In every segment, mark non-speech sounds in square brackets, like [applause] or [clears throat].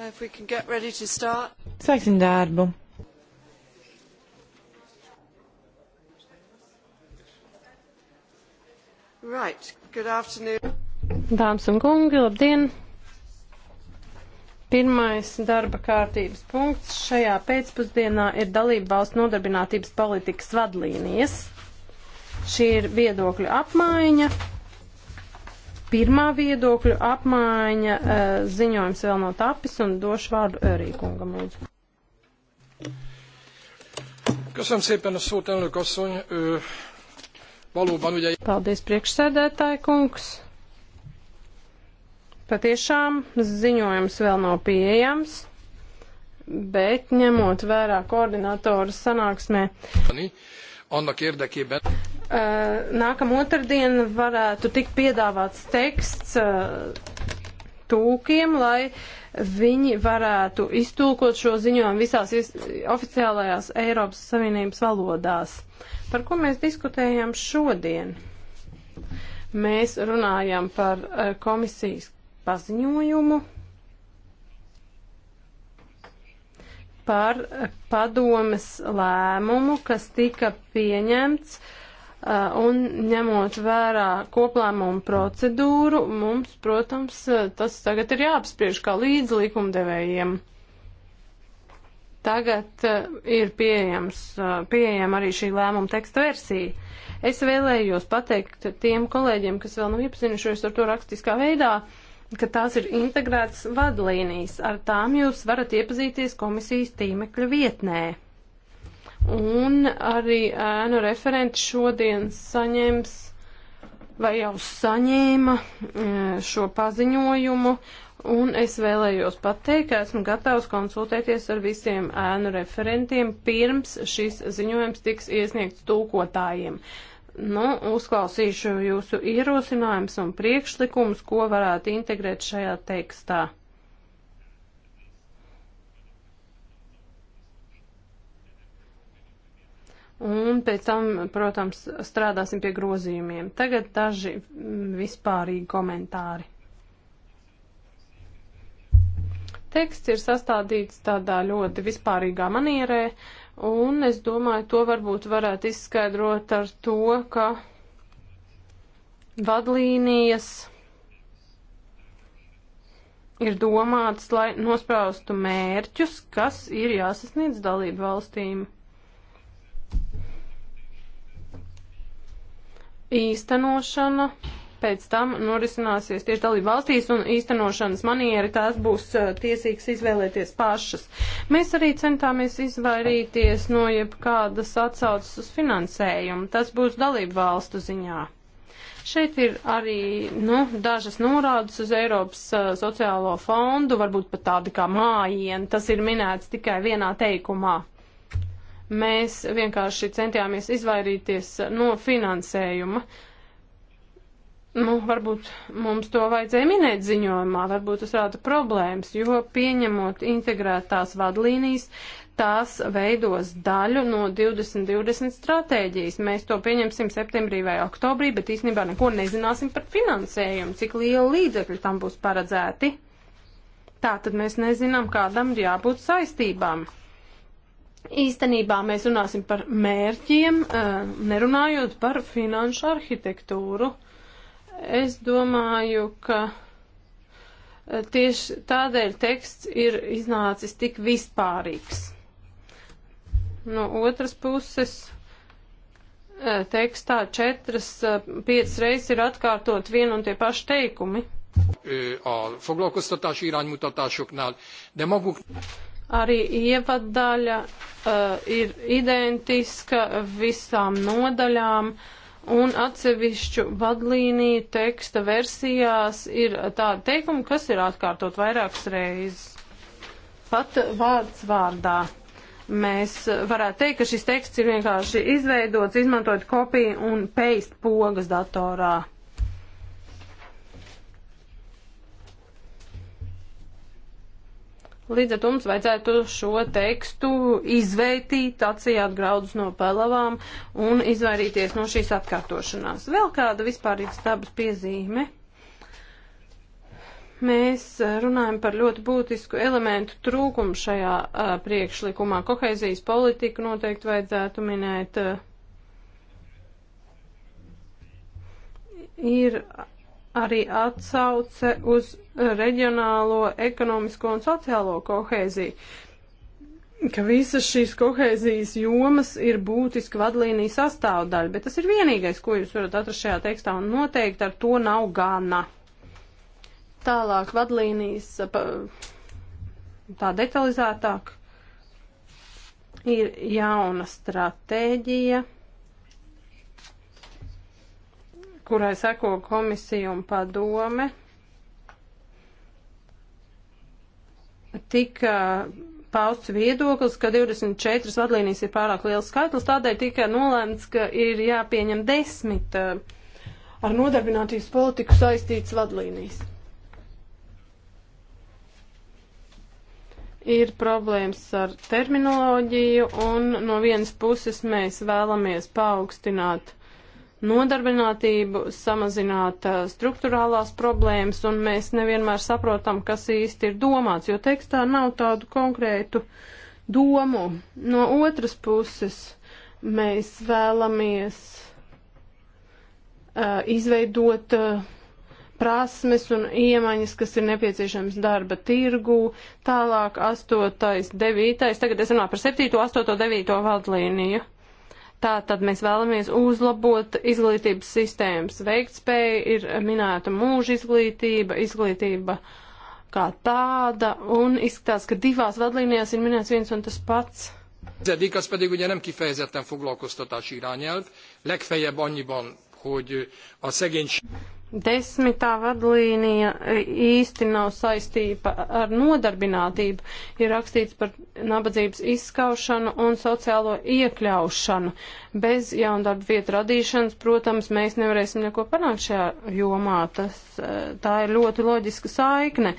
Uh, Sāksim darbu. Right. Good afternoon. Dāmas un kungi, labdien! Pirmais darba kārtības punkts šajā pēcpusdienā ir dalība valsts nodarbinātības politikas vadlīnijas. Šī ir viedokļu apmaiņa pirmā viedokļu apmaiņa. Eh, ziņojums vēl nav tapis un došu vārdu Erīkungam lūdzu. Köszönöm szépen a szót, elnök asszony. Ö, valóban ugye... Paldies, priekšsēdētāji kungs. Patiešām ziņojums vēl nav pieejams, bet ņemot vērā koordinatoru sanāksmē. Annak érdekében. Eh, nākamā otrdiena varētu tikt piedāvāts teksts eh, tūkiem, lai viņi varētu iztulkot šo ziņojumu visās oficiālajās Eiropas Savienības valodās. Par ko mēs diskutējam šodien? Mēs runājam par eh, komisijas paziņojumu par padomes lēmumu, kas tika pieņemts uh, Eh, un ņemot vērā koplēmumu procedūru, mums, protams, eh, tas tagad ir jāapspriež kā līdz likumdevējiem. Tagad eh, ir pieejams, pieejama arī šī lēmuma teksta versija. Es vēlējos pateikt tiem kolēģiem, kas vēl nav iepazinušies ar to rakstiskā veidā, ka tās ir integrētas vadlīnijas. Ar tām jūs varat iepazīties komisijas tīmekļa vietnē. Un arī ēnu referenti šodien saņems vai jau saņēma e, šo paziņojumu, un es vēlējos pateikt, ka esmu gatavs konsultēties ar visiem ēnu referentiem pirms šis ziņojums tiks iesniegts tūkotājiem. Nu, uzklausīšu jūsu ierosinājumus un priekšlikumus, ko varētu integrēt šajā tekstā. Un pēc tam, protams, strādāsim pie grozījumiem. Tagad daži mm, vispārīgi komentāri. Teksts ir sastādīts tādā ļoti vispārīgā manierē, un es domāju, to varbūt varētu izskaidrot ar to, ka vadlīnijas ir domātas, lai nospraustu mērķus, kas ir jāsasniedz dalību valstīm. īstenošana pēc tam norisināsies tieši dalību valstīs un īstenošanas manieri tās būs eh, tiesīgas izvēlēties pašas. Mēs arī centāmies izvairīties no jebkādas atsaucas uz finansējumu. Tas būs dalību valstu ziņā. Šeit ir arī nu, dažas norādes uz Eiropas uh, sociālo fondu, varbūt pat tādi kā mājieni. Tas ir minēts tikai vienā teikumā. Mēs vienkārši centījāmies izvairīties no finansējuma. Nu, varbūt mums to vajadzēja minēt ziņojumā, varbūt tas rāda problēmas, jo pieņemot integrētās vadlīnijas, tās veidos daļu no 2020 stratēģijas. Mēs to pieņemsim septembrī vai oktobrī, bet īstenībā neko nezināsim par finansējumu, cik liela līdzekļa tam būs paredzēti. Tā tad mēs nezinām, kādam ir jābūt saistībām. Īstenībā mēs runāsim par mērķiem, eh, nerunājot par finanšu arhitektūru. Es domāju, ka eh, tieši tādēļ teksts ir iznācis tik vispārīgs. No otras puses, eh, tekstā četras, piecas reizes ir atkārtot vienu un tie paši teikumi. A foglalkoztatási iránymutatásoknál, de maguk Arī ievadaļa uh, eh, ir identiska visām nodaļām. Un atsevišķu vadlīniju teksta versijās ir tāda teikuma, kas ir atkārtot vairākas reizes. Pat vārds vārdā mēs varētu teikt, ka šis teksts ir vienkārši izveidots, izmantojot kopiju un paste pogas datorā. Līdz ar to mums vajadzētu šo tekstu izveitīt, atsijāt graudus no pelavām un izvairīties no šīs atkārtošanās. Vēl kāda vispārīgas dabas piezīme. Mēs eh, runājam par ļoti būtisku elementu trūkumu šajā uh, priekšlikumā. Koheizijas politiku noteikti vajadzētu minēt. Uh, ir arī atsauce uz reģionālo ekonomisko un sociālo kohēziju, ka visas šīs kohēzijas jomas ir būtiski vadlīnija sastāvdaļa, bet tas ir vienīgais, ko jūs varat atrast šajā tekstā, un noteikti ar to nav gana. Tālāk vadlīnijas tā detalizētāk ir jauna stratēģija. kurai seko komisija un padome, tika pausts viedoklis, ka 24 vadlīnijas ir pārāk liels skaitlis, tādēļ tika nolēmts, ka ir jāpieņem desmit eh, ar nodarbinātības politiku saistītas vadlīnijas. Ir problēmas ar terminoloģiju, un no vienas puses mēs vēlamies paaugstināt nodarbinātību, samazināt struktūrālās problēmas, un mēs nevienmēr saprotam, kas īsti ir domāts, jo tekstā nav tādu konkrētu domu. No otras puses, mēs vēlamies uh, izveidot uh, prasmes un iemaņas, kas ir nepieciešams darba tirgū. Tālāk 8, 9, tagad es runāju par 7, 8, 9 vadlīniju. Uh, Tā tad mēs vēlamies uzlabot izglītības sistēmas veiktspēju, ir minēta mūža izglītība, izglītība kā tāda, un izskatās, ka divās vadlīnijās ir minēts viens un tas pats. Az egyik az pedig ugye nem kifejezetten foglalkoztatás irányelv, legfeljebb annyiban, hogy a szegénység... Desmitā vadlīnija e, īsti nav saistība ar nodarbinātību, ir rakstīts par nabadzības izskaušanu un sociālo iekļaušanu. Bez jaundarba vietu radīšanas, protams, mēs nevarēsim neko panākt šajā jomā. Tas, e, tā ir ļoti loģiska saikne,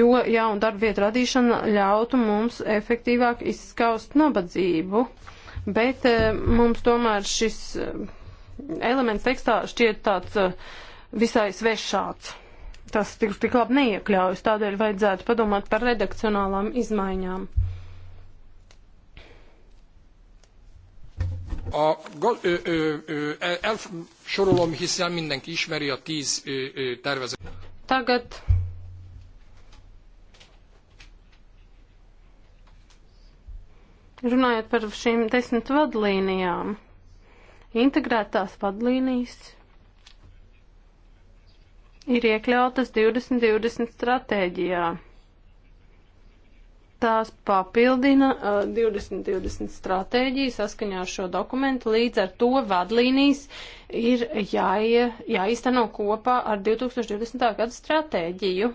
jo jaundarba vietu radīšana ļautu mums efektīvāk izskaust nabadzību. Bet e, mums tomēr šis elements tekstā šķiet tāds uh, visai svešāds. Tas tik, tik labi neiekļaujas, tādēļ vajadzētu padomāt par redakcionālām izmaiņām. A gol, ö, ö, ö, elsorolom, hiszen mindenki ismeri a tíz ö, ö, tervezet. Tagad runājot par šīm desmit vadlīnijām, integrētās vadlīnijas ir iekļautas 2020 stratēģijā. Tās papildina uh, 2020 stratēģiju saskaņā ar šo dokumentu, līdz ar to vadlīnijas ir jāie, jāizteno kopā ar 2020. gada stratēģiju.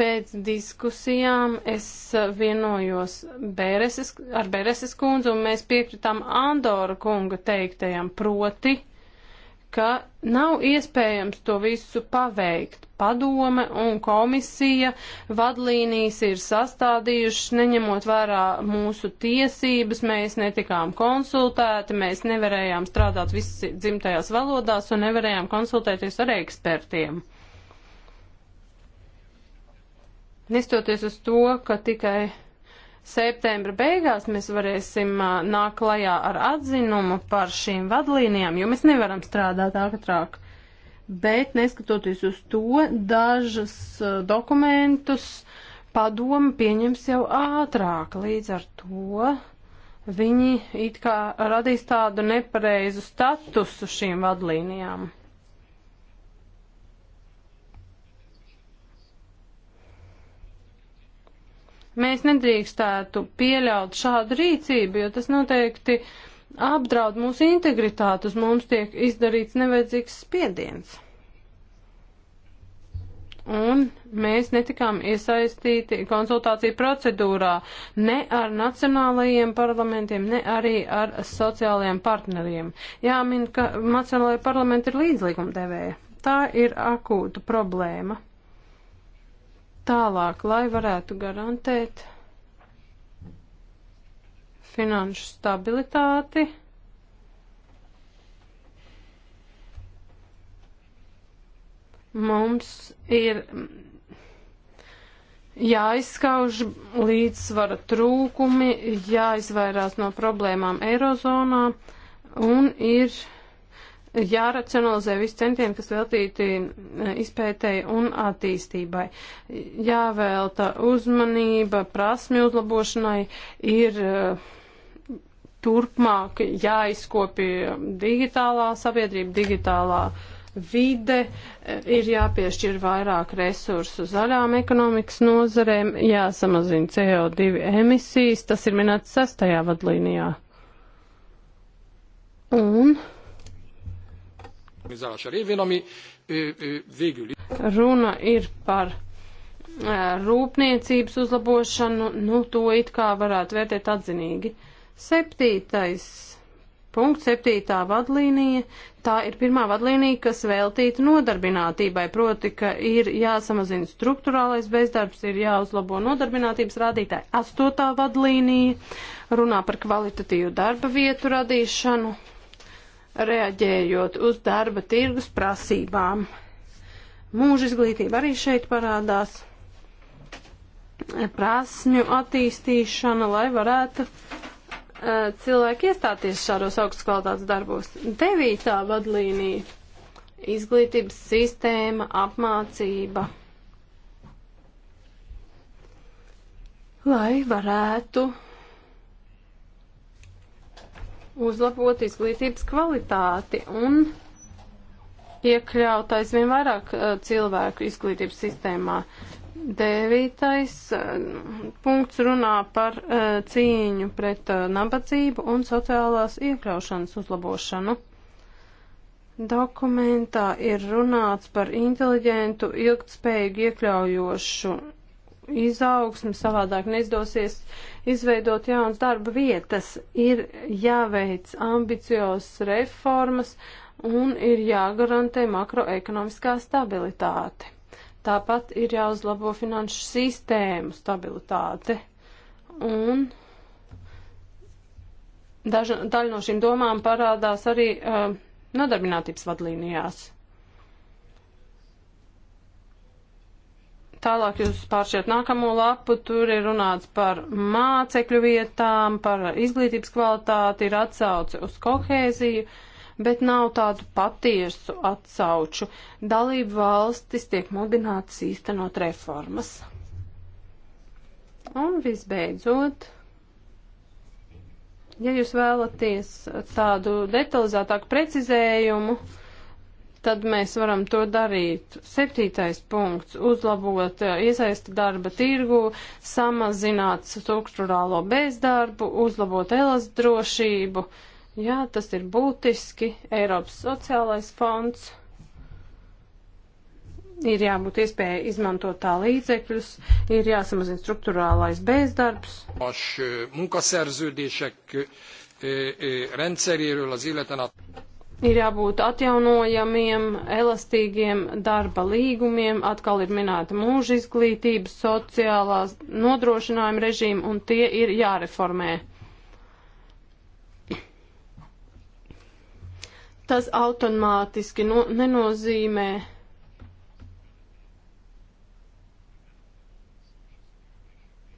Pēc diskusijām es vienojos Bēreses, ar Bēreses kundzu un mēs piekritām Andora kunga teiktajam proti. Uh, ka nav iespējams to visu paveikt. Padome un komisija vadlīnijas ir sastādījušas, neņemot vērā mūsu tiesības, mēs netikām konsultēti, mēs nevarējām strādāt visi dzimtajās valodās un nevarējām konsultēties ar ekspertiem. Nestoties uz to, ka tikai septembra beigās mēs varēsim nākt klajā ar atzinumu par šīm vadlīnijām, jo mēs nevaram strādāt ātrāk. Bet, neskatoties uz to, dažas dokumentus padoma pieņems jau ātrāk. Līdz ar to viņi it kā radīs tādu nepareizu statusu šīm vadlīnijām. Mēs nedrīkstētu pieļaut šādu rīcību, jo tas noteikti apdraud mūsu integritāti, uz mums tiek izdarīts nevajadzīgs spiediens. Un mēs netikām iesaistīti konsultāciju procedūrā ne ar nacionālajiem parlamentiem, ne arī ar sociālajiem partneriem. Jāmin, ka nacionālajie parlamenti ir līdzlīgumdevēja. Tā ir akūta problēma. Tālāk, lai varētu garantēt finanšu stabilitāti, mums ir jāizskauž līdzsvara trūkumi, jāizvairās no problēmām Eirozonā un ir jāracionalizē visi centieni, kas veltīti e, izpētēji un attīstībai. Jāvēlta uzmanība prasmju uzlabošanai ir e, turpmāk jāizkopja digitālā sabiedrība, digitālā vide, e, ir jāpiešķir vairāk resursu zaļām ekonomikas nozarēm, jāsamazina CO2 emisijas, tas ir minēts sastajā vadlīnijā. Un organizálása révén, ami végül Runa ir par rūpniecības uzlabošanu, nu to it kā varētu vērtēt atzinīgi. Septītais punkts, septītā vadlīnija, tā ir pirmā vadlīnija, kas veltīta nodarbinātībai, proti, ka ir jāsamazina struktūrālais bezdarbs, ir jāuzlabo nodarbinātības rādītāji. Astotā vadlīnija runā par kvalitatīvu darba vietu radīšanu, reaģējot uz darba tirgus prasībām. Mūža izglītība arī šeit parādās. Prasmju attīstīšana, lai varētu uh, cilvēki iestāties šādos augstas kvalitātes darbos. Devītā vadlīnija - izglītības sistēma, apmācība. Lai varētu uzlabot izglītības kvalitāti un iekļaut aizvien vairāk eh, cilvēku izglītības sistēmā. Devītais eh, punkts runā par eh, cīņu pret nabadzību un sociālās iekļaušanas uzlabošanu. Dokumentā ir runāts par inteliģentu, ilgtspējīgu, iekļaujošu izaugsmi, savādāk neizdosies izveidot jaunas darba vietas. Ir jāveic ambiciozas reformas un ir jāgarantē makroekonomiskā stabilitāte. Tāpat ir jāuzlabo finanšu sistēmu stabilitāte. Un daža, daļa no šīm domām parādās arī uh, nodarbinātības vadlīnijās. Tālāk jūs pāršķiet nākamo lapu, tur ir runāts par mācekļu vietām, par izglītības kvalitāti, ir atsauce uz kohēziju, bet nav tādu patiesu atsauču. Dalību valstis tiek mudinātas īstenot reformas. Un visbeidzot ja jūs vēlaties tādu detalizētāku precizējumu, tad mēs varam to darīt. Septītais punkts - uzlabot eh, iesaisti darba tirgu, samazināt struktūrālo bezdarbu, uzlabot elas drošību. Jā, tas ir būtiski. Eiropas sociālais fonds ir jābūt iespēja izmantot tā līdzekļus, ir jāsamazina struktūrālais bezdarbs. Paši eh, munkaszerződések eh, rendszeréről az életen át ir jābūt atjaunojamiem, elastīgiem darba līgumiem, atkal ir minēta mūža izglītības, sociālās nodrošinājuma režīma, un tie ir jāreformē. Tas automātiski no, nenozīmē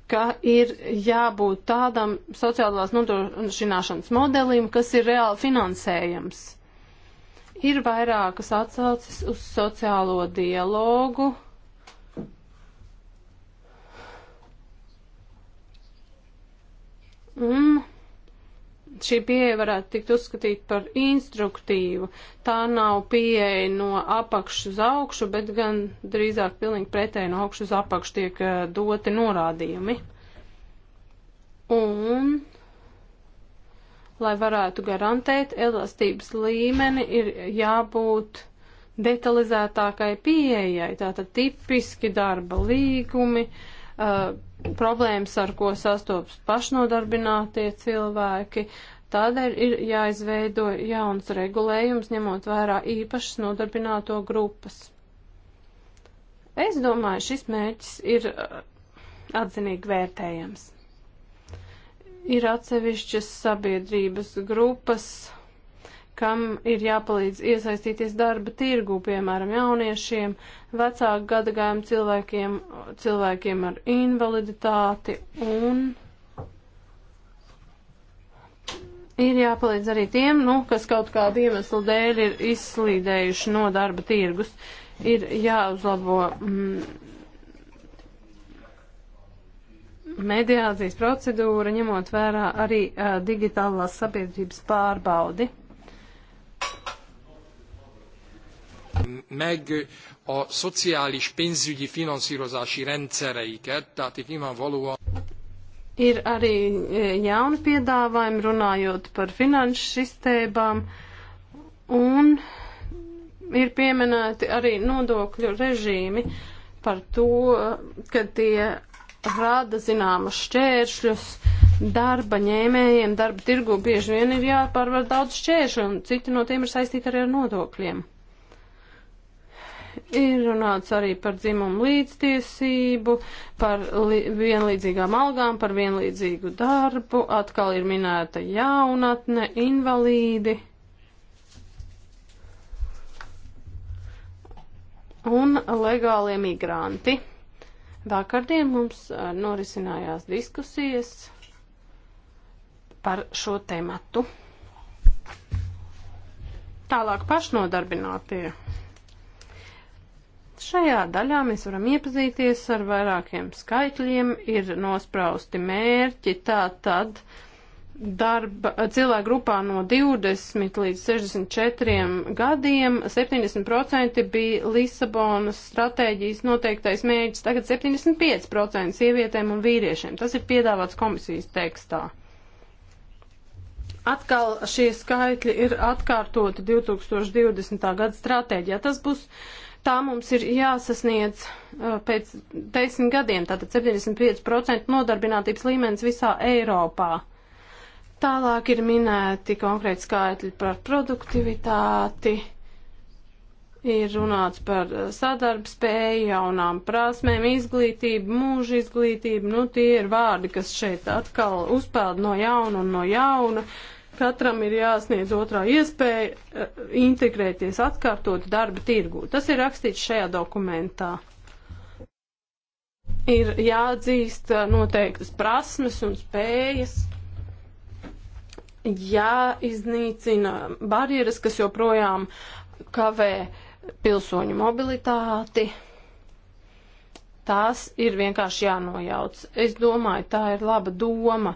ka ir jābūt tādam sociālās nodrošināšanas modelim, kas ir reāli finansējams. Ir vairākas atsaucis uz sociālo dialogu. Mm. Šī pieeja varētu tikt uzskatīt par instruktīvu. Tā nav pieeja no apakšu uz augšu, bet gan drīzāk pilnīgi pretēji no augšu uz apakšu tiek eh, doti norādījumi. Un lai varētu garantēt elastības līmeni, ir jābūt detalizētākai pieejai. Tātad tipiski darba līgumi, uh, problēmas, ar ko sastopas pašnodarbinātie cilvēki. Tādēļ ir jāizveido jauns regulējums, ņemot vērā īpašas nodarbināto grupas. Es domāju, šis mērķis ir uh, atzinīgi vērtējams. Ir atsevišķas sabiedrības grupas, kam ir jāpalīdz iesaistīties darba tirgu, piemēram, jauniešiem, vecāku gadagājumu cilvēkiem, cilvēkiem ar invaliditāti un ir jāpalīdz arī tiem, nu, kas kaut kādu iemeslu dēļ ir izslīdējuši no darba tirgus. Ir jāuzlabo mm, mediācijas procedūra, ņemot vērā arī uh, digitālās sabiedrības pārbaudi. meg a szociális pénzügyi finanszírozási rendszereiket, tehát itt nyilvánvalóan Ir arī jauni piedāvājumi runājot par finanšu sistēmām, un ir pieminēti arī nodokļu režīmi par to, ka tie rada zināmas šķēršļus darba ņēmējiem, darba tirgu bieži vien ir jāpārvar daudz šķēršļu, un citi no tiem ir saistīti arī ar nodokļiem. Ir runāts arī par dzimumu līdztiesību, par li vienlīdzīgām algām, par vienlīdzīgu darbu, atkal ir minēta jaunatne, invalīdi. Un legālie migranti. Vakardien mums norisinājās diskusijas par šo tematu. Tālāk pašnodarbinātie. Šajā daļā mēs varam iepazīties ar vairākiem skaitļiem, ir nosprausti mērķi, tā tad uh, darba, cilvēku grupā no 20 līdz 64 gadiem 70% bija Lisabonas stratēģijas noteiktais mērķis, tagad 75% sievietēm un vīriešiem. Tas ir piedāvāts komisijas tekstā. Atkal šie skaitļi ir atkārtoti 2020. gada stratēģijā. Tas būs tā mums ir jāsasniedz uh, pēc desmit gadiem, tātad 75% nodarbinātības līmenis visā Eiropā. Tālāk ir minēti konkrēti skaitļi par produktivitāti, ir runāts par eh, sadarbspēju, jaunām prasmēm, izglītību, mūža izglītību. Nu, tie ir vārdi, kas šeit atkal uzpeld no jauna un no jauna. Katram ir jāsniedz otrā iespēja eh, integrēties, atkārtot darba tirgū. Tas ir rakstīts šajā dokumentā ir jāatzīst eh, noteiktas prasmes un spējas jāiznīcina barjeras, kas joprojām kavē pilsoņu mobilitāti. Tās ir vienkārši jānojauc. Es domāju, tā ir laba doma.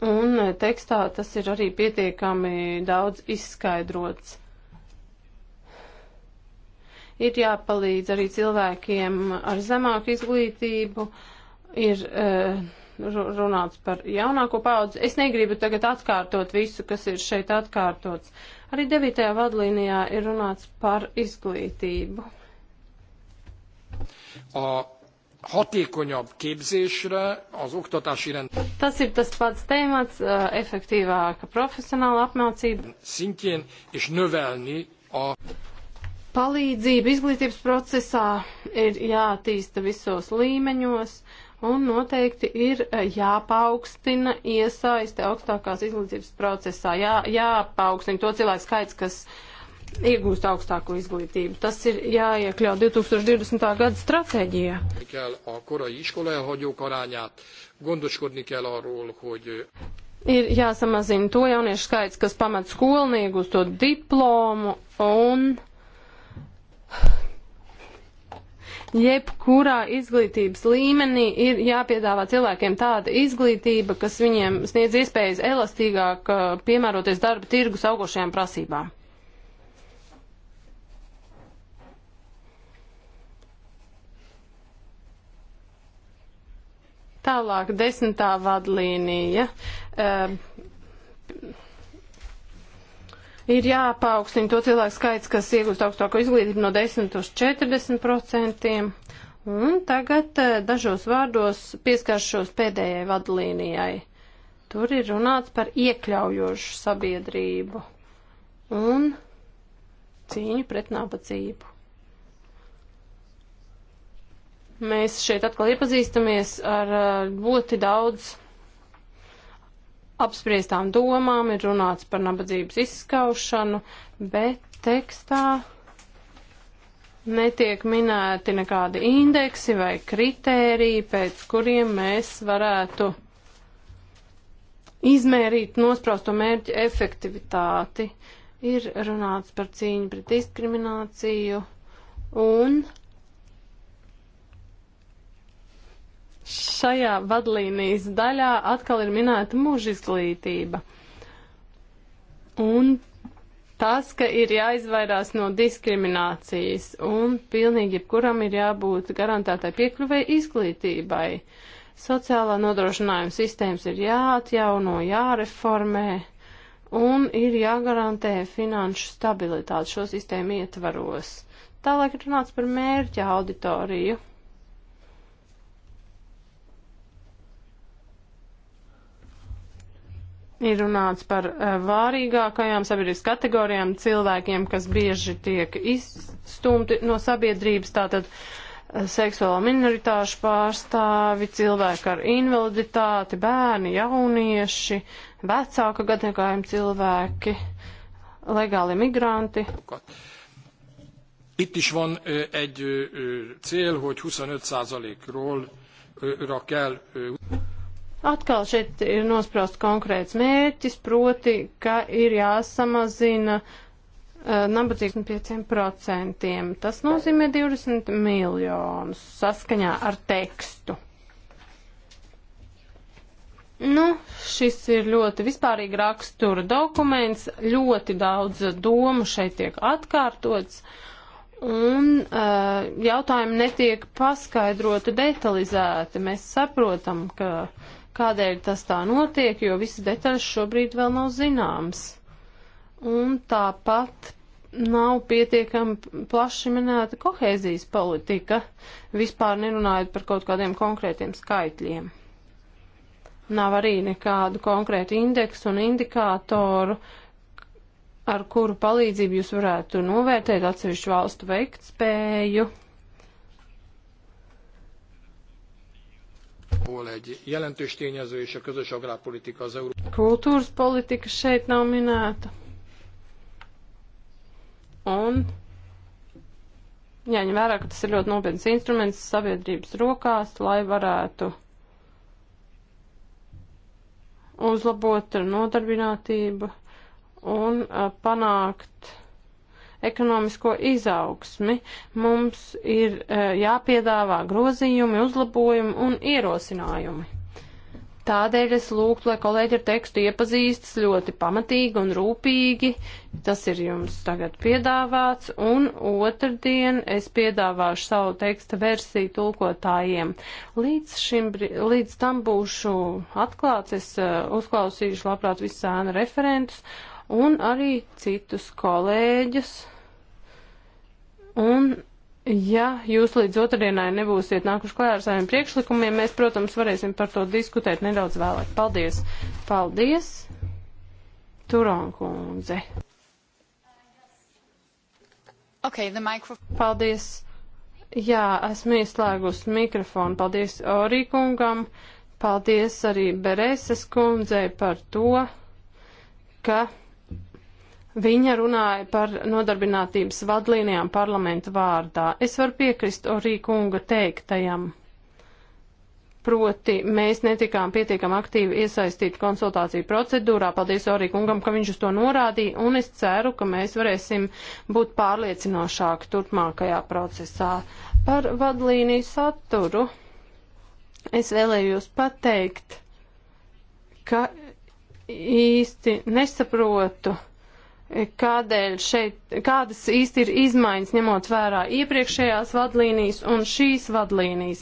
Un tekstā tas ir arī pietiekami daudz izskaidrots ir jāpalīdz arī cilvēkiem ar zemāku izglītību, ir uh, runāts par jaunāko paudzi. Es negribu tagad atkārtot visu, kas ir šeit atkārtots. Arī 9. vadlīnijā ir runāts par izglītību. A hatékonyabb képzésre az oktatási rend. Tas ir tas pats témats, efektīvāka profesionāla apmācība. Szintjén és növelni a palīdzība izglītības procesā ir jātīsta visos līmeņos, un noteikti ir e, jāpaukstina iesaiste augstākās izglītības procesā, jā, jāpaukstina to cilvēku skaits, kas iegūst augstāko izglītību. Tas ir jāiekļaut 2020. gada stratēģijā. Ir jāsamazina to jauniešu skaits, kas pamet skolnieku, to diplomu un Jebkurā izglītības līmenī ir jāpiedāvā cilvēkiem tāda izglītība, kas viņiem sniedz iespējas elastīgāk uh, piemēroties darba tirgus augošajām prasībām. Tālāk, desmitā vadlīnija. Uh, ir jāpaukstina to cilvēku skaits, kas iegūst augstāko izglītību no 10 uz 40 procentiem. Un tagad eh, dažos vārdos pieskaršos pēdējai vadlīnijai. Tur ir runāts par iekļaujošu sabiedrību un cīņu pret nabadzību. Mēs šeit atkal iepazīstamies ar eh, ļoti daudz apspriestām domām, ir runāts par nabadzības izskaušanu, bet tekstā netiek minēti nekādi indeksi vai kritēriji, pēc kuriem mēs varētu izmērīt nospraustu mērķu efektivitāti. Ir runāts par cīņu pret diskrimināciju un Šajā vadlīnijas daļā atkal ir minēta mūža izglītība. Un tas, ka ir jāizvairās no diskriminācijas un pilnīgi jebkuram ir jābūt garantētai piekļuvei izglītībai. Sociālā nodrošinājuma sistēmas ir jāatjauno, jāreformē un ir jāgarantē finanšu stabilitāte šo sistēmu ietvaros. Tālāk ir runāts par mērķa auditoriju. Ir runāts par eh, vārīgākajām sabiedrības kategorijām, cilvēkiem, kas bieži tiek izstumti no sabiedrības, tātad eh, seksuālo minoritāšu pārstāvi, cilvēki ar invaliditāti, bērni, jaunieši, vecāka gadagājuma cilvēki, legāli migranti. Itt is van eh, egy cél, hogy 25%-ról kell. Atkal šeit ir nospraust konkrēts mērķis, proti, ka ir jāsamazina uh, nabadzību 5%. Tas nozīmē 20 miljonus saskaņā ar tekstu. Nu, šis ir ļoti vispārīgi rakstura dokuments, ļoti daudz domu šeit tiek atkārtots, un uh, jautājumi netiek paskaidroti detalizēti. Mēs saprotam, ka uh, kādēļ tas tā notiek, jo visas detaļas šobrīd vēl nav zināmas. Un tāpat nav pietiekami plaši minēta kohēzijas politika, vispār nerunājot par kaut kādiem konkrētiem skaitļiem. Nav arī nekādu konkrētu indeksu un indikātoru, ar kuru palīdzību jūs varētu novērtēt atsevišķu valstu veiktspēju. spēju Kultūras politika šeit nav minēta. Un jāņem vērā, ka tas ir ļoti nopietns instruments sabiedrības rokās, lai varētu uzlabot nodarbinātību un panākt ekonomisko izaugsmi. Mums ir eh, jāpiedāvā grozījumi, uzlabojumi un ierosinājumi. Tādēļ es lūgtu, lai kolēģi ar tekstu iepazīstas ļoti pamatīgi un rūpīgi. Tas ir jums tagad piedāvāts, un otrdien es piedāvāšu savu teksta versiju tulkotājiem. Līdz, šim, līdz tam būšu atklāts, es uh, uzklausīšu labprāt visu sēnu referentus, un arī citus kolēģus. Un, ja jūs līdz otrdienai nebūsiet nākuši klājā ar saviem priekšlikumiem, mēs, protams, varēsim par to diskutēt nedaudz vēlāk. Paldies! Paldies! Turonkundze! Okay, the micro... Paldies! Jā, esmu ieslēgusi mikrofonu. Paldies Orī kungam, paldies arī Bereses kundzei par to, ka Viņa runāja par nodarbinātības vadlīnijām parlamenta vārdā. Es varu piekrist Orī kunga teiktajam. Proti, mēs netikām pietiekam aktīvi iesaistīti konsultāciju procedūrā. Paldies Orī kungam, ka viņš uz to norādīja, un es ceru, ka mēs varēsim būt pārliecinošāki turpmākajā procesā par vadlīniju saturu. Es vēlējos pateikt, ka īsti nesaprotu kādēļ šeit, kādas īsti ir izmaiņas ņemot vērā iepriekšējās vadlīnijas un šīs vadlīnijas.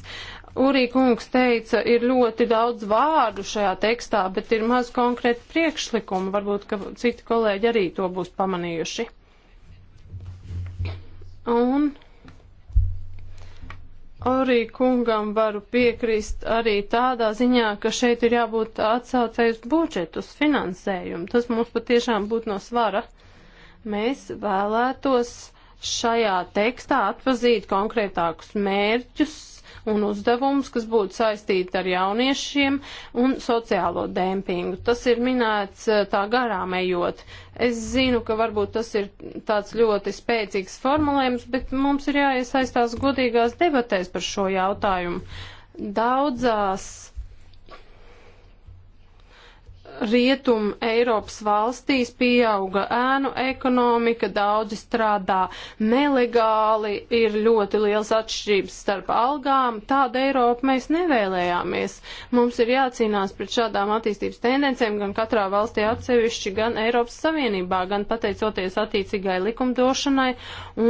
Urī kungs teica, ir ļoti daudz vārdu šajā tekstā, bet ir maz konkrēti priekšlikumi. Varbūt, ka citi kolēģi arī to būs pamanījuši. Un Arī kungam varu piekrist arī tādā ziņā, ka šeit ir jābūt atsaucējus budžetu uz finansējumu. Tas mums patiešām būtu no svara. Mēs vēlētos šajā tekstā atpazīt konkrētākus mērķus, un uzdevums, kas būtu saistīti ar jauniešiem un sociālo dempingu. Tas ir minēts eh, tā garām ejot. Es zinu, ka varbūt tas ir tāds ļoti spēcīgs formulējums, bet mums ir jāiesaistās godīgās debatēs par šo jautājumu. Daudzās Rietum Eiropas valstīs pieauga ēnu ekonomika, daudzi strādā nelegāli, ir ļoti liels atšķirības starp algām. Tādu Eiropu mēs nevēlējāmies. Mums ir jācīnās pret šādām attīstības tendencēm gan katrā valstī atsevišķi, gan Eiropas Savienībā, gan pateicoties attiecīgai likumdošanai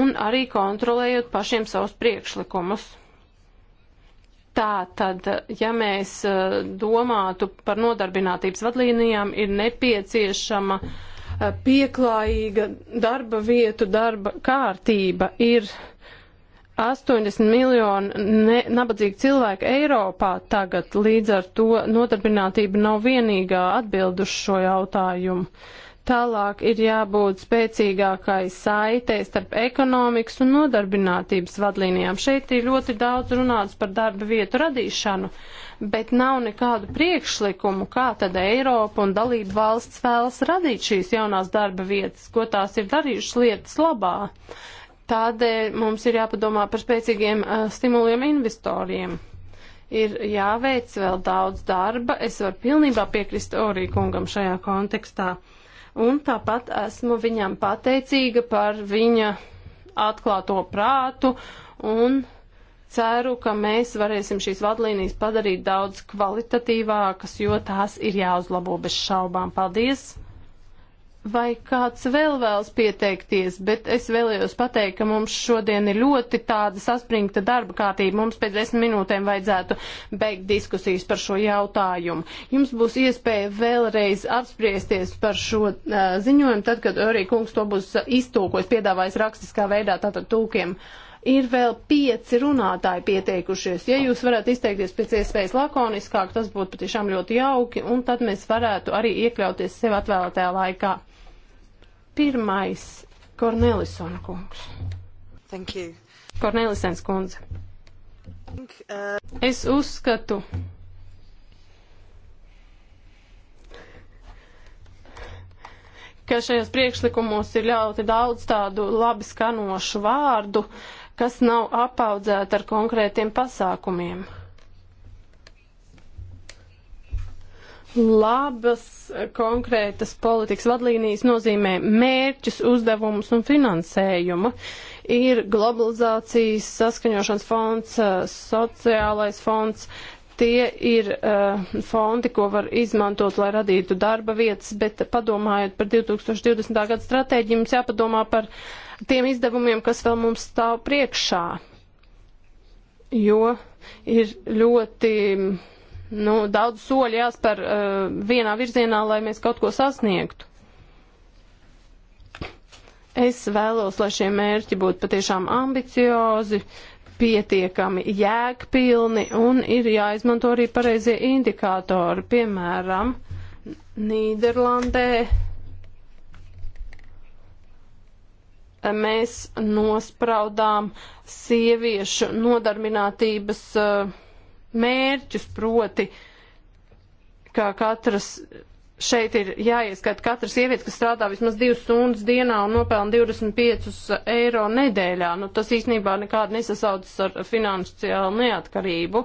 un arī kontrolējot pašiem savus priekšlikumus. Tā tad, ja mēs e, domātu par nodarbinātības vadlīnijām, ir nepieciešama e, pieklājīga darba vietu, darba kārtība ir 80 miljoni ne, nabadzīgi cilvēki Eiropā tagad, līdz ar to nodarbinātība nav vienīgā atbildu šo jautājumu. Uh, Tālāk ir jābūt spēcīgākai saitei starp ekonomikas un nodarbinātības vadlīnijām. Šeit ir ļoti daudz runāts par darba vietu radīšanu, bet nav nekādu priekšlikumu, kā tad Eiropa un dalību valsts vēlas radīt šīs jaunās darba vietas, ko tās ir darījušas lietas labā. Tādēļ mums ir jāpadomā par spēcīgiem uh, stimuliem investoriem. Ir jāveic vēl daudz darba. Es varu pilnībā piekrist Orī kungam šajā kontekstā. Uh, Un tāpat esmu viņam pateicīga par viņa atklāto prātu un ceru, ka mēs varēsim šīs vadlīnijas padarīt daudz kvalitatīvākas, jo tās ir jāuzlabo bez šaubām. Paldies! vai kāds vēl vēlas pieteikties, bet es vēlējos pateikt, ka mums šodien ir ļoti tāda saspringta darba kārtība. Mums pēc desmit minūtēm vajadzētu beigt diskusijas par šo jautājumu. Jums būs iespēja vēlreiz apspriesties par šo uh, ziņojumu, tad, kad Eurī kungs to būs iztūkojis, piedāvājis rakstiskā veidā tātad tūkiem. Uh, Ir vēl pieci runātāji pieteikušies. Ja jūs varētu izteikties pēc iespējas lakoniskāk, tas būtu patiešām ļoti jauki, un tad mēs varētu arī iekļauties sev atvēlētajā laikā. Pirmais - Kornelisona kungs. Thank you. Kornelisens kundze. Es uzskatu, ka šajos priekšlikumos ir ļoti daudz tādu labi skanošu vārdu, uh, kas nav apaudzēta ar konkrētiem pasākumiem. Labas eh, konkrētas politikas vadlīnijas nozīmē mērķus, uzdevumus un finansējumu. Ir globalizācijas saskaņošanas fonds, eh, sociālais fonds, tie ir uh, fondi, ko var izmantot, lai radītu darba vietas, bet padomājot par 2020. gadu stratēģiju, mums jāpadomā par uh, tiem izdevumiem, kas vēl mums stāv priekšā, jo ir ļoti nu, daudz soļu jāspēr uh, vienā virzienā, lai mēs kaut ko sasniegtu. Es vēlos, lai šie mērķi būtu patiešām ambiciozi, pietiekami jēgpilni un ir jāizmanto arī pareizie indikātori. Piemēram, Nīderlandē mēs nospraudām sieviešu nodarbinātības eh, mērķus, proti, ka katras šeit ir jāieskat katra sieviete, kas strādā vismaz divas stundas dienā un nopelna 25 eiro nedēļā. Nu, tas īstenībā nekādi nesasaucas ar finansiālu neatkarību.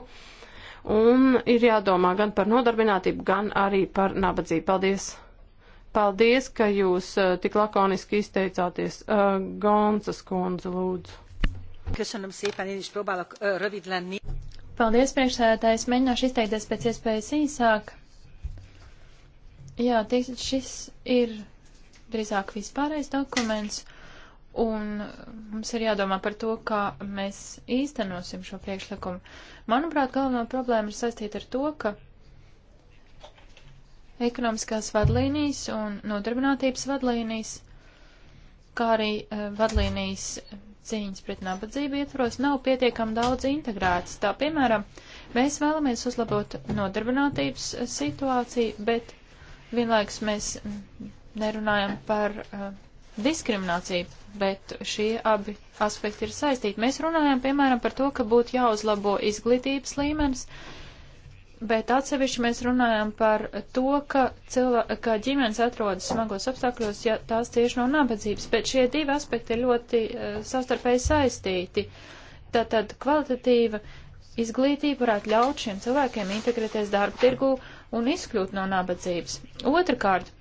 Un ir jādomā gan par nodarbinātību, gan arī par nabadzību. Paldies! Paldies, ka jūs uh, tik lakoniski izteicāties. Uh, eh, Gonsas kundze, lūdzu. Köszönöm szépen, én is próbálok uh, rövid lenni. Paldies, priekšsēdētājs. Mēģināšu izteikties pēc iespējas īsāk. Jā, tiek, šis ir drīzāk vispārējais dokuments, un mums ir jādomā par to, kā mēs īstenosim šo priekšlikumu. Manuprāt, galvenā problēma ir saistīta ar to, ka ekonomiskās vadlīnijas un nodarbinātības vadlīnijas, kā arī eh, vadlīnijas cīņas pret nabadzību ietvaros nav pietiekami daudz integrētas. Tā piemēram, mēs vēlamies uzlabot nodarbinātības eh, situāciju, bet vienlaikus mēs nerunājam par uh, diskrimināciju, bet šie abi aspekti ir saistīti. Mēs runājam, piemēram, par to, ka būtu jāuzlabo izglītības līmenis, uh, Bet atsevišķi mēs runājam par to, ka, cilvē, ka ģimenes atrodas smagos apstākļos, ja tās cieši no nabadzības, bet šie divi aspekti ir ļoti uh, savstarpēji saistīti. Tātad kvalitatīva izglītība varētu ļaut šiem cilvēkiem integrēties darba tirgu un izkļūt no nabadzības. Otrakārt,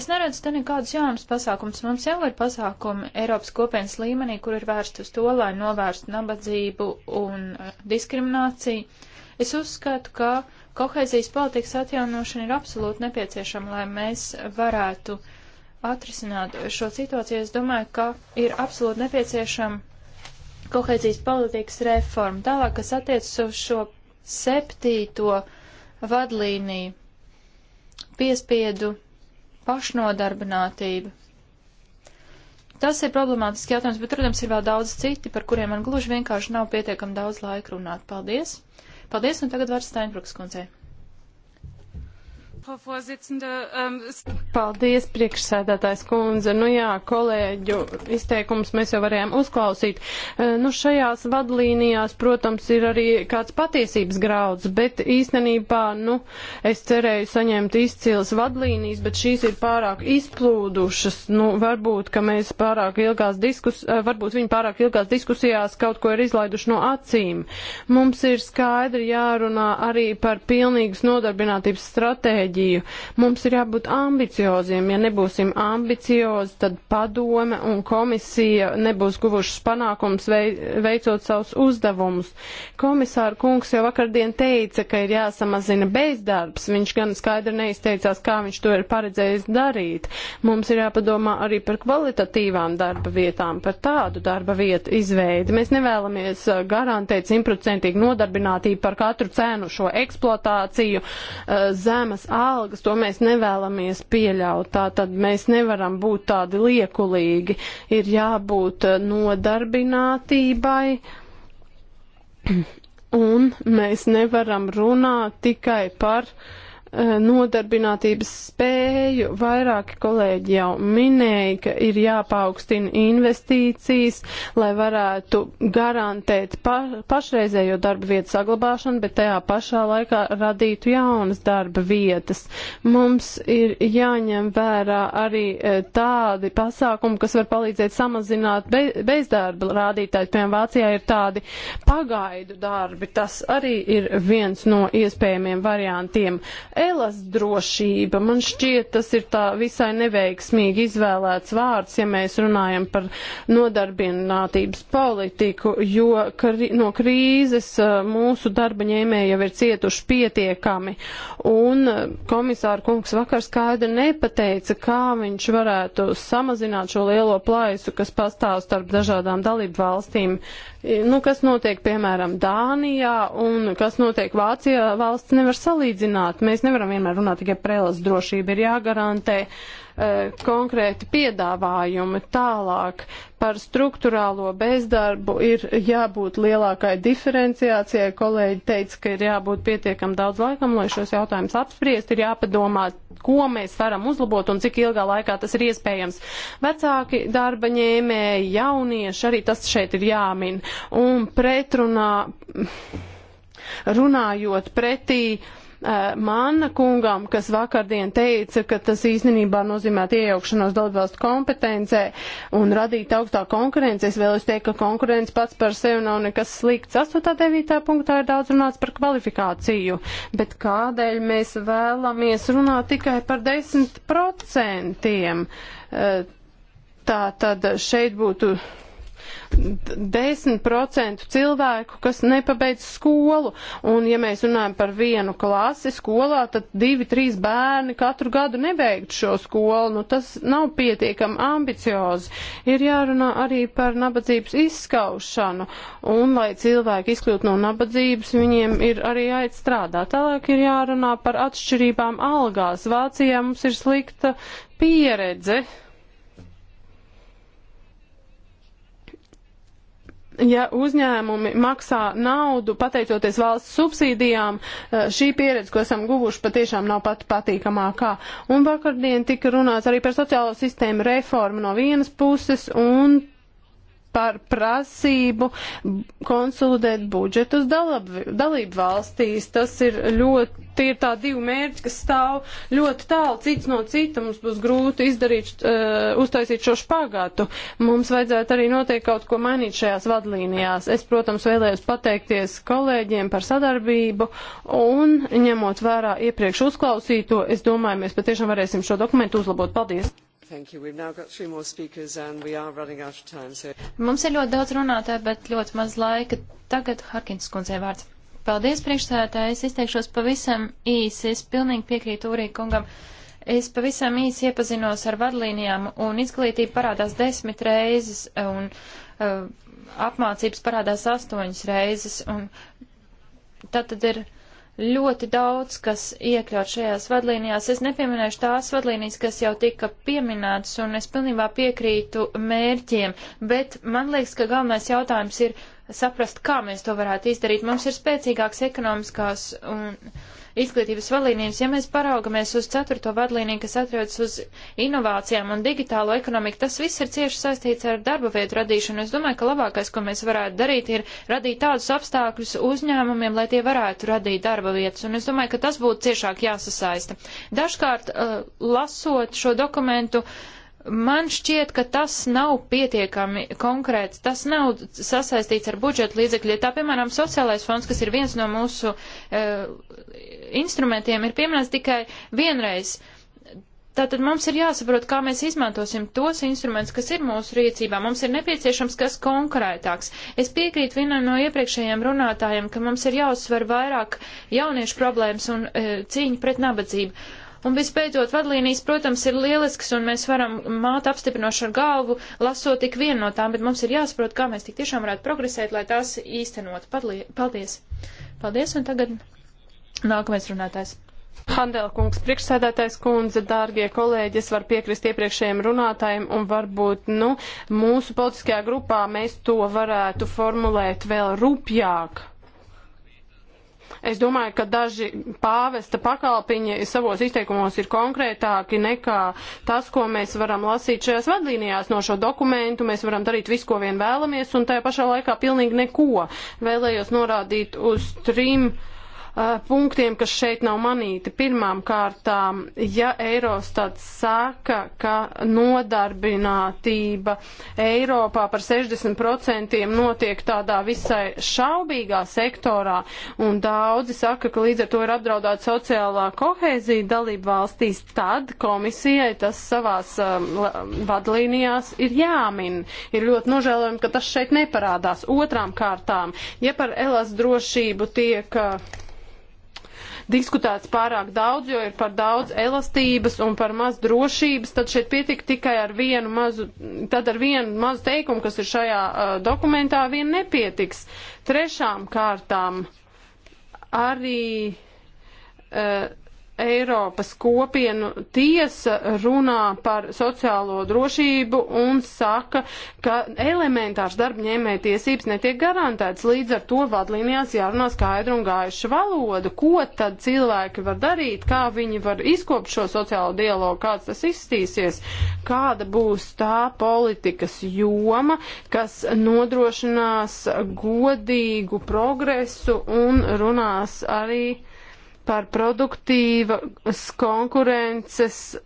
es neredzu te nekādus jaunus pasākumus. Mums jau ir pasākumi Eiropas kopienas līmenī, kur ir vērsti uz to, lai novērstu nabadzību un eh, diskrimināciju Es uzskatu, ka kohēzijas politikas atjaunošana ir absolūti nepieciešama, lai mēs varētu atrisināt šo situāciju. Es domāju, ka ir absolūti nepieciešama kohēzijas politikas reforma. Tālāk, kas attiecas uz šo septīto vadlīniju piespiedu pašnodarbinātību. Tas ir problemātiski jautājums, bet, protams, ir vēl daudz citi, par kuriem man gluži vienkārši nav pietiekami daudz laika runāt. Paldies! Paldies, un tagad vārds Steinbruks kundzei. Paldies, priekšsēdētājs kundze. Nu jā, kolēģu izteikums mēs jau varējām uzklausīt. E, nu šajās vadlīnijās, protams, ir arī kāds patiesības grauds, bet īstenībā, nu, es cerēju saņemt izcils vadlīnijas, bet šīs ir pārāk izplūdušas. Nu, varbūt, ka mēs pārāk ilgās diskus, e, varbūt viņi pārāk ilgās diskusijās kaut ko ir izlaiduši no acīm. Mums ir skaidri jārunā arī par pilnīgas nodarbinātības stratēģiju. Mums ir jābūt ambiciozi ambicioziem. Ja nebūsim ambiciozi, tad padome un komisija nebūs guvušas panākums veicot savus uzdevumus. Komisāra kungs jau vakardien teica, ka ir jāsamazina bezdarbs. Viņš gan skaidri neizteicās, kā viņš to ir paredzējis darīt. Mums ir jāpadomā arī par kvalitatīvām darba vietām, par tādu darba vietu izveidi. Mēs nevēlamies uh, garantēt simtprocentīgi nodarbinātību par katru cenu šo eksploatāciju, uh, zemes algas. To mēs nevēlamies pieļaut pieļaut. Tātad mēs nevaram būt tādi liekulīgi. Ir jābūt eh, nodarbinātībai. [clears throat] Un mēs nevaram runāt tikai par uh, Eh, nodarbinātības spēju. Vairāki kolēģi jau minēja, ka ir jāpaukstina investīcijas, lai varētu garantēt pa, pašreizējo darba vietu saglabāšanu, bet tajā pašā laikā radītu jaunas darba vietas. Mums ir jāņem vērā arī eh, tādi pasākumi, kas var palīdzēt samazināt be, bezdarba rādītājus. Piemēram, Vācijā ir tādi pagaidu darbi. Tas arī ir viens no iespējamiem variantiem. Elas drošība. Man šķiet, tas ir tā visai neveiksmīgi izvēlēts vārds, ja mēs runājam par nodarbinātības politiku, jo kri no krīzes mūsu darba ņēmēji jau ir cietuši pietiekami. Un komisāra kungs vakar skaidri nepateica, kā viņš varētu samazināt šo lielo plaisu, kas pastāv starp dažādām dalību valstīm. Nu, kas notiek, piemēram, Dānijā un kas notiek Vācijā, valsts nevar salīdzināt. Mēs nevaram vienmēr runāt tikai preles drošību, ir jāgarantē uh, konkrēti piedāvājumi tālāk. Par struktūrālo bezdarbu ir jābūt lielākai diferenciācijai. Kolēģi teica, ka ir jābūt pietiekam daudz laikam, lai šos jautājumus apspriest, ir jāpadomā, ko mēs varam uzlabot un cik ilgā laikā tas ir iespējams. Vecāki darba ņēmēji, jaunieši, arī tas šeit ir jāmin. Un pretrunā runājot pretī Eh, Manna kungam, kas vakardien teica, ka tas īstenībā nozīmētu iejaukšanos dalībvalstu kompetencē un radīt augstā konkurence. Es vēlos teikt, ka konkurence pats par sevi nav nekas slikts. 8.9. punktā ir daudz runāts par kvalifikāciju, bet kādēļ mēs vēlamies runāt tikai par 10%? Eh, Tā tad šeit būtu 10% cilvēku, kas nepabeidz skolu. Un, ja mēs runājam par vienu klasi skolā, tad divi, trīs bērni katru gadu nebeigtu šo skolu. Nu, tas nav pietiekami ambiciozi. Ir jārunā arī par nabadzības izskaušanu. Un, lai cilvēki izkļūtu no nabadzības, viņiem ir arī jāizstrādā. Tālāk ir jārunā par atšķirībām algās. Vācijā mums ir slikta pieredze ja uzņēmumi maksā naudu pateicoties valsts subsīdijām, eh, šī pieredze, ko esam guvuši, patiešām nav pat patīkamākā. Un vakardien tika runāts arī par sociālo sistēmu reformu no vienas puses un par prasību konsolidēt budžetus dalību valstīs. Tas ir ļoti, tie ir tā divi mērķi, kas stāv ļoti tālu cits no cita. Mums būs grūti izdarīt, uh, uztaisīt šo špagātu. Mums vajadzētu arī noteikti kaut ko mainīt šajās vadlīnijās. Es, protams, vēlējos pateikties kolēģiem par sadarbību un ņemot vērā iepriekš uzklausīto, es domāju, mēs patiešām varēsim šo dokumentu uzlabot. Paldies! Thank you. We've now got three more speakers and we are running out of time. So... Mums ir ļoti daudz runātāju, bet ļoti maz laika. Tagad Harkins kundzei vārds. Paldies, priekšstādātāji. Es izteikšos pavisam īsi. Es pilnīgi piekrītu Urī kungam. Es pavisam īsi iepazinos ar vadlīnijām un izglītība parādās desmit reizes un uh, apmācības parādās astoņas reizes. Un tad, tad ir. Uh, ļoti daudz, kas iekļaut šajās vadlīnijās. Es nepieminēšu tās vadlīnijas, kas jau tika pieminētas, un es pilnībā piekrītu mērķiem, bet man liekas, ka galvenais jautājums ir, saprast, kā mēs to varētu izdarīt. Mums ir spēcīgāks ekonomiskās un izglītības vadlīnijas. Ja mēs paraugamies uz ceturto vadlīniju, kas atrodas uz inovācijām un digitālo ekonomiku, tas viss ir cieši saistīts ar darba vietu radīšanu. Es domāju, ka labākais, ko mēs varētu darīt, ir radīt tādus apstākļus uzņēmumiem, lai tie varētu radīt darba vietas. Un es domāju, ka tas būtu ciešāk jāsasaista. Dažkārt, uh, lasot šo dokumentu, uh, Man šķiet, ka tas nav pietiekami konkrēts, tas nav sasaistīts ar budžeta līdzekļu. Tā, piemēram, sociālais fonds, kas ir viens no mūsu e, instrumentiem, ir pieminēts tikai vienreiz. Tātad mums ir jāsaprot, kā mēs izmantosim tos instrumentus, kas ir mūsu rīcībā. Mums ir nepieciešams kas konkrētāks. Es piekrītu vienam no iepriekšējiem runātājiem, ka mums ir jāuzsver vairāk jauniešu problēmas un e, cīņa pret nabadzību. Un visbeidzot, vadlīnijas, protams, ir lielisks, un mēs varam māt apstiprinoši ar galvu, lasot tik vienu no tām, bet mums ir jāsaprot, kā mēs tik tiešām varētu progresēt, lai tās īstenot. Paldies! Paldies, un tagad nākamais runātājs. Handela kungs, priekšsēdētājs kundze, dārgie kolēģi, es varu piekrist iepriekšējiem runātājiem, un varbūt, nu, mūsu politiskajā grupā mēs to varētu formulēt vēl rupjāk Es domāju, ka daži pāvesta pakalpiņi savos izteikumos ir konkrētāki nekā tas, ko mēs varam lasīt šajās vadlīnijās no šo dokumentu. Mēs varam darīt visu, ko vien vēlamies, un tajā pašā laikā pilnīgi neko. Vēlējos norādīt uz trim punktiem, kas šeit nav manīti. Pirmām kārtām, ja Eirostats saka, ka nodarbinātība Eiropā par 60% notiek tādā visai šaubīgā sektorā, un daudzi saka, ka līdz ar to ir apdraudāta sociālā kohēzija dalība valstīs, tad komisijai tas savās um, vadlīnijās ir jāmin. Ir ļoti nožēlojami, ka tas šeit neparādās. Otrām kārtām, ja par elas drošību tiek uh, diskutēts pārāk daudz, jo ir par daudz elastības un par maz drošības, tad šeit pietika tikai ar vienu mazu, tad ar vienu mazu teikumu, kas ir šajā uh, dokumentā, vien nepietiks. Trešām kārtām arī. Uh, Eiropas kopienu tiesa runā par sociālo drošību un saka, ka elementārs darbņēmēja tiesības netiek garantēts. Līdz ar to vadlīnijās jārunā skaidru un gājušu valodu, ko tad cilvēki var darīt, kā viņi var izkopt šo sociālo dialogu, kāds tas izstīsies, kāda būs tā politikas joma, kas nodrošinās godīgu progresu un runās arī par produktīvas konkurences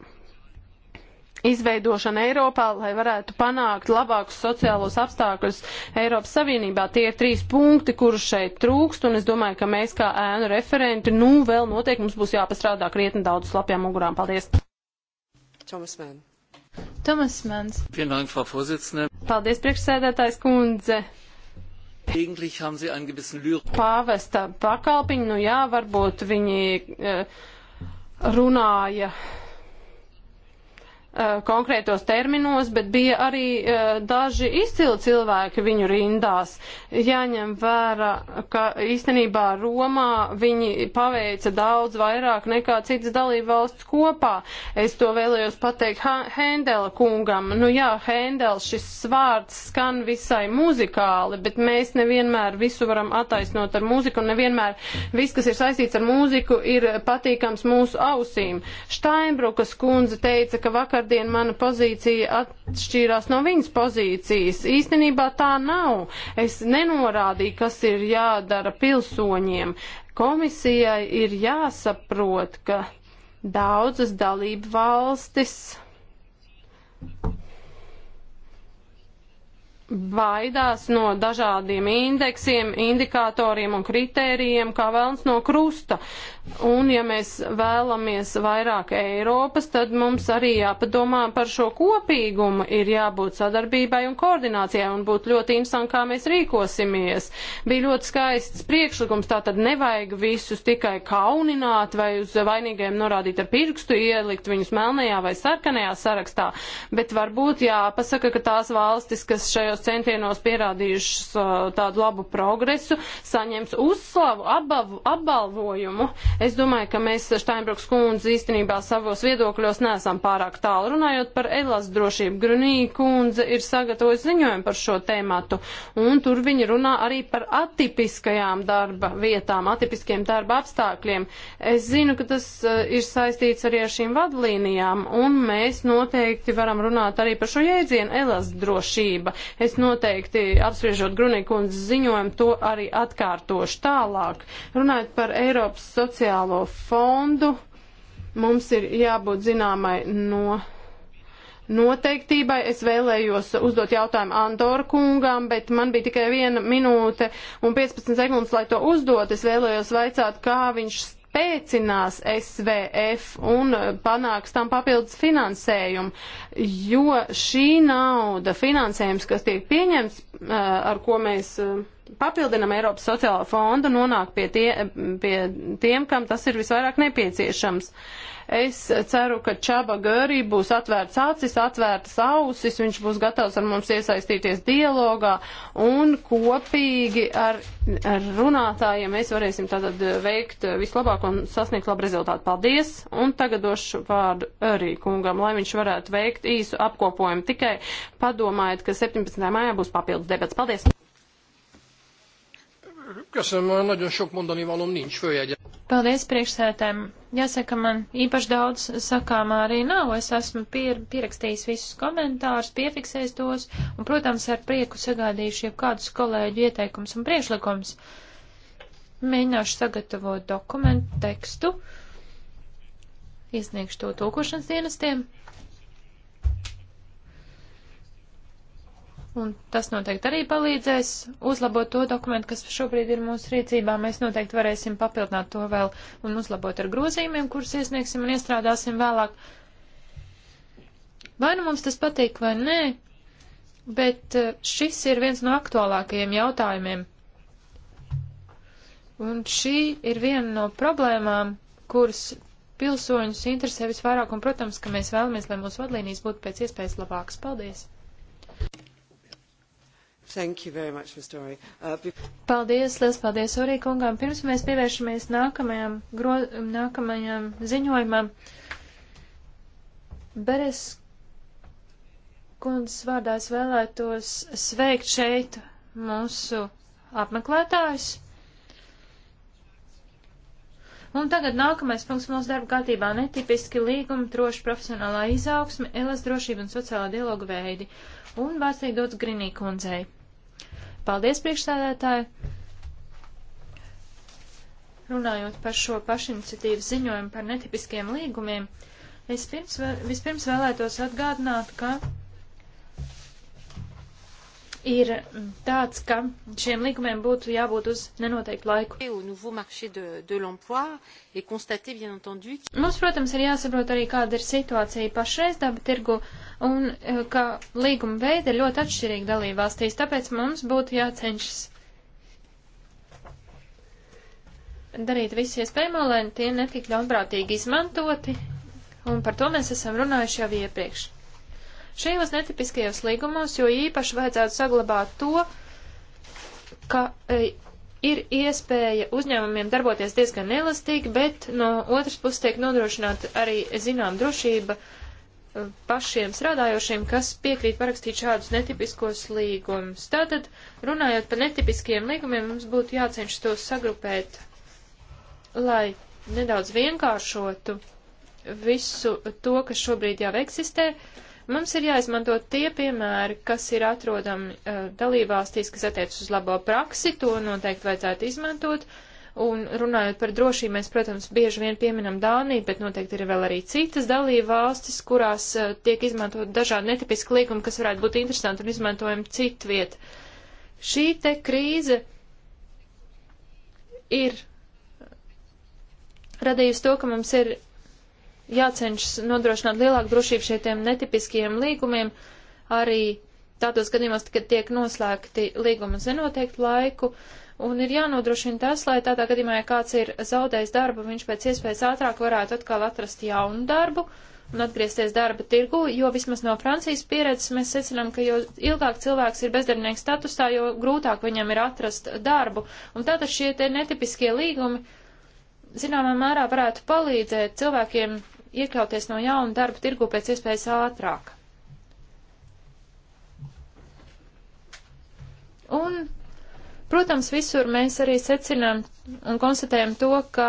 izveidošana Eiropā, lai varētu panākt labākus sociālos apstākļus Eiropas Savienībā. Tie ir trīs punkti, kurus šeit trūkst, un es domāju, ka mēs kā ēnu referenti, nu, vēl noteikti mums būs jāpastrādā krietni daudz slapjām mugurām. Paldies! Tomas Mēn. Tomas Mēns. Paldies, priekšsēdētājs kundze. Pāvesta pakalpiņu, nu jā, varbūt viņi eh, runāja Eh, konkrētos terminos, bet bija arī uh, daži izcili cilvēki viņu rindās. Jāņem vērā, ka īstenībā Romā viņi paveica daudz vairāk nekā citas dalība valsts kopā. Es to vēlējos pateikt Hendela kungam. Nu jā, Hendels šis svārds skan visai muzikāli, bet mēs nevienmēr visu varam attaisnot ar mūziku un nevienmēr viss, kas ir saistīts ar mūziku, ir patīkams mūsu ausīm. Steinbrukas kundze teica, ka vakar vakardien mana pozīcija atšķīrās no viņas pozīcijas. Īstenībā tā nav. Es nenorādīju, kas ir jādara pilsoņiem. Komisijai ir jāsaprot, ka daudzas dalību valstis baidās no dažādiem indeksiem, indikatoriem un kritērijiem, kā vēlams no krusta. Un ja mēs vēlamies vairāk Eiropas, tad mums arī jāpadomā par šo kopīgumu, ir jābūt sadarbībai un koordinācijai un būtu ļoti interesanti, kā mēs rīkosimies. Bija ļoti skaists priekšlikums, tā tad nevajag visus tikai kaunināt vai uz vainīgajiem norādīt ar pirkstu, ielikt viņus melnajā vai sarkanajā sarakstā, bet varbūt jāpasaka, ka tās valstis, kas šajos šajos centienos pierādījušas uh, tādu labu progresu, saņems uzslavu, abav, apbalvojumu. Es domāju, ka mēs Steinbruks kundze īstenībā savos viedokļos neesam pārāk tālu runājot par elas drošību. Grunī kundze ir sagatavojusi ziņojumu par šo tēmatu, un tur viņa runā arī par atipiskajām darba vietām, atipiskiem darba apstākļiem. Es zinu, ka tas ir saistīts arī ar šīm vadlīnijām, un mēs noteikti varam runāt arī par šo jēdzienu elas drošība. Es noteikti, apspriežot Grunīkundas ziņojumu, to arī atkārtošu tālāk. Runājot par Eiropas sociālo fondu, mums ir jābūt zināmai no noteiktībai. Es vēlējos uzdot jautājumu Andoru kungam, bet man bija tikai viena minūte un 15 sekundes, lai to uzdot. Es vēlējos vaicāt, kā viņš spēcinās SVF un panāks tam papildus finansējumu, jo šī nauda, finansējums, kas tiek pieņemts, eh, ar ko mēs eh, papildinam Eiropas sociālo fondu, nonāk pie, tie, pie tiem, kam tas ir visvairāk nepieciešams. Es ceru, ka Čaba Gārī būs atvērts acis, atvērtas ausis, viņš būs gatavs ar mums iesaistīties dialogā un kopīgi ar, ar runātājiem mēs varēsim tātad veikt vislabāko un sasniegt labu rezultātu. Paldies! Un tagad došu vārdu arī kungam, lai viņš varētu veikt īsu apkopojumu. Tikai padomājiet, ka 17. maijā būs papildus debats. Paldies! Köszönöm, nagyon sok mondani valom nincs, följegyem. Paldies priekšsētēm. Jāsaka, man īpaši daudz sakāmā arī nav. Es esmu pier, pierakstījis visus komentārus, piefiksējis tos, un, protams, ar prieku sagādījuši jau kādus kolēģu ieteikums un priešlikums. Mēģināšu sagatavot dokumentu tekstu, iesniegšu to tūkošanas dienestiem. Un tas noteikti arī palīdzēs uzlabot to dokumentu, kas šobrīd ir mūsu rīcībā. Mēs noteikti varēsim papildināt to vēl un uzlabot ar grozījumiem, kurus iesniegsim un iestrādāsim vēlāk. Vai nu mums tas patīk vai nē, bet eh, šis ir viens no aktuālākajiem jautājumiem. Un šī ir viena no problēmām, kuras pilsoņus interesē visvairāk, un, protams, ka mēs vēlamies, lai mūsu vadlīnijas būtu pēc iespējas labākas. Paldies! Much, uh, be... Paldies, liels paldies Orī kungām. Pirms mēs pievēršamies nākamajam, gro... nākamajam ziņojumam, Beres kundzes vārdā es vēlētos sveikt šeit mūsu apmeklētājus. Un tagad nākamais punkts mūsu darba kārtībā - netipiski līguma, droši profesionālā izaugsme, elas drošība un sociālā dialoga veidi. Un vārds tiek dots Grinī kundzei. Paldies, priekšstādātāji! Runājot par šo pašiniciatīvas ziņojumu par netipiskiem līgumiem, es pirms, vispirms vēlētos atgādināt, ka ir tāds, ka šiem likumiem būtu jābūt uz nenoteiktu laiku. Mums, protams, ir jāsaprot arī, kāda ir situācija pašreiz darba tirgu un eh, ka līguma veida ir ļoti atšķirīgi dalībvalstīs, tāpēc mums būtu jācenšas darīt visu iespējamo, lai tie netiktu ļaunprātīgi izmantoti, un par to mēs esam runājuši jau iepriekš. Šajos netipiskajos līgumos jo īpaši vajadzētu saglabāt to, ka e, ir iespēja uzņēmumiem darboties diezgan elastīgi, bet no otras puses tiek nodrošināta arī zinām drošība e, pašiem strādājošiem, kas piekrīt parakstīt šādus netipiskos līgumus. Tātad, runājot par netipiskiem līgumiem, mums būtu jācenšas tos sagrupēt, lai nedaudz vienkāršotu visu to, kas šobrīd jau eksistē, uh, Mums ir jāizmanto tie piemēri, kas ir atrodami uh, dalībvalstīs, kas attiecas uz labo praksi, to noteikti vajadzētu izmantot. Un runājot par drošību, mēs, protams, bieži vien pieminam Dāniju, bet noteikti ir vēl arī citas dalība valstis, kurās uh, tiek izmantot dažādi netipiski līgumi, kas varētu būt interesanti un izmantojami citviet. Šī te krīze ir radījusi to, ka mums ir jācenšas nodrošināt lielāku drošību šiem netipiskiem līgumiem, arī tādos gadījumos, kad tiek noslēgti līgumi uz nenoteiktu laiku, un ir jānodrošina tas, lai tādā gadījumā, ja kāds ir zaudējis darbu, viņš pēc iespējas ātrāk varētu atkal atrast jaunu darbu un atgriezties darba tirgu, jo vismaz no Francijas pieredzes mēs secinām, ka jo ilgāk cilvēks ir bezdarbnieks statusā, jo grūtāk viņam ir atrast darbu. Un tātad šie te netipiskie līgumi, zināmā mērā, varētu palīdzēt cilvēkiem iekļauties no jauna darba tirgu pēc iespējas ātrāk. Un, protams, visur mēs arī secinām un konstatējam to, ka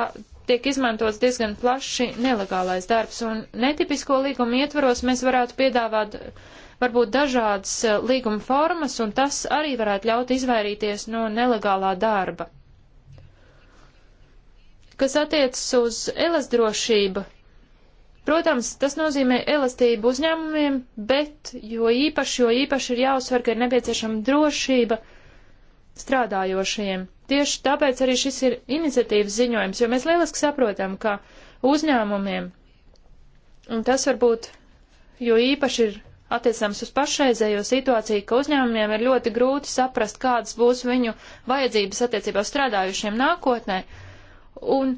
tiek izmantots diezgan plaši nelegālais darbs, un netipisko līgumu ietvaros mēs varētu piedāvāt varbūt dažādas eh, līguma formas, un tas arī varētu ļaut izvairīties no nelegālā darba. Kas attiecas uz elastrošību, Protams, tas nozīmē elastību uzņēmumiem, bet jo īpaši, jo īpaši ir jāuzsver, ka ir nepieciešama drošība strādājošajiem. Tieši tāpēc arī šis ir iniciatīvas ziņojums, jo mēs lieliski saprotam, ka uzņēmumiem, un tas varbūt jo īpaši ir attiecams uz pašreizējo situāciju, ka uzņēmumiem ir ļoti grūti saprast, kādas būs viņu vajadzības attiecībā strādājušiem nākotnē. Un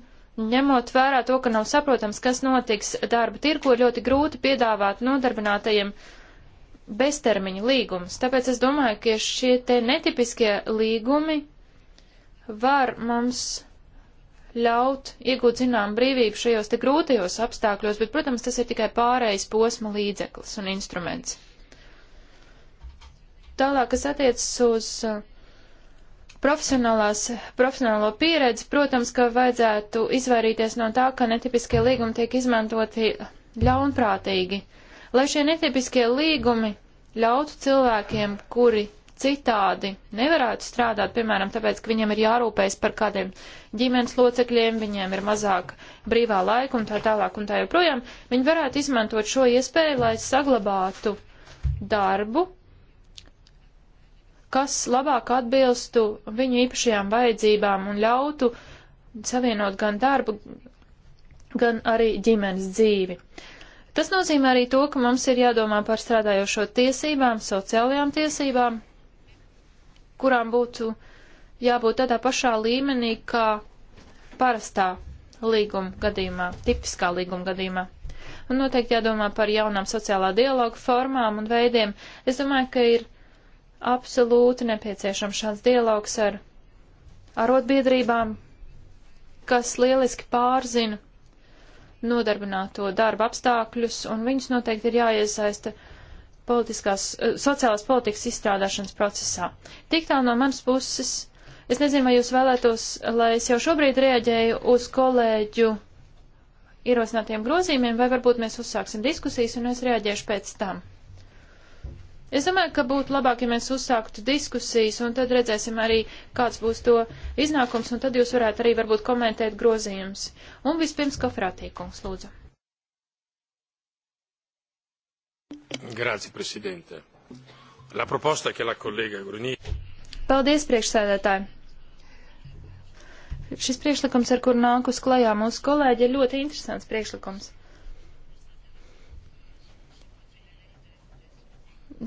Ņemot vērā to, ka nav saprotams, kas notiks darba tirku, ir ļoti grūti piedāvāt nodarbinātajiem beztermiņa līgumus. Tāpēc es domāju, ka šie te netipiskie līgumi var mums ļaut iegūt zinām brīvību šajos te grūtajos apstākļos, bet, protams, tas ir tikai pārējais posma līdzeklis un instruments. Tālāk, kas attiecas uz uh, profesionālo pieredzi, protams, ka vajadzētu izvairīties no tā, ka netipiskie līgumi tiek izmantoti ļaunprātīgi. Lai šie netipiskie līgumi ļautu cilvēkiem, kuri citādi nevarētu strādāt, piemēram, tāpēc, ka viņiem ir jārūpējas par kādiem ģimenes locekļiem, viņiem ir mazāk brīvā laika un tā tālāk un tā joprojām, viņi varētu izmantot šo iespēju, lai saglabātu darbu, kas labāk atbilstu viņu īpašajām vajadzībām un ļautu savienot gan darbu, gan arī ģimenes dzīvi. Tas nozīmē arī to, ka mums ir jādomā par strādājošo tiesībām, sociālajām tiesībām, kurām būtu jābūt tādā pašā līmenī kā parastā līguma gadījumā, tipiskā līguma gadījumā. Un noteikti jādomā par jaunām sociālā dialoga formām un veidiem. Es domāju, ka ir absolūti nepieciešams šāds dialogs ar arotbiedrībām, kas lieliski pārzina nodarbināto darba apstākļus, un viņus noteikti ir jāiesaista politiskās, eh, sociālās politikas izstrādāšanas procesā. Tik tālu no manas puses. Es nezinu, vai jūs vēlētos, lai es jau šobrīd rēģēju uz kolēģu ierosinātiem grozījumiem, vai varbūt mēs uzsāksim diskusijas un es rēģēšu pēc tam. Es domāju, ka būtu labāk, ja mēs uzsāktu diskusijas, un tad redzēsim arī, kāds būs to iznākums, un tad jūs varētu arī varbūt komentēt grozījumus. Un vispirms kofrātīkums, lūdzu. Grāci, prezidente. La proposta, ka la kolēga Grunī. Paldies, priekšsēdētāji. Šis priekšlikums, ar kur nāk uz klajā mūsu kolēģi, ir ļoti interesants priekšlikums.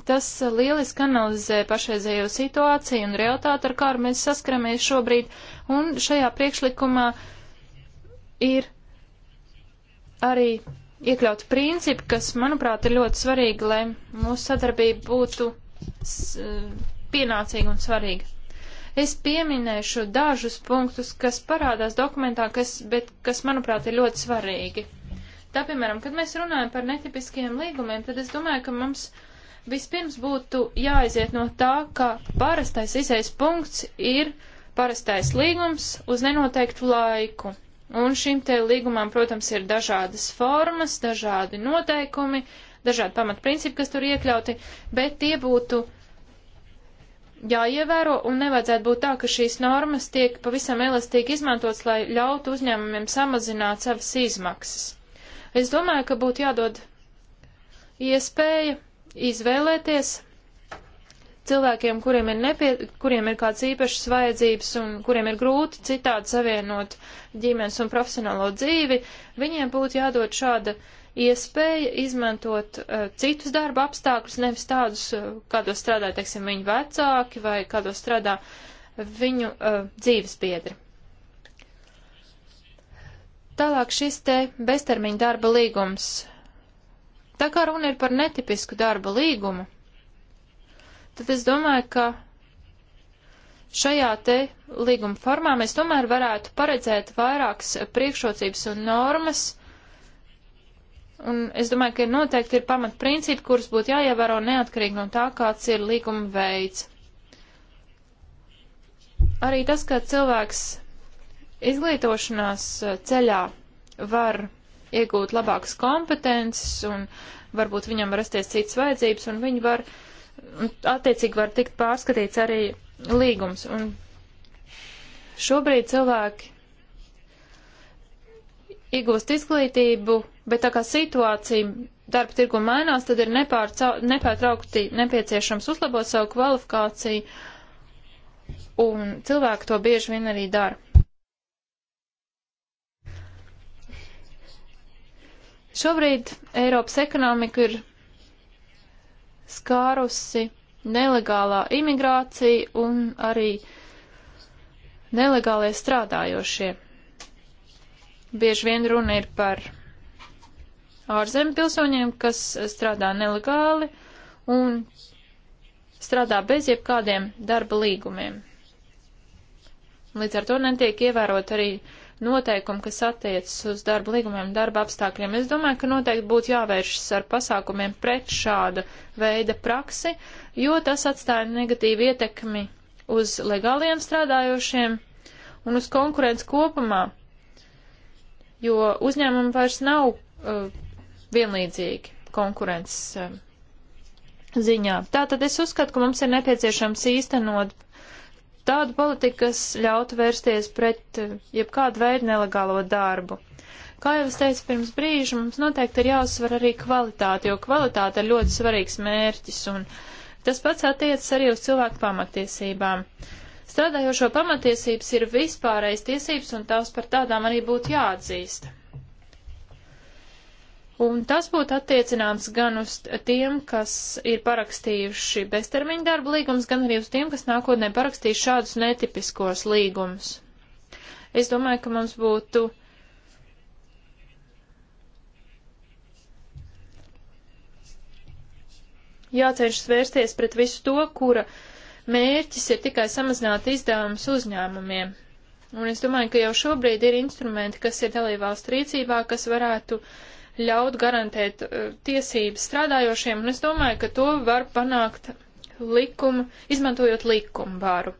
Tas lieliski analizē pašreizējo situāciju un realitāti, ar kādu mēs saskaramies šobrīd, un šajā priekšlikumā ir arī iekļauti principi, kas, manuprāt, ir ļoti svarīgi, lai mūsu sadarbība būtu pienācīga un svarīga. Es pieminēšu dažus punktus, kas parādās dokumentā, kas, bet kas, manuprāt, ir ļoti svarīgi. Tā, piemēram, kad mēs runājam par netipiskiem līgumiem, tad es domāju, ka mums uh, Vispirms būtu jāaiziet no tā, ka parastais izējas punkts ir parastais līgums uz nenoteiktu laiku. Un šim te līgumam, protams, ir dažādas formas, dažādi noteikumi, dažādi pamatprincipi, kas tur iekļauti, bet tie būtu jāievēro un nevajadzētu būt tā, ka šīs normas tiek pavisam elastīgi izmantotas, lai ļautu uzņēmumiem samazināt savas izmaksas. Es domāju, ka būtu jādod iespēja izvēlēties cilvēkiem, kuriem ir, nepie, kuriem ir kāds īpašs vajadzības un kuriem ir grūti citādi savienot ģimenes un profesionālo dzīvi, viņiem būtu jādod šāda iespēja izmantot uh, citus darba apstākļus, nevis tādus, uh, kādos strādā, teiksim, viņu vecāki vai kādos strādā viņu uh, dzīves biedri. Tālāk šis te beztermiņa darba līgums Tā kā runa ir par netipisku darba līgumu, tad es domāju, ka šajā te līguma formā mēs tomēr varētu paredzēt vairākas priekšrocības un normas. Un es domāju, ka ir noteikti ir pamatprincipi, kurus būtu jāievēro neatkarīgi no tā, kāds ir līguma veids. Arī tas, ka cilvēks izglītošanās eh, ceļā var iegūt labākas kompetences un varbūt viņam var rasties citas vajadzības un viņi var, attiecīgi var tikt pārskatīts arī līgums. Un šobrīd cilvēki iegūst izglītību, bet tā kā situācija darba tirgu mainās, tad ir nepārtraukti nepieciešams uzlabot savu kvalifikāciju, un cilvēki to bieži vien arī dara. Šobrīd Eiropas ekonomika ir skārusi nelegālā imigrācija un arī nelegālie strādājošie. Bieži vien runa ir par ārzemju pilsoņiem, kas strādā nelegāli un strādā bez jebkādiem darba līgumiem. Līdz ar to netiek ievērot arī noteikumi, kas attiecas uz darba līgumiem, darba apstākļiem. Es domāju, ka noteikti būtu jāvēršas ar pasākumiem pret šāda veida praksi, jo tas atstāja negatīvu ietekmi uz legāliem strādājošiem un uz konkurenci kopumā, jo uzņēmumi vairs nav uh, vienlīdzīgi konkurences uh, ziņā. Tātad es uzskatu, ka mums ir nepieciešams īstenot tādu politiku, kas ļautu vērsties pret eh, jebkādu veidu nelegālo darbu. Kā jau es teicu pirms brīža, mums noteikti ir jāuzsver arī kvalitāte, jo kvalitāte ir ļoti svarīgs mērķis, un tas pats attiecas arī uz cilvēku pamatiesībām. Strādājošo pamatiesības ir vispārējais tiesības, un tās par tādām arī būtu jāatzīst. Un tas būtu attiecināms gan uz tiem, kas ir parakstījuši beztermiņa darba līgumus, gan arī uz tiem, kas nākotnē parakstīs šādus netipiskos līgumus. Es domāju, ka mums būtu. Jācenšas vērsties pret visu to, kura mērķis ir tikai samazināt izdevumus uzņēmumiem. Un es domāju, ka jau šobrīd ir instrumenti, kas ir dalībvalstu rīcībā, kas varētu uh, ļaut garantēt uh, tiesības strādājošiem, un es domāju, ka to var panākt likumu, izmantojot likumu vāru.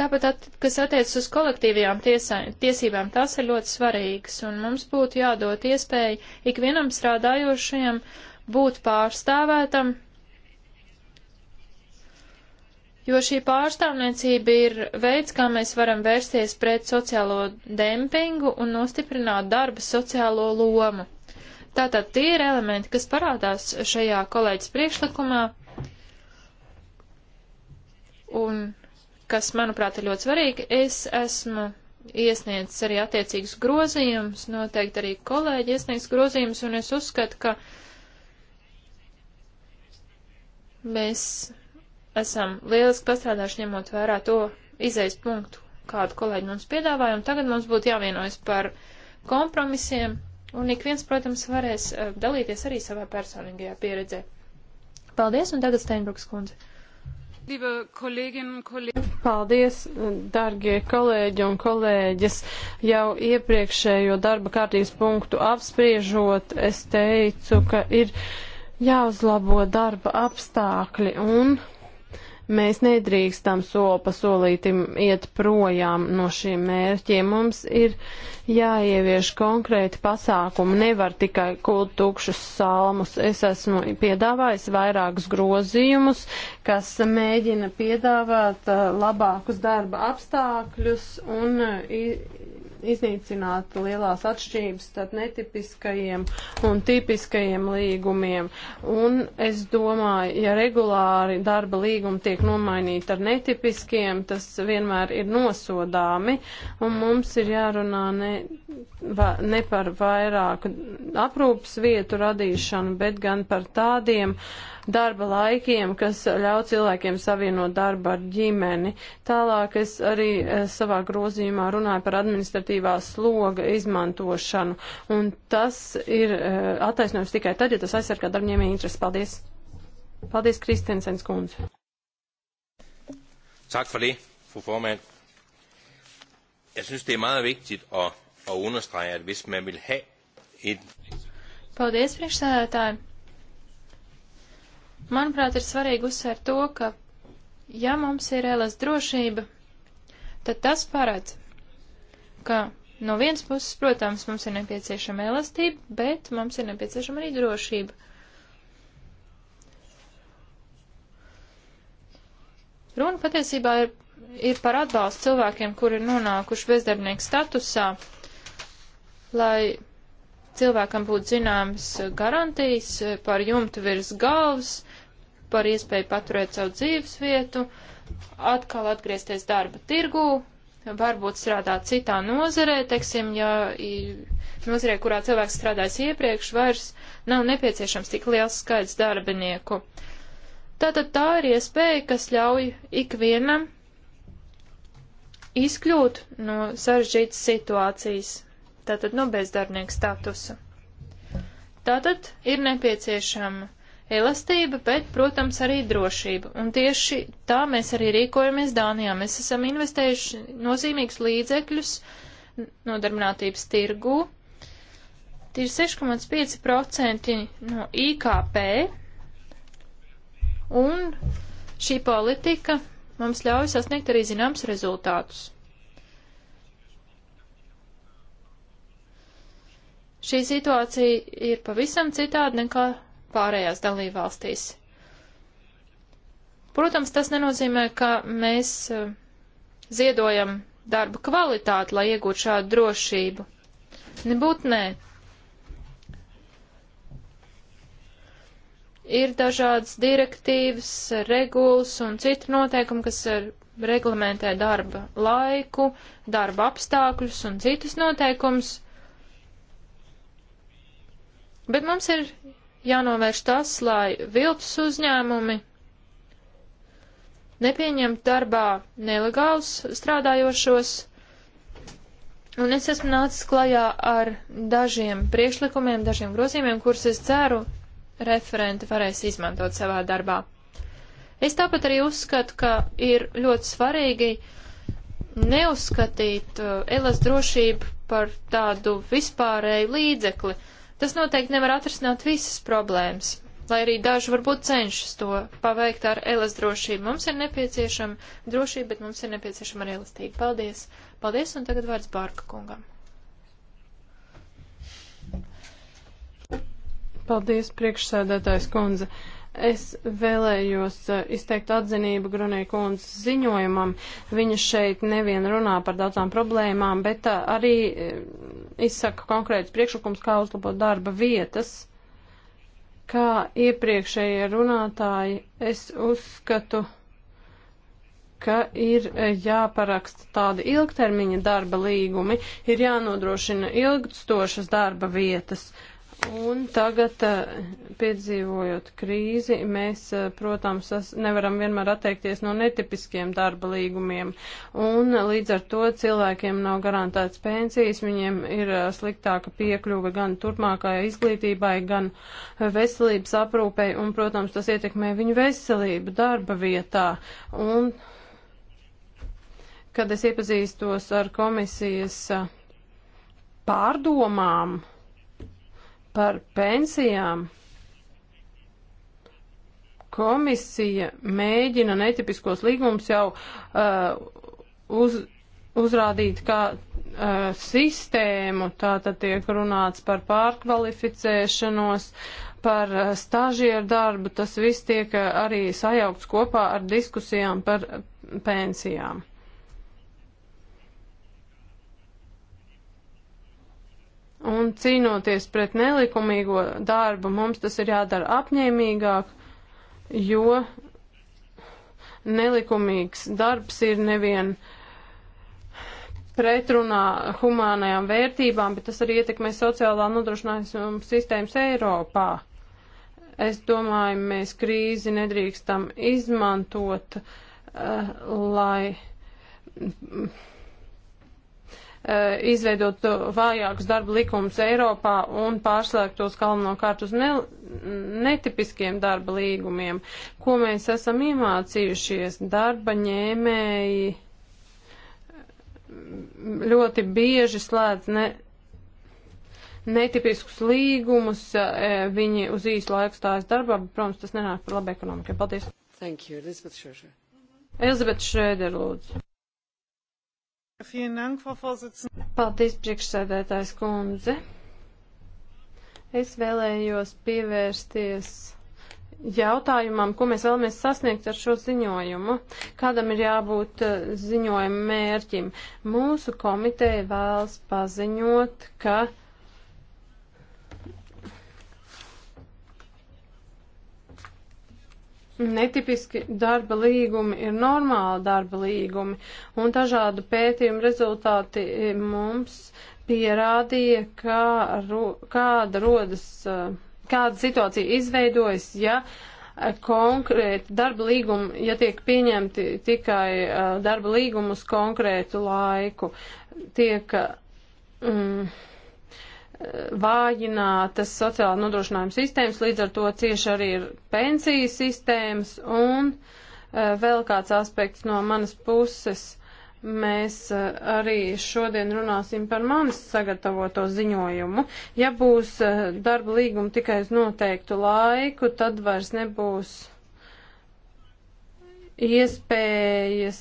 Tāpat, at, kas attiecas uz kolektīvajām tiesā, tiesībām, tās ir ļoti svarīgas, un mums būtu jādod iespēja ikvienam strādājošajam būt pārstāvētam jo šī pārstāvniecība ir veids, kā mēs varam vērsties pret sociālo dempingu un nostiprināt darba sociālo lomu. Tātad tie ir elementi, kas parādās šajā kolēģis priekšlikumā un kas, manuprāt, ir ļoti svarīgi. Es esmu iesniedzis arī attiecīgus grozījumus, noteikti arī kolēģi iesniegs grozījumus, un es uzskatu, ka mēs esam lieliski pastrādājuši ņemot vērā to izejas punktu, kādu kolēģi mums piedāvāja, un tagad mums būtu jāvienojas par kompromisiem, un ik viens, protams, varēs eh, dalīties arī savā personīgajā pieredzē. Paldies, un tagad Steinbruks kundze. Paldies, dargie kolēģi un kolēģis. Jau iepriekšējo darba kārtības punktu apspriežot, es teicu, ka ir jāuzlabo darba apstākļi un Mēs nedrīkstam soli pa solītim iet projām no šiem mērķiem. Mums ir jāievieš konkrēti pasākumi. Nevar tikai kult tukšus salmus. Es esmu piedāvājis vairākus grozījumus, kas mēģina piedāvāt uh, labākus darba apstākļus un uh, iznīcināt lielās atšķirības starp netipiskajiem un tipiskajiem līgumiem. Un es domāju, ja regulāri darba līgumi tiek nomainīti ar netipiskiem, tas vienmēr ir nosodāmi, un mums ir jārunā ne, va, ne par vairāku aprūpas vietu radīšanu, bet gan par tādiem, uh, darba laikiem, kas ļauj cilvēkiem savienot darbu ar ģimeni. Tālāk es arī eh, savā grozījumā runāju par administratīvā sloga izmantošanu, un tas ir eh, attaisnojums tikai tad, ja tas aizsargā darbņēmēju intereses. Paldies! Paldies, Kristensens kundze! Tak for det, fru formand. Jeg synes, det er meget vigtigt at, at understrege, at hvis man vil have et... Paldies, priekšsēdētāji! Manuprāt, ir svarīgi uzsvērt to, ka, ja mums ir ēlas drošība, tad tas parāds, ka no vienas puses, protams, mums ir nepieciešama elastība, bet mums ir nepieciešama arī drošība. Runa patiesībā ir, ir par atbalstu cilvēkiem, kuri ir nonākuši bezdarbnieku statusā, lai cilvēkam būtu zināmas garantijas par jumtu virs galvas, par iespēju paturēt savu dzīves vietu, atkal atgriezties darba tirgū, varbūt strādāt citā nozarē, teiksim, ja nozarē, kurā cilvēks strādājis iepriekš, vairs nav nepieciešams tik liels skaits darbinieku. Tātad tā ir iespēja, kas ļauj ikvienam izkļūt no sarežģītas situācijas, tātad no bezdarbnieka statusa. Tātad ir nepieciešama elastība, bet, protams, arī drošība. Un tieši tā mēs arī rīkojamies Dānijā. Mēs esam investējuši nozīmīgus līdzekļus nodarbinātības tirgū. Tie ir 6,5% no IKP, un šī politika mums ļauj sasniegt arī zināms rezultātus. Šī situācija ir pavisam citāda nekā pārējās dalībvalstīs. Protams, tas nenozīmē, ka mēs e, ziedojam darba kvalitāti, lai iegūtu šādu drošību. Nebūt nē. Ir dažādas direktīvas, regulas un citi noteikumi, kas reglamentē darba laiku, darba apstākļus un citus noteikumus. Bet mums ir jānovērš tas, lai viltus uzņēmumi nepieņemt darbā nelegālus strādājošos, un es esmu nācis klajā ar dažiem priekšlikumiem, dažiem grozījumiem, kurus es ceru referenti varēs izmantot savā darbā. Es tāpat arī uzskatu, ka ir ļoti svarīgi neuzskatīt uh, elas drošību par tādu vispārēju līdzekli, uh, Tas noteikti nevar atrisināt visas problēmas, lai arī daži varbūt cenšas to paveikt ar elas drošību. Mums ir nepieciešama drošība, bet mums ir nepieciešama arī elastība. Paldies! Paldies, un tagad vārds Bārka kungam. Paldies, priekšsēdētājs kundze. Uh, Es vēlējos eh, izteikt atzinību Grunīkundas ziņojumam. Viņa šeit nevien runā par daudzām problēmām, bet eh, arī eh, izsaka konkrētus priekšlikums, kā uzlabot darba vietas. Kā iepriekšējie runātāji, es uzskatu, ka ir jāparaksta tādi ilgtermiņa darba līgumi, ir jānodrošina ilgstošas darba vietas. Uh, Un tagad, eh, piedzīvojot krīzi, mēs, eh, protams, nevaram vienmēr atteikties no netipiskiem darba līgumiem. Un līdz ar to cilvēkiem nav garantēts pensijas, viņiem ir eh, sliktāka piekļuve gan turpmākajai izglītībai, gan veselības aprūpei. Un, protams, tas ietekmē viņu veselību darba vietā. Un, kad es iepazīstos ar komisijas pārdomām, par pensijām komisija mēģina netipiskos līgumus jau uh, uz, uzrādīt kā uh, sistēmu, tā tad tiek runāts par pārkvalificēšanos, par uh, stažieru darbu, tas viss tiek uh, arī sajaukts kopā ar diskusijām par pensijām. Un cīnoties pret nelikumīgo darbu, mums tas ir jādara apņēmīgāk, jo nelikumīgs darbs ir nevien pretrunā humānajām vērtībām, bet tas arī ietekmē sociālā nodrošinājuma sistēmas Eiropā. Es domāju, mēs krīzi nedrīkstam izmantot, uh, lai Eh, izveidot vājākus darba likumus Eiropā un pārslēgt tos galvenokārt uz ne, netipiskiem darba līgumiem. Ko mēs esam iemācījušies? Darba ņēmēji ļoti bieži slēdz ne, netipiskus līgumus, eh, viņi uz īsu laiku stājas darbā, bet, protams, tas nenāk par labu ekonomikai. Paldies! Thank you, Elizabeth Schroeder. Elizabeth Schroeder, lūdzu. Paldies, priekšsēdētājs kundze. Es vēlējos pievērsties jautājumam, ko mēs vēlamies sasniegt ar šo ziņojumu. Kādam ir jābūt eh, ziņojuma mērķim? Mūsu komiteja vēlas paziņot, ka Netipiski darba līgumi ir normāli darba līgumi, un dažādu pētījumu rezultāti e, mums pierādīja, kā, ro, kāda rodas, e, kāda situācija izveidojas, ja e, konkrēti darba līgumi, ja tiek pieņemti tikai darba līgumus konkrētu laiku, tiek. Mm, vājinātas sociāla nodrošinājuma sistēmas, līdz ar to cieši arī ir pensijas sistēmas un e, vēl kāds aspekts no manas puses. Mēs e, arī šodien runāsim par manis sagatavoto ziņojumu. Ja būs e, darba līguma tikai uz noteiktu laiku, tad vairs nebūs iespējas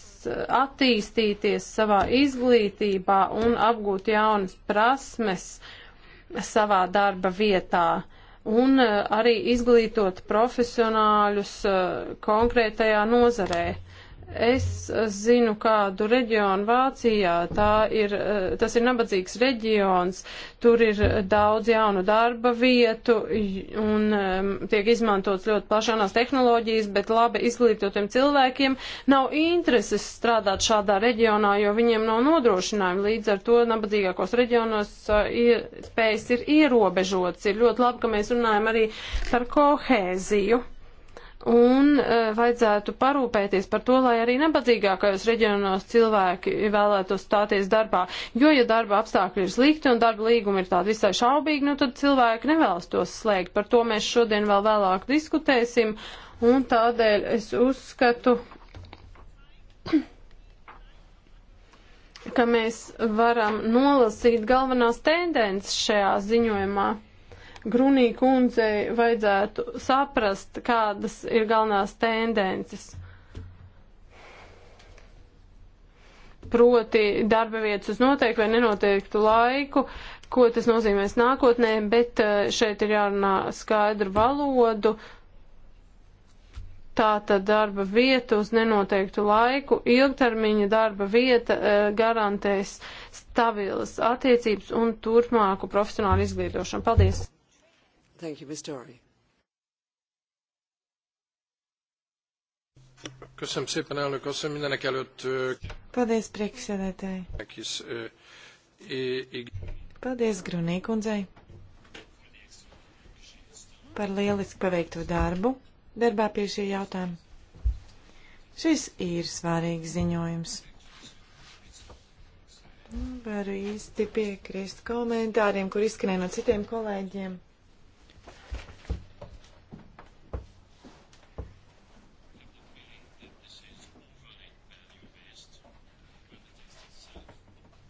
attīstīties savā izglītībā un apgūt jaunas prasmes. Uh, savā darba vietā un eh, arī izglītot profesionāļus eh, konkrētajā nozarē. Es zinu kādu reģionu Vācijā, tā ir, eh, tas ir nabadzīgs reģions, tur ir daudz jaunu darba vietu un um, tiek izmantots ļoti plašanās tehnoloģijas, bet labi izglītotiem cilvēkiem nav intereses strādāt šādā reģionā, jo viņiem nav nodrošinājumi. Līdz ar to nabadzīgākos reģionos eh, iespējas ir ierobežotas. Ir ļoti labi, ka mēs runājam arī par kohēziju. Un uh, vajadzētu parūpēties par to, lai arī nabadzīgākajos reģionos cilvēki vēlētos stāties darbā. Jo, ja darba apstākļi ir slikti un darba līgumi ir tādi visai šaubīgi, nu tad cilvēki nevēlas tos slēgt. Par to mēs šodien vēl vēlāk diskutēsim. Un tādēļ es uzskatu, ka mēs varam nolasīt galvenās tendences šajā ziņojumā. Grunī kundzei vajadzētu saprast, kādas ir galvenās tendences. Proti darba vietas uz noteiktu vai nenoteiktu laiku, ko tas nozīmēs nākotnē, bet eh, šeit ir jārunā skaidru valodu, tāda darba vieta uz nenoteiktu laiku, ilgtermiņa darba vieta eh, garantēs stabilas attiecības un turpmāku profesionālu izglītošanu. Paldies! Thank you, Ms. Dory. Köszönöm szépen, elnök asszony, mindenek előtt... Paldies, priekšsēdētāji. Paldies, Grunī kundzei, par lieliski paveikto darbu darbā pie šī jautājuma. Šis ir svarīgs ziņojums. Varu īsti piekrist komentāriem, kur izskanēja no citiem kolēģiem.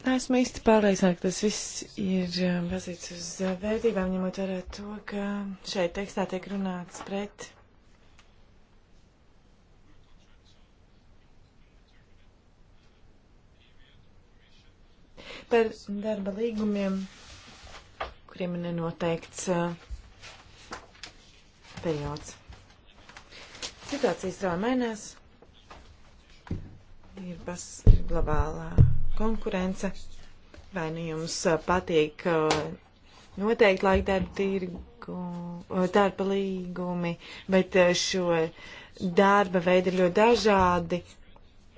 Esmu īsti pārliecināta, ka tas viss ir eh, bazīts uz eh, vērtībām, ņemot vērā to, ka šeit tekstā tiek runāts pret. Par darba līgumiem, kuriem ir nenoteikts eh, periods. Situācija strauji mainās. Ir pas globālā konkurence. Vai nu jums uh, patīk uh, noteikti laika darba tirgu, uh, darba līgumi, bet šo darba veidi ir ļoti dažādi.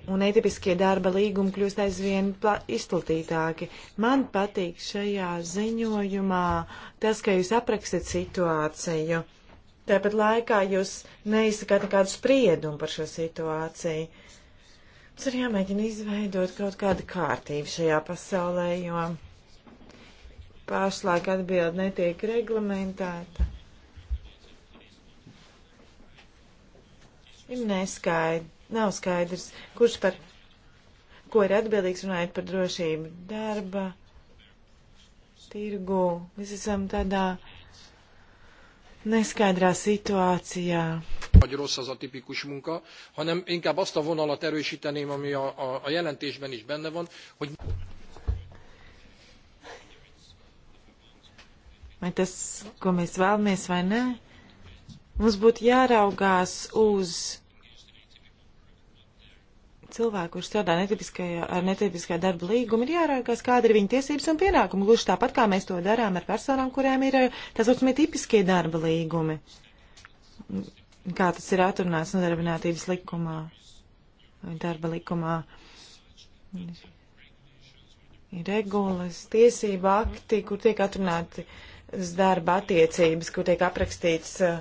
Un netipiskie darba līgumi kļūst aizvien izplatītāki. Man patīk šajā ziņojumā tas, ka jūs aprakstat situāciju. Tāpat laikā jūs neizsakāt nekādu spriedumu par šo situāciju. Mums ir jāmēģina izveidot kaut kādu kārtību šajā pasaulē, jo pašlaik atbildi netiek reglamentēta. Ir neskaidrs, nav skaidrs, kurš par ko ir atbildīgs runājot par drošību darba, tirgu. Mēs esam tādā neskaidrā situācijā. Vagy rossz az a tipikus munka, hanem inkább azt a vonalat erősíteném, ami a, a, a jelentésben is benne van, hogy... Vai tas, ko mēs vēlamies vai nē, mums būtu jāraugās uz cilvēki, kurš strādā ar netipiskā darba līgumu, ir jārākās, kāda ir viņa tiesības un pienākumi. Gluži tāpat, kā mēs to darām ar personām, kurām ir eh, tā saucamie tipiskie darba līgumi. Kā tas ir atrunāts nodarbinātības likumā, darba likumā. Ir regulas, tiesība akti, kur tiek atrunāti darba attiecības, kur tiek aprakstīts eh,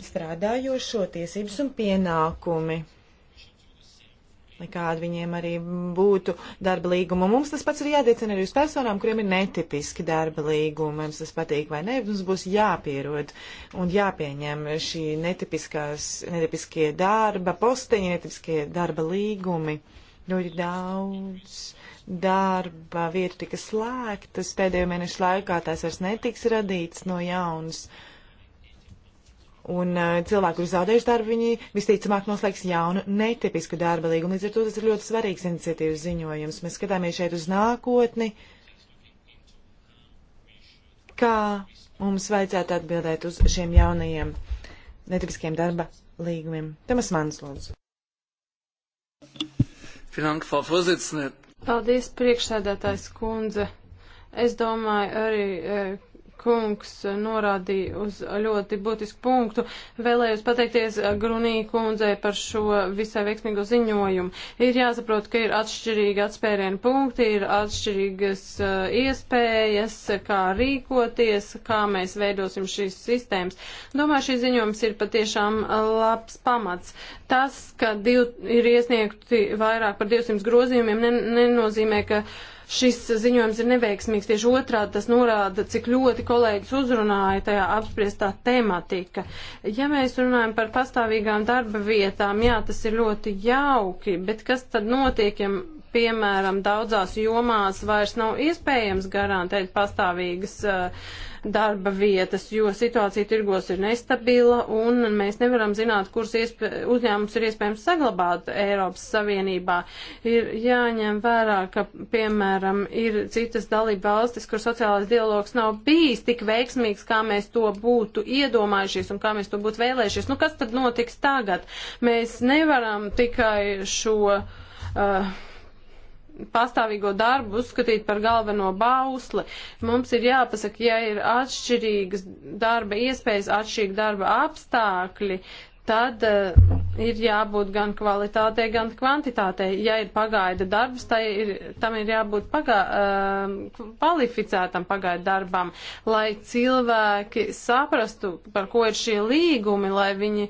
strādājošo tiesības un pienākumi nekāda viņiem arī būtu darba līguma. Mums tas pats ir jātiecina arī uz personām, kuriem ir netipiski darba līguma. Mums tas patīk vai nē, mums būs jāpierod un jāpieņem šī netipiskie darba posteņi, netipiskie darba līgumi. Ļoti daudz darba vietu tika slēgtas pēdējo mēnešu laikā, tās vairs netiks radīts no jaunas. Uh, Un uh, cilvēki, kuri zaudējuši darbu, viņi visticamāk noslēgs jaunu netipisku darba līgumu. Līdz ar to tas ir ļoti svarīgs iniciatīvas ziņojums. Mēs skatāmies šeit uz nākotni, kā mums vajadzētu atbildēt uz šiem jaunajiem netipiskiem darba līgumiem. Temas mans lūdzu. Paldies, priekšsēdētājs kundze. Es domāju arī, eh, kungs norādīja uz ļoti būtisku punktu. Vēlējos pateikties Grunī kundzei par šo visai veiksmīgo ziņojumu. Ir jāsaprot, ka ir atšķirīgi atspērienu punkti, ir atšķirīgas uh, iespējas, kā rīkoties, kā mēs veidosim šīs sistēmas. Domāju, šī ziņojums ir patiešām eh, labs pamats. Tas, ka div, ir iesniegti vairāk par 200 grozījumiem, nen, nenozīmē, ka uh, šis ziņojums ir neveiksmīgs. Tieši otrādi tas norāda, cik ļoti kolēģis uzrunāja tajā apspriestā tematika. Ja mēs runājam par pastāvīgām darba vietām, jā, tas ir ļoti jauki, bet kas tad notiek, ja piemēram daudzās jomās vairs nav iespējams garantēt pastāvīgas uh, darba vietas, jo situācija tirgos ir nestabila un mēs nevaram zināt, kuras uzņēmums ir iespējams saglabāt Eiropas Savienībā. Ir jāņem vērā, ka, piemēram, ir citas dalība valstis, kur sociālais dialogs nav bijis tik veiksmīgs, kā mēs to būtu iedomājušies un kā mēs to būtu vēlējušies. Nu, kas tad notiks tagad? Mēs nevaram tikai šo. Uh, pastāvīgo darbu uzskatīt par galveno bausli. Mums ir jāpasaka, ja ir atšķirīgas darba iespējas, atšķirīgi darba apstākļi, tad uh, ir jābūt gan kvalitātei, gan kvantitātei. Ja ir pagaida darbs, tai ir, tam ir jābūt pagā, uh, kvalificētam pagaida darbam, lai cilvēki saprastu, par ko ir šie līgumi, lai viņi.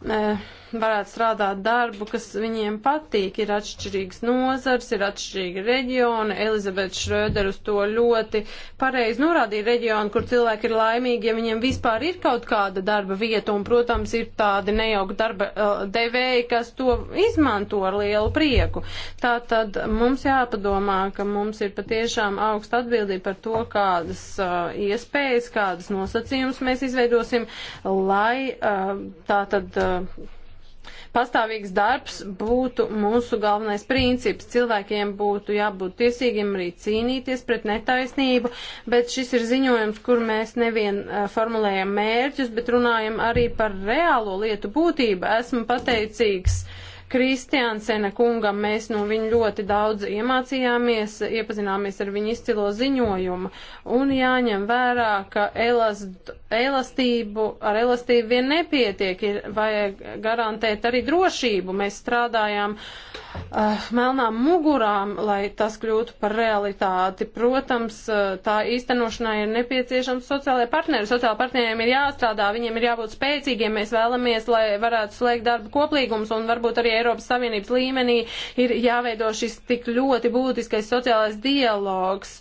Uh, varētu strādāt darbu, kas viņiem patīk. Ir atšķirīgs nozars, ir atšķirīgi reģioni. Elizabete Šröder uz to ļoti pareizi norādīja reģionu, kur cilvēki ir laimīgi, ja viņiem vispār ir kaut kāda darba vieta. Un, protams, ir tādi nejauki darba uh, devēji, kas to izmanto ar lielu prieku. Tātad mums jāpadomā, ka mums ir patiešām augsta atbildība par to, kādas uh, iespējas, kādas nosacījumus mēs izveidosim, lai uh, tātad. Uh, Pastāvīgs darbs būtu mūsu galvenais princips. Cilvēkiem būtu jābūt tiesīgiem arī cīnīties pret netaisnību, bet šis ir ziņojums, kur mēs nevien eh, formulējam mērķus, bet runājam arī par reālo lietu būtību. Esmu pateicīgs. Uh, Kristiansena kungam mēs no viņa ļoti daudz iemācījāmies, iepazināmies ar viņa izcilo ziņojumu un jāņem vērā, ka elast, elastību, ar elastību vien nepietiek, ir vajag garantēt arī drošību. Mēs strādājām uh, melnām mugurām, lai tas kļūtu par realitāti. Protams, uh, tā īstenošanai ir nepieciešams sociālajie partneri. Sociālajiem partneriem ir jāstrādā, viņiem ir jābūt spēcīgiem. Mēs vēlamies, lai varētu slēgt darba koplīgums un varbūt arī Eiropas Savienības līmenī ir jāveido šis tik ļoti būtiskais sociālais dialogs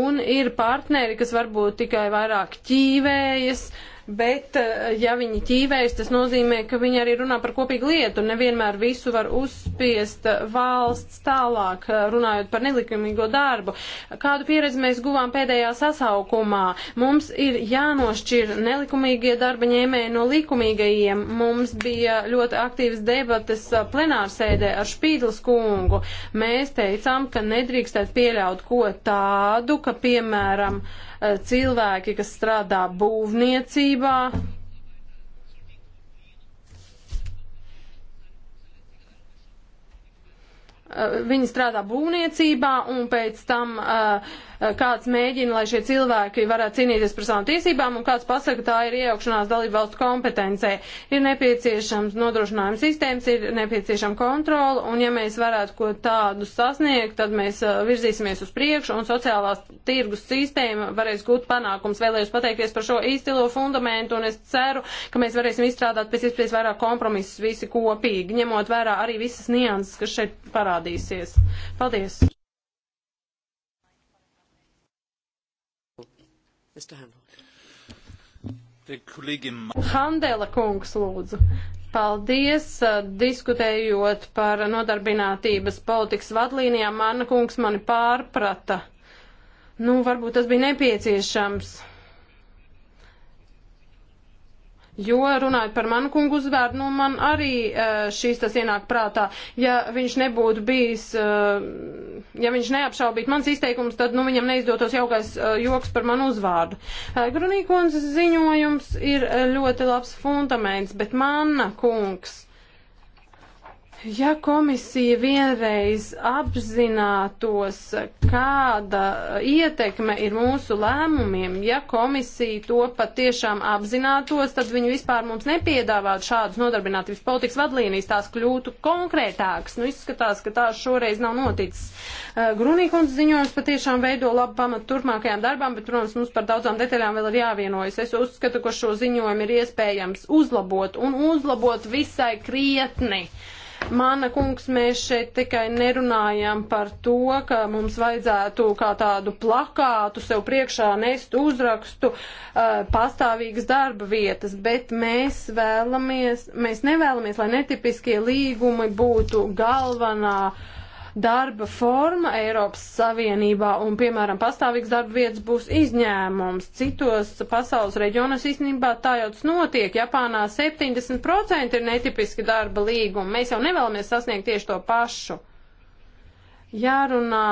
un ir partneri, kas varbūt tikai vairāk ķīvējas. Uh, bet eh, ja viņi ķīvējas, tas nozīmē, ka viņi arī runā par kopīgu lietu un nevienmēr visu var uzspiest eh, valsts tālāk, eh, runājot par nelikumīgo darbu. Kādu pieredzi mēs guvām pēdējā sasaukumā? Mums ir jānošķir nelikumīgie darba ņēmēji no likumīgajiem. Mums bija ļoti aktīvas debates plenārsēdē ar Špīdlis kungu. Mēs teicām, ka nedrīkstētu pieļaut ko tādu, ka piemēram, uh, Eh, cilvēki, kas strādā būvniecībā, eh, viņi strādā būvniecībā un pēc tam uh, Eh, kāds mēģina, lai šie cilvēki varētu cīnīties par savām tiesībām, un kāds pasaka, tā ir iejaukšanās dalību valstu kompetencē. Ir nepieciešams nodrošinājums sistēmas, ir nepieciešama kontrola, un ja mēs varētu ko tādu sasniegt, tad mēs eh, virzīsimies uz priekšu, un sociālās tirgus sistēma varēs gūt panākums. Vēlējos pateikties par šo īstilo fundamentu, un es ceru, ka mēs varēsim izstrādāt pēc iespējas vairāk kompromisus visi kopīgi, ņemot vērā arī visas nianses, kas šeit parādīsies. Paldies! Mr. Handel. Handela kungs lūdzu. Paldies! Diskutējot par nodarbinātības politikas vadlīnijām, Anna kungs mani pārprata. Nu, varbūt tas bija nepieciešams. Jo runājot par manu kungu uzvārdu, nu man arī eh, šīs tas ienāk prātā. Ja viņš nebūtu bijis, eh, ja viņš neapšaubītu mans izteikums, tad nu viņam neizdotos jaukais eh, joks par manu uzvārdu. Grunīkons ziņojums ir ļoti labs fundaments, bet mana kungs Ja komisija vienreiz apzinātos, kāda ietekme ir mūsu lēmumiem, ja komisija to patiešām apzinātos, tad viņi vispār mums nepiedāvātu šādas nodarbinātības politikas vadlīnijas, tās kļūtu konkrētākas. Nu, izskatās, ka tās šoreiz nav noticis. Eh, Grunīkums ziņojums patiešām veido labu pamatu turpmākajām darbām, bet, protams, mums par daudzām detaļām vēl ir jāvienojas. Es uzskatu, ka šo ziņojumu ir iespējams uzlabot un uzlabot visai krietni. Yeah Mana kungs, mēs šeit tikai nerunājam par to, ka mums vajadzētu kā tādu plakātu sev priekšā nest uzrakstu uh, pastāvīgas darba vietas, bet mēs vēlamies, mēs nevēlamies, lai netipiskie līgumi būtu galvenā uh, darba forma Eiropas Savienībā un, piemēram, pastāvīgs darba vietas būs izņēmums. Citos pasaules reģionos īstenībā tā jau tas notiek. Japānā 70% ir netipiski darba līgumi. Mēs jau nevēlamies sasniegt tieši to pašu jārunā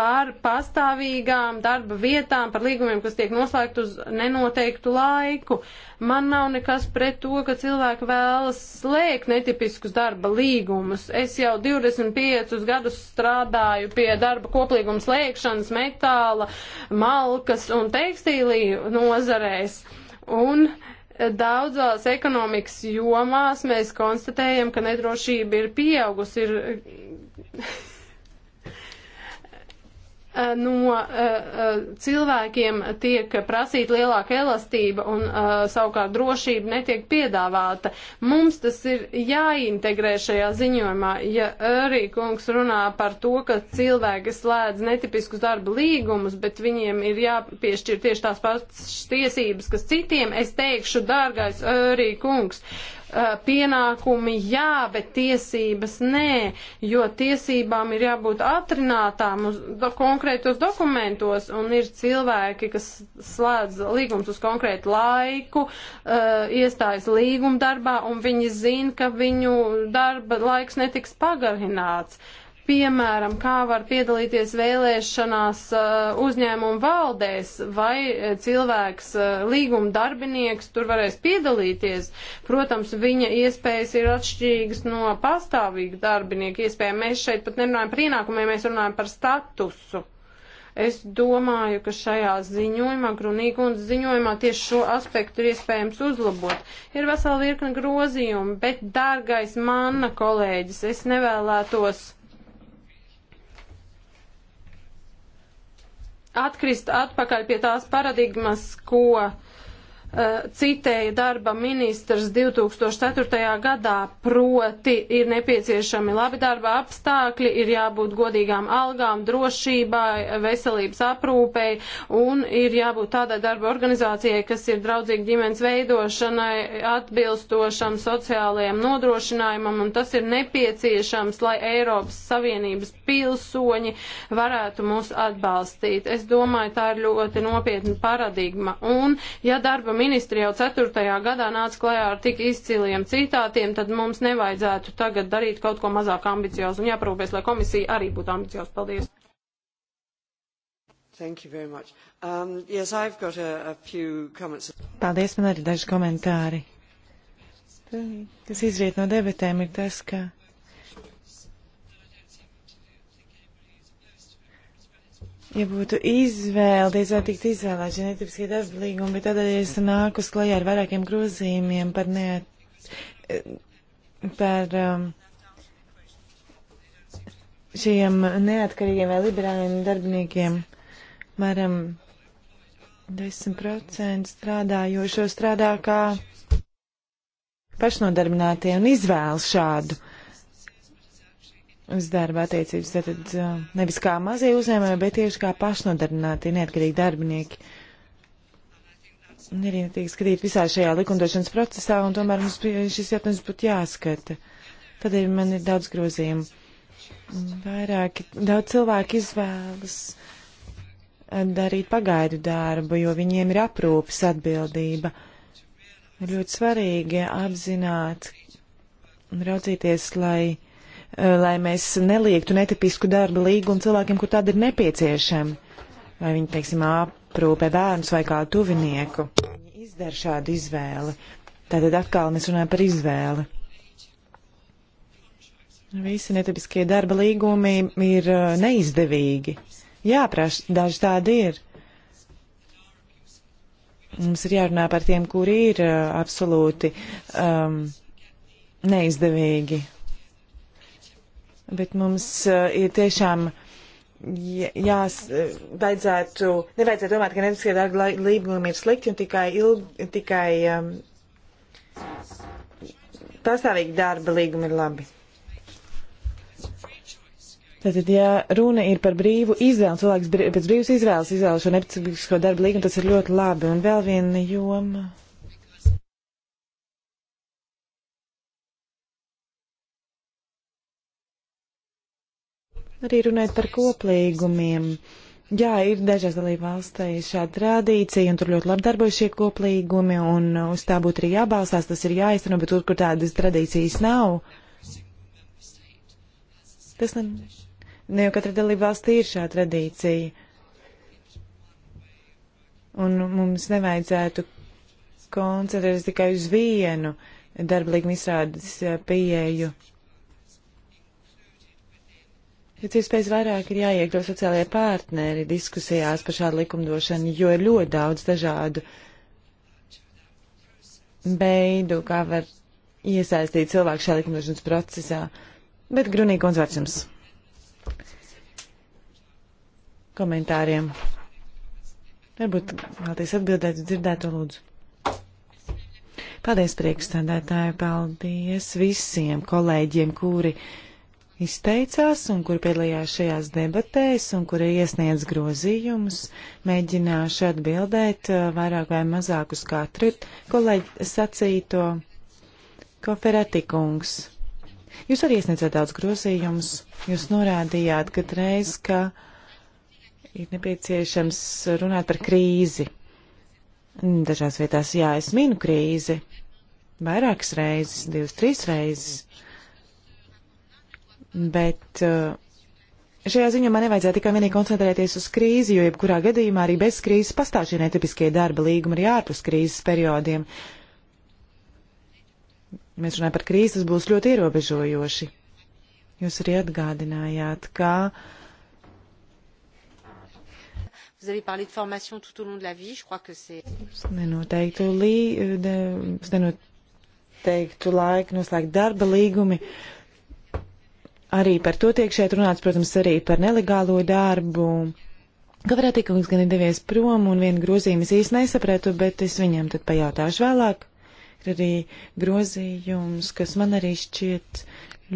par pastāvīgām darba vietām, par līgumiem, kas tiek noslēgt uz nenoteiktu laiku. Man nav nekas pret to, ka cilvēki vēlas slēgt netipiskus darba līgumus. Es jau 25 gadus strādāju pie darba koplīguma slēgšanas metāla, malkas un tekstīlī nozarēs. Un daudzās ekonomikas jomās mēs konstatējam, ka nedrošība ir pieaugusi, ir Eh, no eh, eh, cilvēkiem tiek prasīta lielāka elastība un savukārt drošība netiek piedāvāta. Mums tas ir jāintegrē šajā ziņojumā. Ja arī kungs runā par to, ka cilvēki slēdz netipiskus darba līgumus, bet viņiem ir jāpiešķir tieši tās pats tiesības, kas citiem, es teikšu, dārgais arī kungs, uh, Eh, pienākumi jā, bet tiesības nē, jo tiesībām ir jābūt atrinātām uz do, konkrētos dokumentos, un ir cilvēki, kas slēdz līgums uz konkrētu laiku, uh, iestājas līguma darbā, un viņi zina, ka viņu darba laiks netiks pagarināts. Uh, Piemēram, kā var piedalīties vēlēšanās uh, uzņēmumu valdēs, vai uh, cilvēks, uh, līguma darbinieks tur varēs piedalīties. Protams, viņa iespējas ir atšķirīgas no pastāvīga darbinieka iespējām. Mēs šeit pat nerunājam par ienākumiem, mēs runājam par statusu. Es domāju, ka šajā ziņojumā, Grunīkundas ziņojumā, tieši šo aspektu ir iespējams uzlabot. Ir vesela virkne grozījumu, bet, dārgais mana kolēģis, es nevēlētos atkrist atpakaļ pie tās paradigmas, ko Eh, citēja darba ministrs 2004. gadā, proti ir nepieciešami labi darba apstākļi, ir jābūt godīgām algām, drošībai, veselības aprūpei un ir jābūt tādai darba organizācijai, kas ir draudzīga ģimenes veidošanai, atbilstošam sociālajam nodrošinājumam un tas ir nepieciešams, lai Eiropas Savienības pilsoņi varētu mūs atbalstīt. Es domāju, tā ir ļoti nopietna paradigma. Un, ja darba ministri jau ceturtajā gadā nāca klajā ar tik izciliem citātiem, tad mums nevajadzētu tagad darīt kaut ko mazāk ambiciozu un jāparūpēs, lai komisija arī būtu ambicioza. Paldies! Thank you very much. Um, yes, I've got a, a few comments. Paldies, man arī daži komentāri. Kas izriet no debatēm ir tas, ka Ja būtu izvēle, diez vai tikt izvēlēt ģenētiski dažblīgumu, bet tādēļ es nāku klajā ar vairākiem grozījumiem par ne, par um, šiem neatkarīgiem vai liberāliem darbiniekiem. Mēram 10% strādājošo strādā kā pašnodarbinātie un izvēlas šādu uz darba attiecības. Tātad uh, nevis kā mazie uzņēmēji, bet tieši kā pašnodarbināti, neatkarīgi darbinieki. Un arī netiek skatīt visā šajā likumdošanas procesā, un tomēr mums šis jautājums būtu jāskata. Tad ir man ir daudz grozījumu. Vairāki, daudz cilvēku izvēlas uh, darīt pagaidu darbu, jo viņiem ir aprūpas atbildība. Ir ļoti svarīgi apzināt un raudzīties, lai Eh, lai mēs neliektu netipisku darba līgumu cilvēkiem, kur tāda ir nepieciešama. Vai viņi, teiksim, aprūpē bērnus vai kādu tuvinieku. Viņi izdara šādu izvēli. Tātad atkal mēs runājam par izvēli. Visi netipiskie darba līgumi ir eh, neizdevīgi. Jā, praš, daži tādi ir. Mums ir jārunā par tiem, kuri ir eh, absolūti um, neizdevīgi bet mums eh, ir tiešām jās, eh, vajadzētu, nevajadzētu domāt, ka neviskie darba līgumi ir slikti un tikai, ilg, tikai um, pastāvīgi darba līgumi ir labi. Tātad, ja runa ir par brīvu izvēlu, cilvēks brī, pēc brīvas izvēles izvēlu šo nepacīvisko darba līgumu, tas ir ļoti labi. Un vēl viena joma. Arī runājot par koplīgumiem. Jā, ir dažās dalībvalstīs šāda tradīcija, un tur ļoti labi darbojas šie koplīgumi, un uz tā būtu arī jābalstās, tas ir jāizteno, bet tur, kur tādas tradīcijas nav, tas ne, ne jau katra dalībvalstī ir šāda tradīcija. Un mums nevajadzētu koncentrēties tikai uz vienu darba līguma izstrādes pieeju. Pēc ja iespējas vairāk ir jāiekļaut sociālajie partneri diskusijās par šādu likumdošanu, jo ir ļoti daudz dažādu veidu, kā var iesaistīt cilvēku šajā likumdošanas procesā. Bet grunīgi un vārds jums komentāriem. Varbūt vēlties atbildēt uz dzirdēto lūdzu. Paldies priekšstādātāju, paldies visiem kolēģiem, kuri izteicās un kuri piedalījās šajās debatēs un kuri iesniedz grozījumus. Mēģināšu atbildēt eh, vairāk vai mazāk uz katru kolēģi sacīto. Koferati kungs, jūs arī iesniedzāt daudz grozījumus. Jūs norādījāt katreiz, ka ir nepieciešams runāt par krīzi. Dažās vietās, jā, es minu krīzi. Vairākas reizes, divas, trīs reizes. Bet eh, šajā ziņā man nevajadzēja tikai vienīgi koncentrēties uz krīzi, jo jebkurā gadījumā arī bez krīzes pastāv šie netipiskie darba līgumi arī ārpus krīzes periodiem. Mēs runājam par krīzi, tas būs ļoti ierobežojoši. Jūs arī atgādinājāt, ka. Vous avez parlé de formation tout au long de la vie, je crois que c'est. Nenoteiktu, lī, de, nenoteiktu laiku noslēgt darba līgumi. Uh, Arī par to tiek šeit runāts, protams, arī par nelegālo darbu. Kavratīkums gan ir devies prom un vienu grozījumu es īsti nesapratu, bet es viņam tad pajautāšu vēlāk. Ir arī grozījums, kas man arī šķiet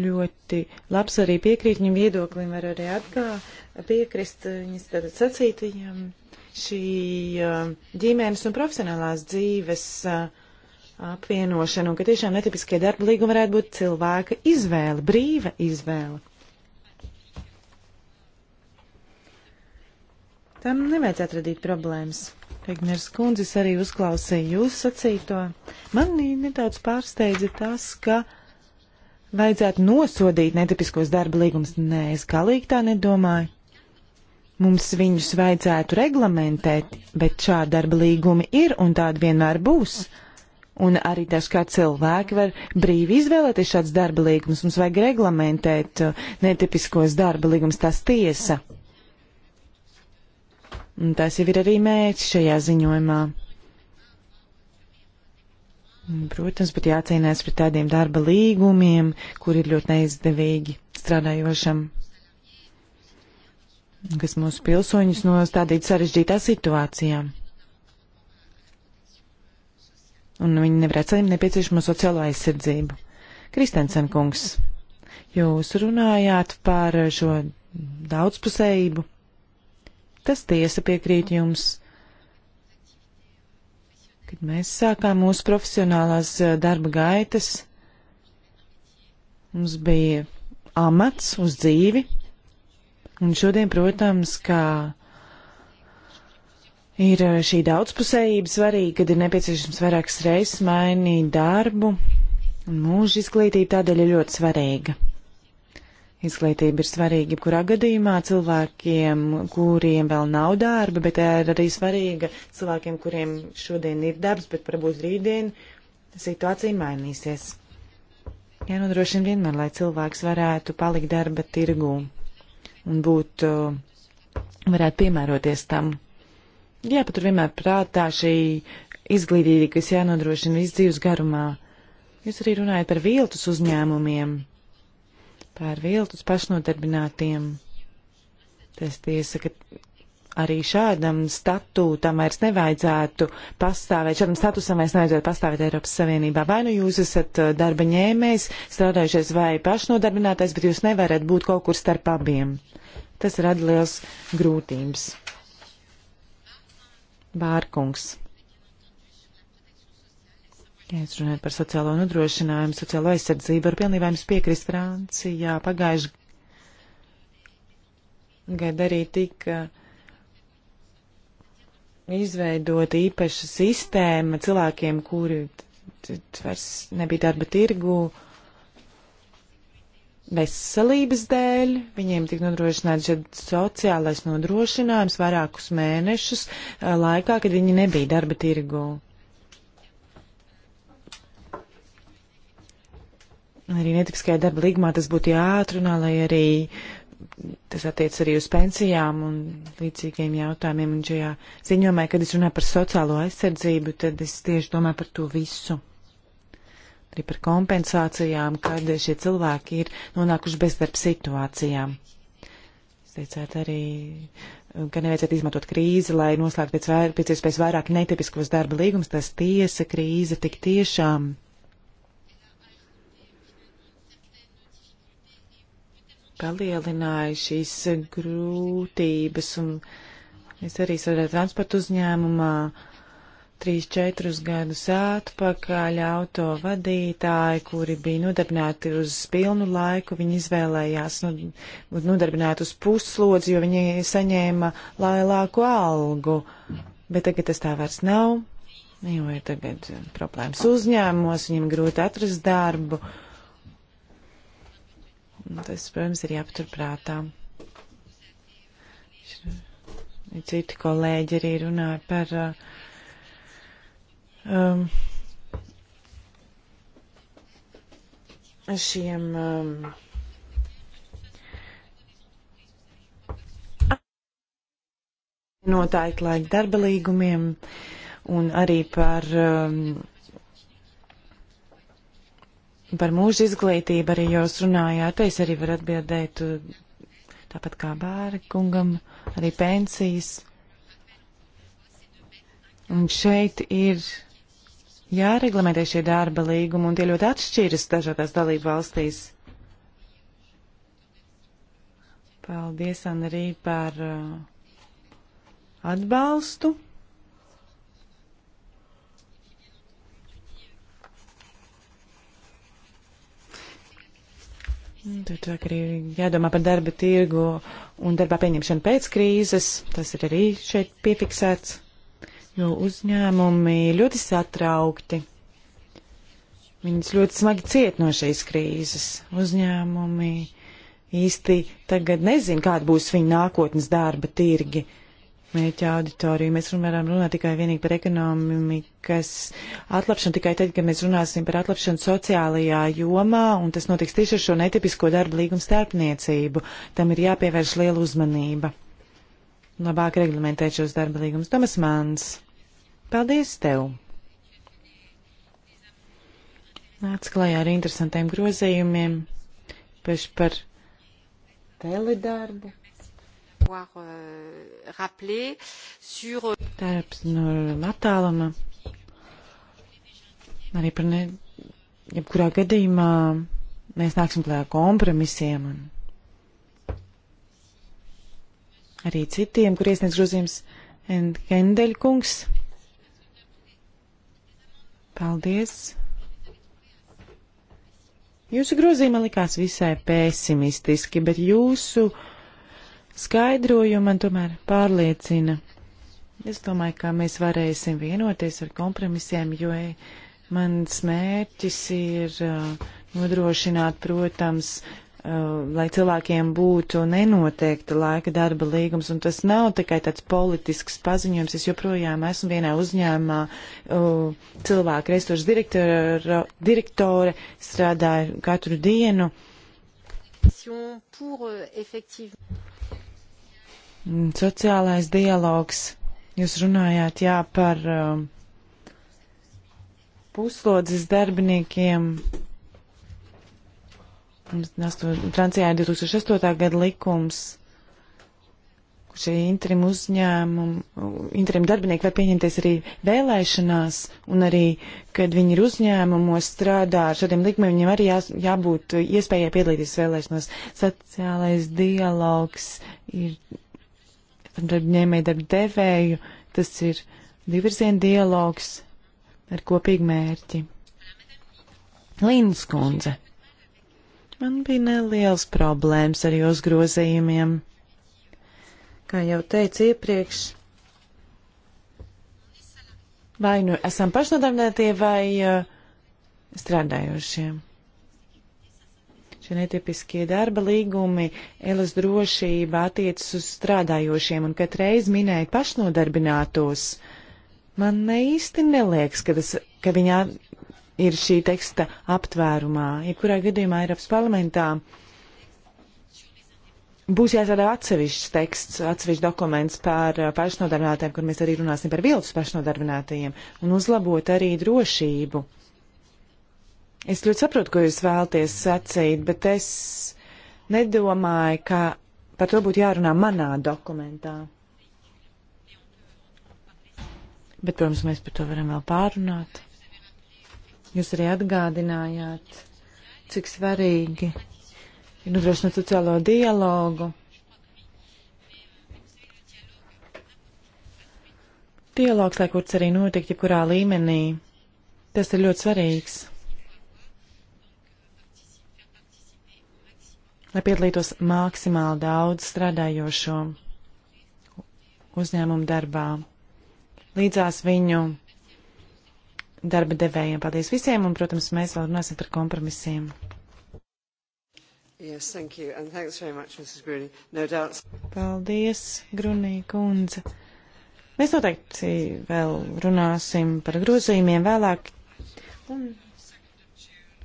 ļoti labs, arī piekrīt viņam viedoklim, var arī atkā piekrist viņas tad sacītajam. Šī ģimenes un profesionālās dzīves uh, apvienošanu, un ka tiešām netipiskie darba līgumi varētu būt cilvēka izvēle, brīva izvēle. Tam nevajadzētu radīt problēmas. Regners kundzis arī uzklausīja jūs sacīto. Manī nedaudz pārsteidza tas, ka vajadzētu nosodīt netipiskos darba līgumus. Nē, es galīgi tā nedomāju. Mums viņus vajadzētu reglamentēt, bet šādi darba līgumi ir un tādi vienmēr būs. Mm. Un arī tas, kā cilvēki var brīvi izvēlēties šāds darba līgums, mums vajag reglamentēt uh, netipiskos darba līgums, tas tiesa. Un tas jau ir arī mērķis šajā ziņojumā. Protams, bet jācīnās pret tādiem darba līgumiem, kur ir ļoti neizdevīgi strādājošam, kas mūsu pilsoņus nostādīt sarežģītā situācijā un viņi nevarētu saņemt nepieciešamo sociālo aizsardzību. Kristensen kungs, jūs runājāt par šo daudzpusējību. Tas tiesa piekrīt jums. Kad mēs sākām mūsu profesionālās eh, darba gaitas, mums bija amats uz dzīvi, un šodien, protams, kā Ir eh, šī daudzpusējība svarīga, kad ir nepieciešams vairākas reizes mainīt darbu, un mūža izglītība tādēļ ir ļoti svarīga. Izglītība ir svarīga jebkurā gadījumā cilvēkiem, kuriem vēl nav darba, bet tā ir arī svarīga cilvēkiem, kuriem šodien ir darbs, bet varbūt rītdien situācija mainīsies. Jānodrošina vienmēr, lai cilvēks varētu palikt darba tirgū un būt, eh, varētu piemēroties tam. Jā, pat tur vienmēr prātā šī izglītība, kas jānodrošina visu dzīves garumā. Jūs arī runājat par viltus uzņēmumiem, par viltus pašnodarbinātiem. Tas tiesa, ka arī šādam statūtam vairs nevajadzētu pastāvēt, šādam statusam vairs nevajadzētu pastāvēt Eiropas Savienībā. Vai nu jūs esat uh, darba ņēmējs, strādājušies vai pašnodarbinātais, bet jūs nevarat būt kaut kur starp abiem. Tas rada liels grūtības. Bārkungs. Ja es runāju par sociālo nodrošinājumu, sociālo aizsardzību, ar pilnībā jums piekrist Francijā. Pagājuši gadu arī tika izveidot īpaša sistēma cilvēkiem, kuri vairs nebija darba tirgu. Uh, veselības dēļ, viņiem tika nodrošināts sociālais nodrošinājums vairākus mēnešus eh, laikā, kad viņi nebija darba tirgū. Arī netipiskajā darba līgumā tas būtu jāatrunā, lai arī tas attiec arī uz pensijām un līdzīgiem jautājumiem. Un šajā ziņojumā, kad es runāju par sociālo aizsardzību, tad es tieši domāju par to visu arī par kompensācijām, kad šie cilvēki ir nonākuši bezdarba situācijām. Jūs teicāt arī, ka nevajadzētu izmantot krīzi, lai noslēgtu pēc, vair, pēc iespējas vairāk netipiskos darba līgumus. Tas tiesa krīze tik tiešām. Palielināja šīs grūtības un es arī strādāju transporta uzņēmumā. Uh, Trīs, četrus gadus atpakaļ auto vadītāji, kuri bija nodarbināti uz pilnu laiku, viņi izvēlējās nu, būt nodarbināti uz puslodzi, jo viņi saņēma lielāku algu. Bet tagad tas tā vairs nav, jo ir tagad problēmas uzņēmumos, viņiem grūti atrast darbu. Tas, protams, ir jāpaturprātā. Citi kolēģi arī runāja par uh, um, šiem um, noteikti laika darba līgumiem un arī par, um, par mūža izglītību arī jūs runājāt. Es arī varu atbildēt tāpat kā Bāra kungam, arī pensijas. Un šeit ir jāreglamentē šie darba līgumi, un tie ļoti atšķiras dažādās dalību valstīs. Paldies, Anna, arī par uh, atbalstu. Tur tā arī jādomā par darba tirgu un darbā pieņemšanu pēc krīzes. Tas ir arī šeit piefiksēts jo uzņēmumi ļoti satraukti. Viņas ļoti smagi ciet no šīs krīzes. Uzņēmumi īsti tagad nezin, kāda būs viņa nākotnes darba tirgi. Mērķa auditoriju mēs varam runāt tikai vienīgi par ekonomikas atlapšanu, tikai tad, kad mēs runāsim par atlapšanu sociālajā jomā, un tas notiks tieši ar šo netipisko darba līgumu starpniecību. Tam ir jāpievērš liela uzmanība. Labāk reglamentēt šos darba līgumus. Tomas Mans. Paldies tev! Nāc klajā ar interesantiem grozējumiem, pieši par teledarbu. Euh, euh, Darbs no attāluma. Arī par ne, jebkurā gadījumā mēs nāksim klajā kompromisiem un arī citiem, kur iesniedz grozījums Hendeļkungs. Paldies! Jūsu grozījuma likās visai pesimistiski, bet jūsu skaidrojumu man tomēr pārliecina. Es domāju, ka mēs varēsim vienoties ar kompromisiem, jo mans mērķis ir uh, nodrošināt, protams, Uh, lai cilvēkiem būtu nenoteikta laika darba līgums, un tas nav tikai tāds politisks paziņojums. Es joprojām esmu vienā uzņēmumā uh, cilvēku resursu direktora, direktore, strādāju katru dienu. Mm, sociālais dialogs. Jūs runājāt, jā, par uh, puslodzes darbiniekiem, Francijā ir 2008. gada likums, kur šie interim uzņēmumi, interim darbinieki var pieņemties arī vēlēšanās, un arī, kad viņi ir uzņēmumos strādā ar šādiem likumiem, viņiem arī jā, jābūt iespējai piedalīties vēlēšanās. Sociālais dialogs ir darbņēmēji, darba devēju, tas ir divirzienu dialogs ar kopīgu mērķi. Līnas kundze. Man bija neliels problēmas ar jūsu grozījumiem. Kā jau teicu iepriekš, vai nu esam pašnodarbinātie vai uh, strādājošie. Šie netipiskie darba līgumi, elas drošība attiecas uz strādājošiem un katreiz minēja pašnodarbinātos. Man ne īsti neliekas, ka, tas, ka viņa ir šī teksta aptvērumā. Jebkurā gadījumā Eiropas parlamentā būs jāizvada atsevišķs teksts, atsevišķs dokuments par uh, pašnodarbinātiem, kur mēs arī runāsim par viltus pašnodarbinātajiem un uzlabot arī drošību. Es ļoti saprotu, ko jūs vēlties sacīt, bet es nedomāju, ka par to būtu jārunā manā dokumentā. Bet, protams, mēs par to varam vēl pārunāt. Jūs arī atgādinājāt, cik svarīgi ir nodrošināt sociālo dialogu. Dialogs, lai kurds arī notiek, jebkurā līmenī, tas ir ļoti svarīgs. Lai piedalītos maksimāli daudz strādājošo uzņēmumu darbā, līdzās viņu darba devējiem. Paldies visiem, un, protams, mēs vēl runāsim par kompromisiem. Yes, thank you, and thanks very much, Mrs. Grunī. No doubt. Paldies, Grunī kundze. Mēs noteikti vēl runāsim par grozījumiem vēlāk. Un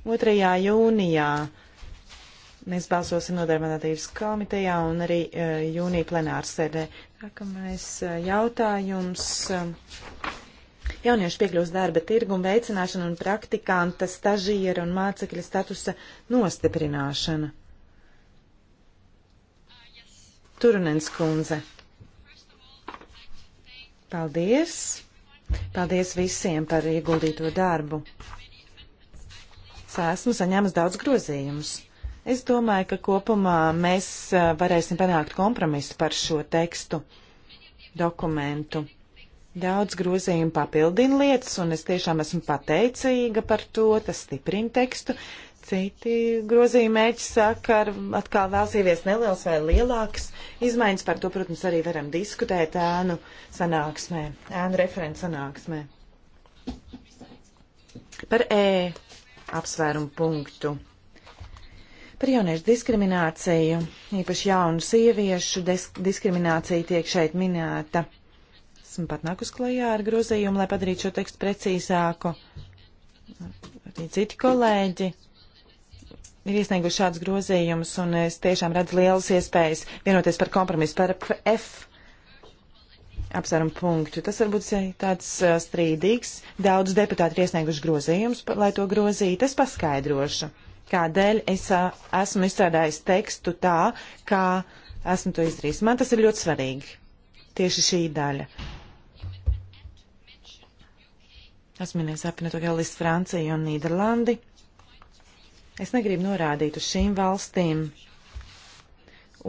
2. jūnijā mēs balsosim nodarbinātības komitejā un arī uh, jūnija plenārsēdē. Nākamais uh, jautājums. Uh, jauniešu piekļūst darba tirgumu veicināšana un praktikanta, stažiera un mācekļa statusa nostiprināšana. Turunens kundze. Paldies! Paldies visiem par ieguldīto darbu. Esmu saņēmis daudz grozījumus. Es domāju, ka kopumā mēs eh, varēsim panākt kompromisu par šo tekstu dokumentu. Daudz grozījumu papildina lietas, un es tiešām esmu pateicīga par to, tas stiprina tekstu. Citi grozījumi mēģi saka, ar, atkal vēlas ievies neliels vai lielāks izmaiņas, par to, protams, arī varam diskutēt ēnu sanāksmē, ēnu referents sanāksmē. Par E apsvērumu punktu par jauniešu diskrimināciju, īpaši jaunu sieviešu diskriminācija tiek šeit minēta. Esmu pat nākus klajā ar grozījumu, lai padarītu šo tekstu precīzāku. Arī citi kolēģi ir iesnieguši šādus grozījumus, un es tiešām redzu lielas iespējas vienoties par kompromisu par F apsvērumu punktu. Tas varbūt tāds strīdīgs. Daudz deputāti ir iesnieguši grozījumus, lai to grozītu. Es paskaidrošu, kādēļ es esmu izstrādājis tekstu tā, kā esmu to izdarījis. Man tas ir ļoti svarīgi. Tieši šī daļa. Es minēju apvienoto Galistu, Franciju un Nīderlandi. Es negribu norādīt uz šīm valstīm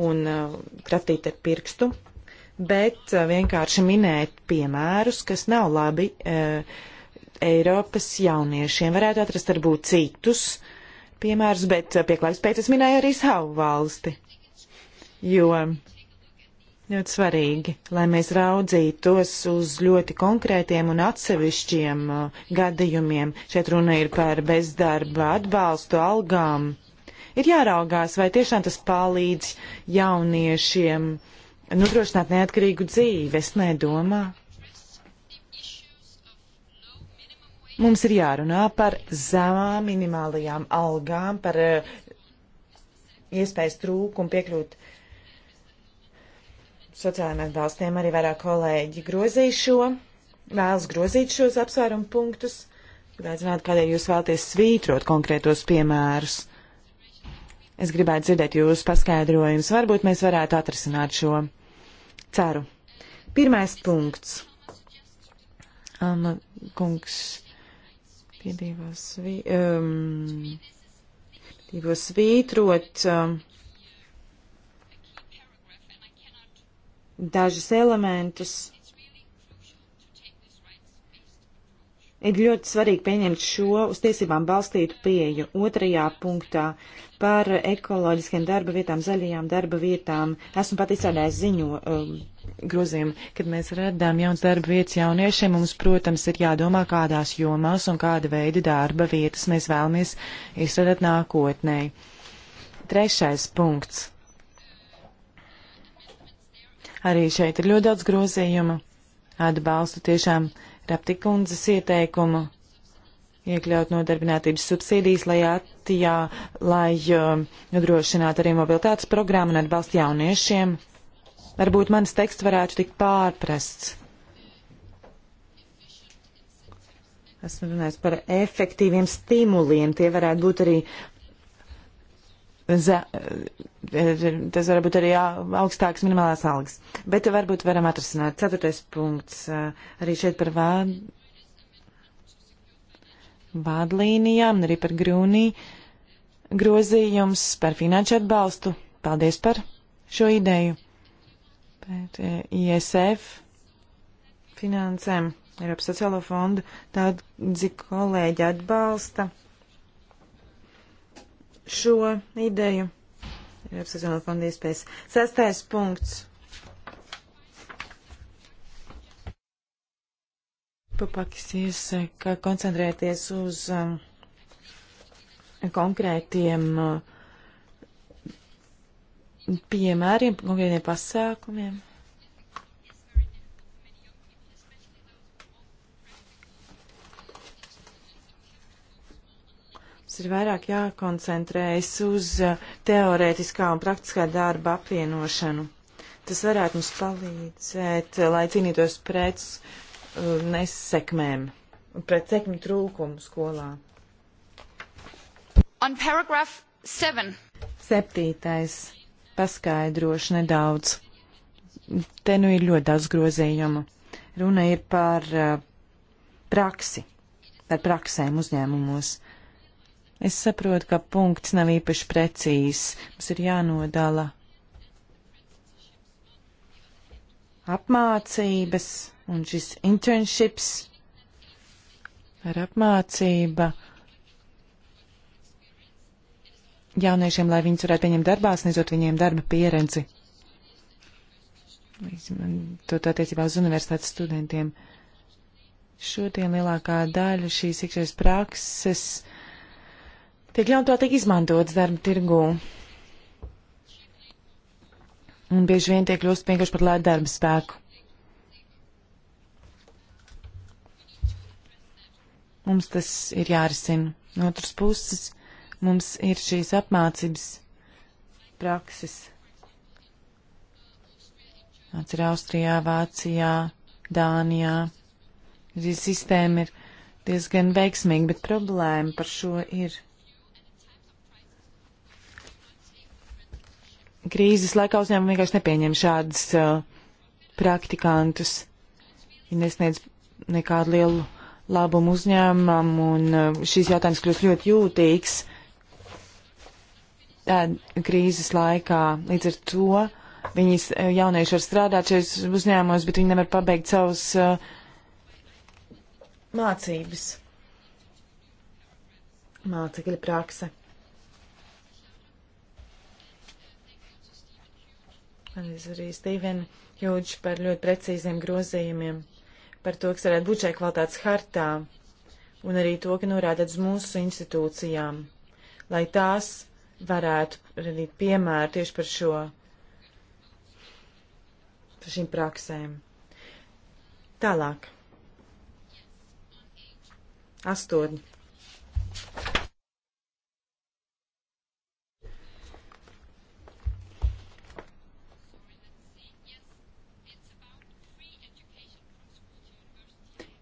un uh, kratīt ar pirkstu, bet uh, vienkārši minēt piemērus, kas nav labi uh, Eiropas jauniešiem. Varētu atrast varbūt citus piemērus, bet uh, pieklājības pēc es minēju arī savu valsti. Jo uh, ļoti svarīgi, lai mēs raudzītos uz ļoti konkrētiem un atsevišķiem uh, gadījumiem. Šeit runa ir par bezdarba atbalstu, algām. Ir jāraugās, vai tiešām tas palīdz jauniešiem nodrošināt neatkarīgu dzīvi. Es nedomāju. Mums ir jārunā par zemām minimālajām algām, par uh, iespējas trūkumu piekļūt uh, sociālajiem atbalstiem arī vairāk kolēģi grozīja šo, vēlas grozīt šos apsvērumu punktus. Gribētu zināt, kādēļ jūs vēlaties svītrot konkrētos piemērus. Es gribētu dzirdēt jūsu paskaidrojumus. Varbūt mēs varētu atrisināt šo. Ceru. Pirmais punkts. Anna kungs piedīvos vi, um, svītrot. Um, dažus elementus. Ir ļoti svarīgi pieņemt šo uz tiesībām balstītu pieju. Otrajā punktā par ekoloģiskiem darba vietām, zaļajām darba vietām. Esmu pat izstrādājis ziņo um, grozījumu, kad mēs radām jauns darba vietas jauniešiem. Mums, protams, ir jādomā, kādās jomās un kāda veida darba vietas mēs vēlamies izstrādāt nākotnē. Trešais punkts Arī šeit ir ļoti daudz grozījumu. Atbalstu tiešām Raptikundzes ieteikumu iekļaut nodarbinātības subsīdijas, lai attijā, lai uh, nodrošinātu arī mobilitātes programmu un atbalstu jauniešiem. Varbūt mans teksts varētu tikt pārprasts. Esmu runājis par efektīviem stimuliem. Tie varētu būt arī Eh, tas var būt arī augstāks minimālās algas. Bet varbūt varam atrasināt. Ceturtais punkts eh, arī šeit par vād, vādlīnijām un arī par grūnī grozījums par finanšu atbalstu. Paldies par šo ideju. Bet eh, ISF finansēm Eiropas sociālo fondu tādzi kolēģi atbalsta šo ideju. Ir apsazonot fonda iespējas. Sastais punkts. Papakis iesaka koncentrēties uz um, konkrētiem uh, piemēriem, konkrētiem pasākumiem. Mums ir vairāk jākoncentrējas uz uh, teorētiskā un praktiskā darba apvienošanu. Tas varētu mums palīdzēt, uh, lai cīnītos pret uh, nesekmēm, pret sekmi trūkumu skolā. On paragraph 7. Septītais paskaidrošu nedaudz. Te nu ir ļoti daudz grozījumu. Runa ir par uh, praksi, par praksēm uzņēmumos. Es saprotu, ka punkts nav īpaši precīzs. Mums ir jānodala apmācības un šis internships ar apmācība jauniešiem, lai viņus varētu pieņemt darbā, sniedzot viņiem darba pieredzi. To tā attiecībā uz universitātes studentiem. Šodien lielākā daļa šīs iekšējās prakses uh, tiek ļaunprātīgi izmantots darba tirgū. Un bieži vien tiek kļūst vienkārši par lētu darba spēku. Mums tas ir jārisina. No otras puses, mums ir šīs apmācības prakses. Tāds ir Austrijā, Vācijā, Dānijā. Šī sistēma ir diezgan veiksmīga, bet problēma par šo ir krīzes laikā uzņēmumi vienkārši nepieņem šādus uh, praktikantus. Viņi nesniedz nekādu lielu labumu uzņēmumam, un uh, šīs jautājums kļūst ļoti jūtīgs uh, krīzes laikā. Līdz ar to viņas uh, jaunieši var strādāt šajos uzņēmumos, bet viņi nevar pabeigt savus uh, mācības. Mācekļa praksa. Paldies arī Stīveni Jūģi par ļoti precīziem grozījumiem, par to, kas varētu būt šai kvalitātes hartā, un arī to, ka norādāt uz mūsu institūcijām, lai tās varētu radīt piemēru tieši par šo, par šīm praksēm. Tālāk. Astotni.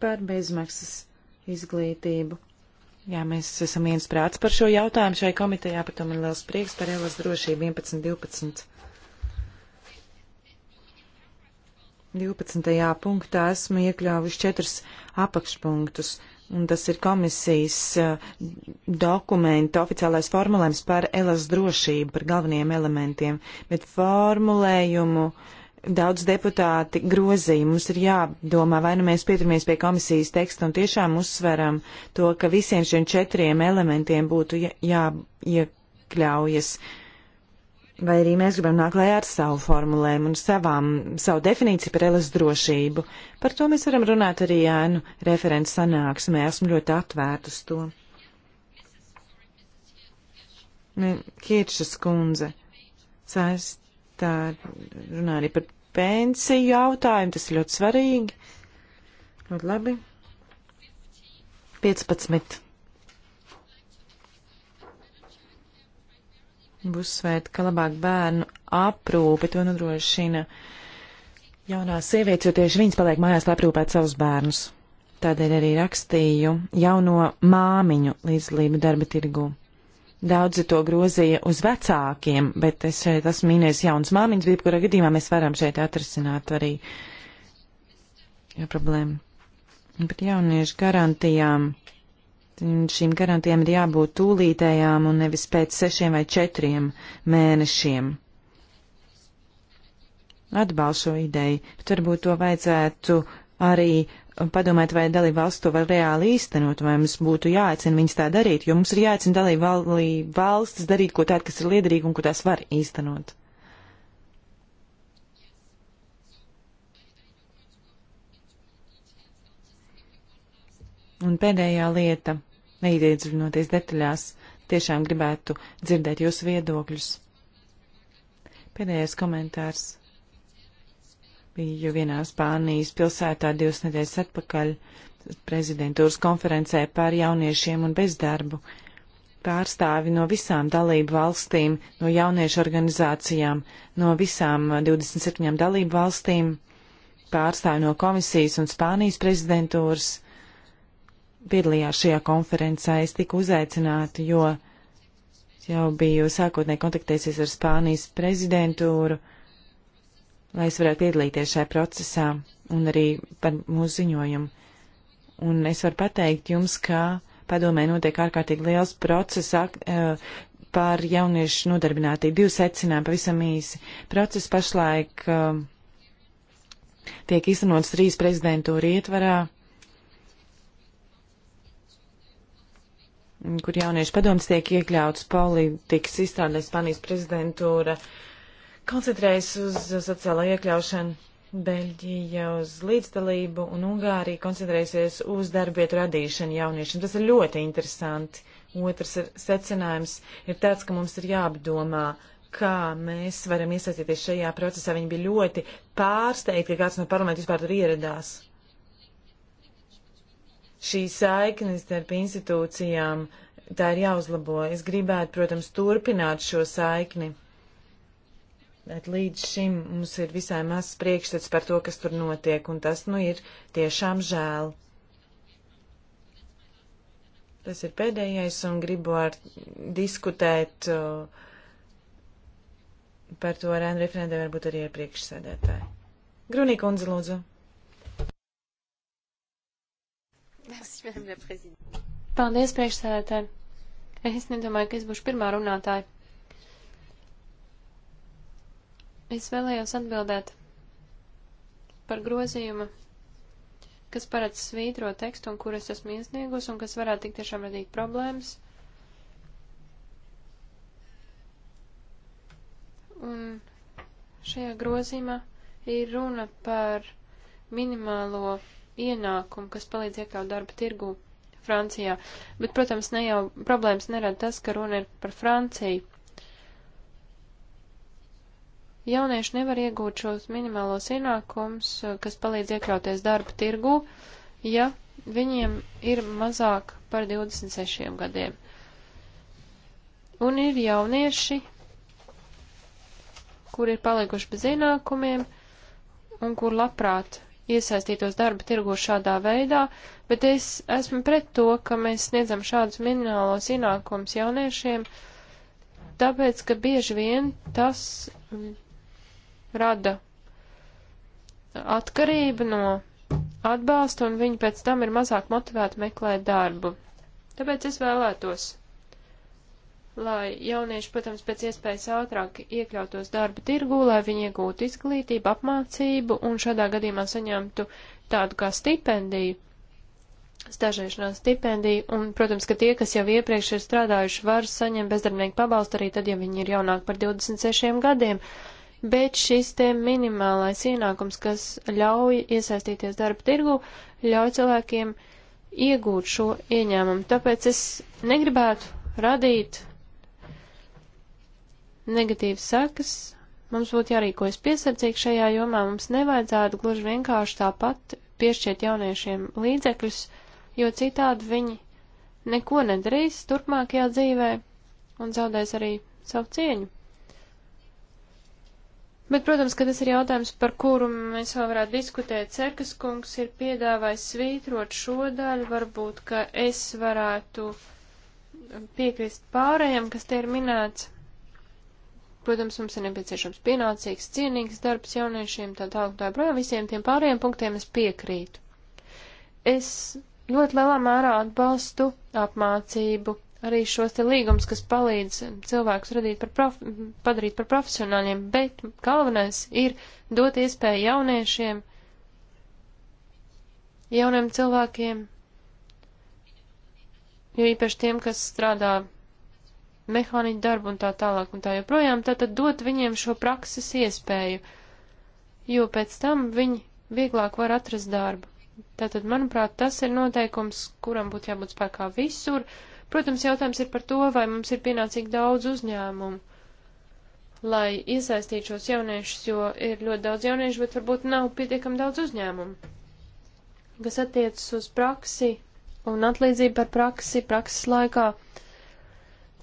par bezmaksas izglītību. Jā, mēs esam viens prāts par šo jautājumu šai komitejā, par to man liels prieks par Elas drošību 11.12. 12. punktā esmu iekļāvuši četrus apakšpunktus, un tas ir komisijas eh, dokumenta oficiālais formulējums par Elas drošību, par galvenajiem elementiem, bet formulējumu uh, daudz deputāti grozīja. Mums ir jādomā, vai nu mēs pieturamies pie komisijas teksta un tiešām uzsveram to, ka visiem šiem četriem elementiem būtu jāiekļaujas. Vai arī mēs gribam nākt klajā ar savu formulēm un savām, savu definīciju par elas drošību. Par to mēs varam runāt arī ēnu referents sanāksmē. Esmu ļoti atvērt uz to. Nu, Kiršas kundze saist Tā runā arī par pensiju jautājumu, tas ir ļoti svarīgi. Ļoti labi. 15. Būs svēta, ka labāk bērnu aprūpe to nodrošina jaunās sievietes, jo tieši viņas paliek mājās, lai aprūpētu savus bērnus. Tādēļ arī rakstīju jauno māmiņu līdzlību darba tirgu. Daudzi to grozīja uz vecākiem, bet es šeit eh, esmu mīnējis jaunas māmiņas, bija, kurā gadījumā mēs varam šeit atrisināt arī problēmu. Par jauniešu garantijām. Šīm garantijām ir jābūt tūlītējām un nevis pēc sešiem vai četriem mēnešiem. Atbalstu ideju, bet varbūt to vajadzētu arī padomāt, vai dalība valsts to var reāli īstenot, vai mums būtu jāaicina viņas tā darīt, jo mums ir jāaicina dalība valsts darīt ko tādu, kas ir liederīgi un ko tās var īstenot. Un pēdējā lieta, neiedziļinoties detaļās, tiešām gribētu dzirdēt jūsu viedokļus. Pēdējais komentārs biju vienā Spānijas pilsētā divas nedēļas atpakaļ prezidentūras konferencē par jauniešiem un bezdarbu. Pārstāvi no visām dalību valstīm, no jauniešu organizācijām, no visām 27 dalību valstīm, pārstāvi no komisijas un Spānijas prezidentūras piedalījās šajā konferencē. Es tiku uzaicināta, jo jau biju sākotnēji kontaktēsies ar Spānijas prezidentūru lai es varētu piedalīties šajā procesā un arī par mūsu ziņojumu. Un es varu pateikt jums, ka padomē notiek ārkārtīgi liels process e, par jauniešu nodarbinātību. Divi secinājumi pavisam īsi. Process pašlaik e, tiek īstenots trīs prezidentūra ietvarā, kur jauniešu padoms tiek iekļauts politikas izstrādē Spānijas prezidentūra. Uh, koncentrējas uz sociālo iekļaušanu. Beļģija uz līdzdalību un Ungārija koncentrēsies uz darbietu radīšanu jauniešiem. Tas ir ļoti interesanti. Otrs ir secinājums ir tāds, ka mums ir jāapdomā, kā mēs varam iesaistīties šajā procesā. Viņi bija ļoti pārsteigti, ka kāds no parlamenta vispār tur ieradās. Šī saikne starp institūcijām, tā ir jāuzlabo. Es gribētu, protams, turpināt šo saikni Bet līdz šim mums ir visai mazs priekšstats par to, kas tur notiek, un tas, nu, ir tiešām žēl. Tas ir pēdējais, un gribu ar diskutēt uh, par to ar Andriju Frendē, varbūt arī ar priekšsēdētāju. Grunī kundze, lūdzu. Paldies, priekšsēdētāji. Es nedomāju, ka es būšu pirmā runātāja. Es vēlējos atbildēt par grozījumu, kas paredz svītro tekstu un kur es esmu iesniegus un kas varētu tik tiešām radīt problēmas. Un šajā grozījumā ir runa par minimālo ienākumu, kas palīdz iekļaut darba tirgu Francijā. Bet, protams, ne jau problēmas nerada tas, ka runa ir par Franciju jaunieši nevar iegūt šos minimālos ienākums, kas palīdz iekļauties darba tirgu, ja viņiem ir mazāk par 26 gadiem. Un ir jaunieši, kur ir palikuši bez ienākumiem un kur labprāt iesaistītos darba tirgu šādā veidā, bet es esmu pret to, ka mēs sniedzam šādus minimālos ienākums jauniešiem, tāpēc, ka bieži vien tas rada atkarību no atbalsta, un viņi pēc tam ir mazāk motivēti meklēt darbu. Tāpēc es vēlētos, lai jaunieši, protams, pēc iespējas ātrāk iekļautos darba tirgū, lai viņi iegūtu izglītību, apmācību un šādā gadījumā saņemtu tādu kā stipendiju, stažēšanās stipendiju, un, protams, ka tie, kas jau iepriekš ir strādājuši, var saņemt bezdarbnieku pabalstu arī tad, ja viņi ir jaunāki par 26 gadiem. Uh, bet šis te minimālais ienākums, kas ļauj iesaistīties darba tirgu, ļauj cilvēkiem iegūt šo ieņēmumu. Tāpēc es negribētu radīt negatīvas sekas. Mums būtu jārīkojas piesardzīgi šajā jomā, mums nevajadzētu gluži vienkārši tāpat piešķiet jauniešiem līdzekļus, jo citādi viņi neko nedarīs turpmākajā dzīvē un zaudēs arī savu cieņu. Bet, protams, ka tas ir jautājums, par kuru mēs vēl varētu diskutēt. Cerkas kungs ir piedāvājis svītrot šo daļu, varbūt, ka es varētu piekrist pārējiem, kas te ir minēts. Protams, mums ir nepieciešams pienācīgs, cienīgs darbs jauniešiem, tā tālāk, tā projām. Visiem tiem pārējiem punktiem es piekrītu. Es ļoti lielā mērā atbalstu apmācību arī šos te līgumus, kas palīdz cilvēkus radīt par prof, padarīt par profesionāļiem, bet galvenais ir dot iespēju jauniešiem, jauniem cilvēkiem, jo īpaši tiem, kas strādā mehāniķu darbu un tā tālāk un tā joprojām, tātad dot viņiem šo prakses iespēju, jo pēc tam viņi vieglāk var atrast darbu. Tātad, manuprāt, tas ir noteikums, kuram būtu jābūt spēkā visur, uh, Protams, jautājums ir par to, vai mums ir pienācīgi daudz uzņēmumu, lai iesaistītu šos jauniešus, jo ir ļoti daudz jauniešu, bet varbūt nav pietiekami daudz uzņēmumu. Kas attiecas uz praksi un atlīdzību par praksi, prakses laikā,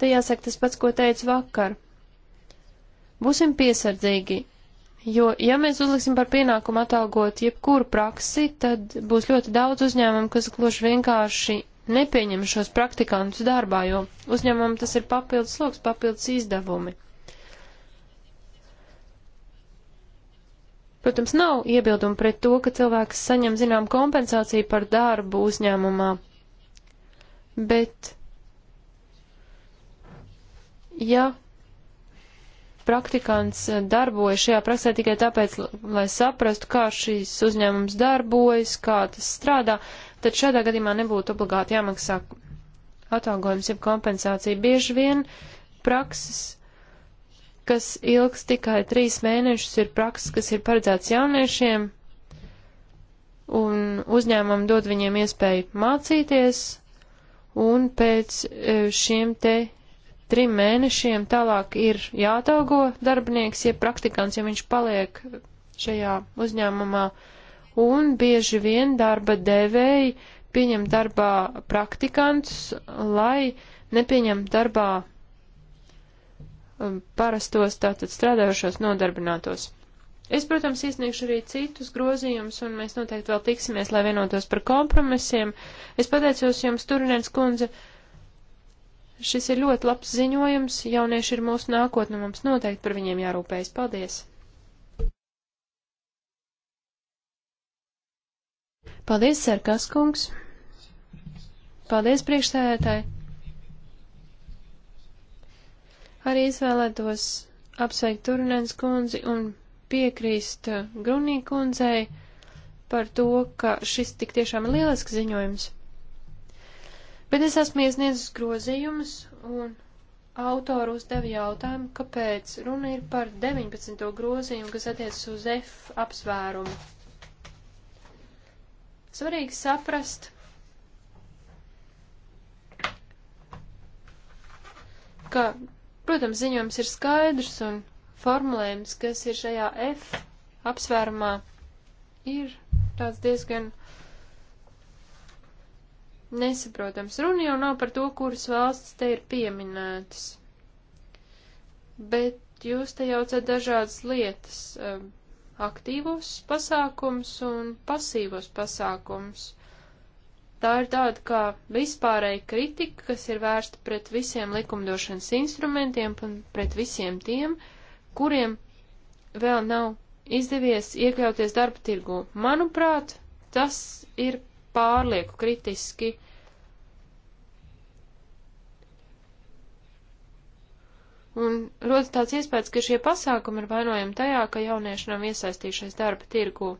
te jāsaka tas pats, ko teicu vakar. Būsim piesardzīgi, Jo, ja mēs uzliksim par pienākumu atalgot jebkuru praksi, tad būs ļoti daudz uzņēmumu, kas gluži vienkārši nepieņem šos praktikantus darbā, jo uzņēmumam tas ir papildus sloks, papildus izdevumi. Protams, nav iebildumi pret to, ka cilvēks saņem zinām kompensāciju par darbu uzņēmumā, bet ja praktikants darbojas šajā praksē tikai tāpēc, lai saprastu, kā šīs uzņēmums darbojas, kā tas strādā, tad šādā gadījumā nebūtu obligāti jāmaksā atalgojums, jeb kompensācija. Bieži vien prakses, kas ilgs tikai trīs mēnešus, ir prakses, kas ir paredzēts jauniešiem, un uzņēmumam dod viņiem iespēju mācīties, un pēc eh, šiem te trim mēnešiem tālāk ir jāatalgo darbinieks, ja praktikants, ja viņš paliek šajā uzņēmumā, un bieži vien darba devēji pieņem darbā praktikantus, lai nepieņem darbā um, parastos tātad strādājošos nodarbinātos. Es, protams, iesniegšu arī citus grozījumus, un mēs noteikti vēl tiksimies, lai vienotos par kompromisiem. Es pateicos jums, Turinēns kundze, uh, Šis ir ļoti labs ziņojums, jaunieši ir mūsu nākotne, mums noteikti par viņiem jārūpējas. Paldies! Paldies, Sarkas kungs! Paldies, priekšstādētāji! Arī izvēlētos apsveikt Turnēns kundzi un piekrīst Grunī kundzei par to, ka šis tik tiešām ir lielisks ziņojums. Bet es esmu iesniedzis grozījumus un autoru uzdevi jautājumu, kāpēc runa ir par 19. grozījumu, kas attiecas uz F apsvērumu. Svarīgi saprast, ka, protams, ziņojums ir skaidrs un formulējums, kas ir šajā F apsvērumā, ir tāds diezgan nesaprotams. Runa jau nav par to, kuras valstis te ir pieminētas. Bet jūs te jaucat dažādas lietas um, - aktīvos pasākums un pasīvos pasākums. Tā ir tāda kā vispārēja kritika, kas ir vērsta pret visiem likumdošanas instrumentiem un pret visiem tiem, kuriem vēl nav izdevies iekļauties darba tirgu. Manuprāt, tas ir pārlieku kritiski. Un rodas tāds iespējas, ka šie pasākumi ir vainojami tajā, ka jaunieši nav iesaistījušies darba tirgu.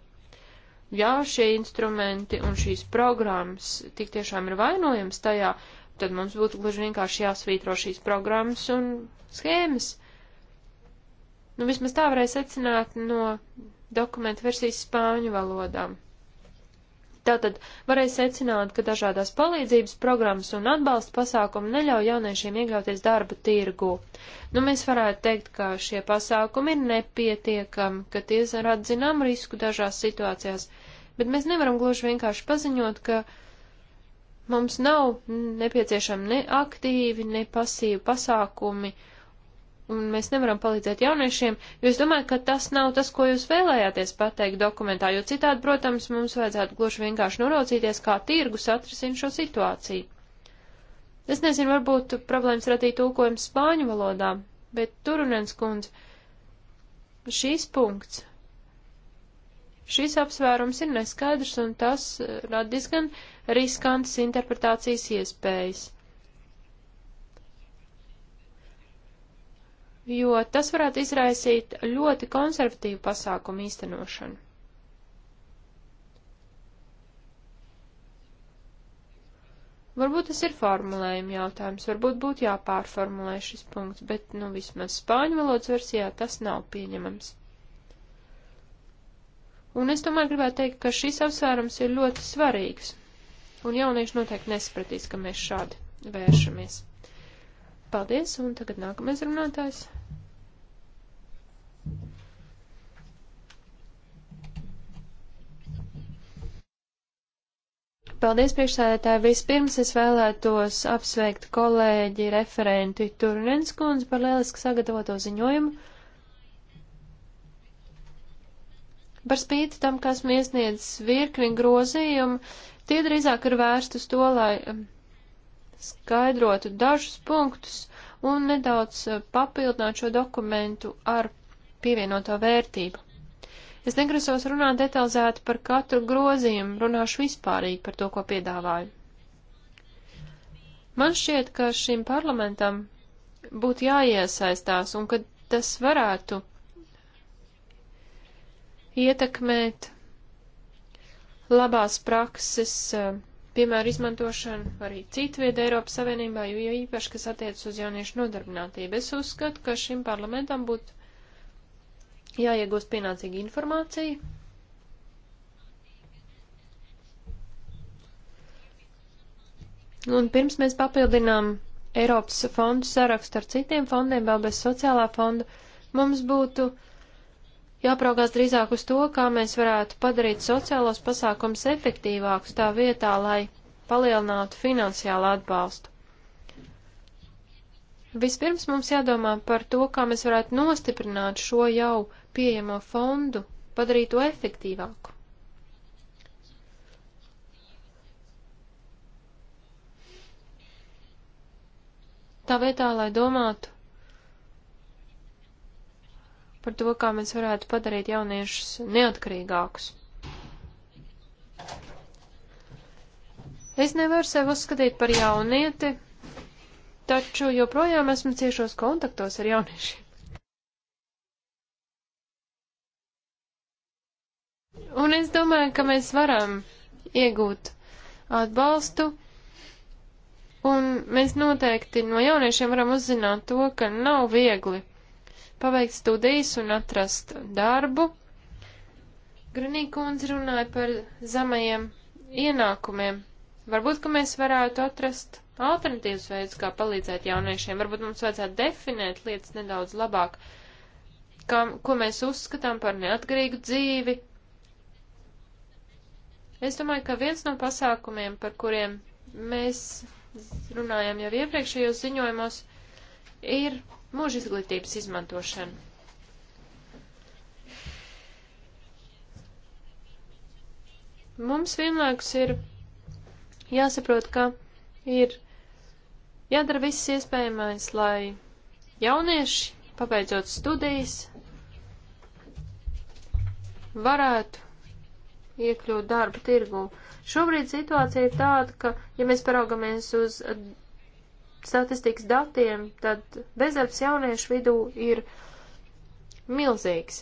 Ja šie instrumenti un šīs programmas tik tiešām ir vainojams tajā, tad mums būtu gluži vienkārši jāsvītro šīs programmas un schēmas. Nu, vismaz tā varēja secināt no dokumentu versijas spāņu valodām. Tātad varēja secināt, ka dažādās palīdzības programmas un atbalsta pasākumi neļauj jauniešiem iekļauties darba tirgu. Nu, mēs varētu teikt, ka šie pasākumi ir nepietiekami, ka tie rada zinām risku dažās situācijās, bet mēs nevaram gluži vienkārši paziņot, ka mums nav nepieciešami ne aktīvi, ne pasīvi pasākumi, uh, un mēs nevaram palīdzēt jauniešiem, jo es domāju, ka tas nav tas, ko jūs vēlējāties pateikt dokumentā, jo citādi, protams, mums vajadzētu gluži vienkārši noraucīties, kā tirgus atrisina šo situāciju. Es nezinu, varbūt problēmas radīja tulkojums spāņu valodā, bet Turunens kundze, šīs punkts, šīs apsvērums ir neskaidrs un tas radīs gan riskantas interpretācijas iespējas. jo tas varētu izraisīt ļoti konservatīvu pasākumu īstenošanu. Varbūt tas ir formulējuma jautājums, varbūt būtu jāpārformulē šis punkts, bet, nu, vismaz spāņu valodas versijā tas nav pieņemams. Un es tomēr gribētu teikt, ka šis apsvērums ir ļoti svarīgs, un jaunieši noteikti nesapratīs, ka mēs šādi vēršamies. Paldies, un tagad nākamais runātājs. Paldies, priekšsēdētāji. Vispirms es vēlētos apsveikt kolēģi referenti Turnens kundzi par lieliski sagatavoto ziņojumu. Par spīti tam, kas miesniedz virkni grozījumu, tie drīzāk ir vērst uz to, lai um, skaidrotu dažus punktus un nedaudz uh, papildināt šo dokumentu ar pievienoto vērtību. Es negrasos runāt detalizēti par katru grozījumu, runāšu vispārīgi par to, ko piedāvāju. Man šķiet, ka šim parlamentam būtu jāiesaistās un ka tas varētu ietekmēt labās prakses, eh, piemēru izmantošanu arī citviedu Eiropas Savienībā, jo īpaši, kas attiec uz jauniešu nodarbinātību. Es uzskatu, ka šim parlamentam būtu jāiegūst pienācīga informācija. Un pirms mēs papildinām Eiropas fondu sarakstu ar citiem fondiem, vēl bez sociālā fonda, mums būtu jāpraugās drīzāk uz to, kā mēs varētu padarīt sociālos pasākums efektīvākus tā vietā, lai palielinātu finansiālu atbalstu. Vispirms mums jādomā par to, kā mēs varētu nostiprināt šo jau pieejamo fondu, padarīt to efektīvāku. Tā vietā, lai domātu par to, kā mēs varētu padarīt jauniešus neatkarīgākus. Es nevaru sevi uzskatīt par jaunieti, taču joprojām esmu ciešos kontaktos ar jauniešiem. Un es domāju, ka mēs varam iegūt atbalstu. Un mēs noteikti no jauniešiem varam uzzināt to, ka nav viegli paveikt studijas un atrast darbu. Granīkundze runāja par zemajiem ienākumiem. Varbūt, ka mēs varētu atrast alternatīvas veidus, kā palīdzēt jauniešiem. Varbūt mums vajadzētu definēt lietas nedaudz labāk, kā, ko mēs uzskatām par neatkarīgu dzīvi, Es domāju, ka viens no pasākumiem, par kuriem mēs runājam jau iepriekšējos ziņojumos, ir mūža izglītības izmantošana. Mums vienlaikus ir jāsaprot, ka ir jādara viss iespējamais, lai jaunieši, pabeidzot studijas, varētu iekļūt darba tirgu. Šobrīd situācija ir tāda, ka, ja mēs paraugamies uz statistikas datiem, tad bezdarbs jauniešu vidū ir milzīgs.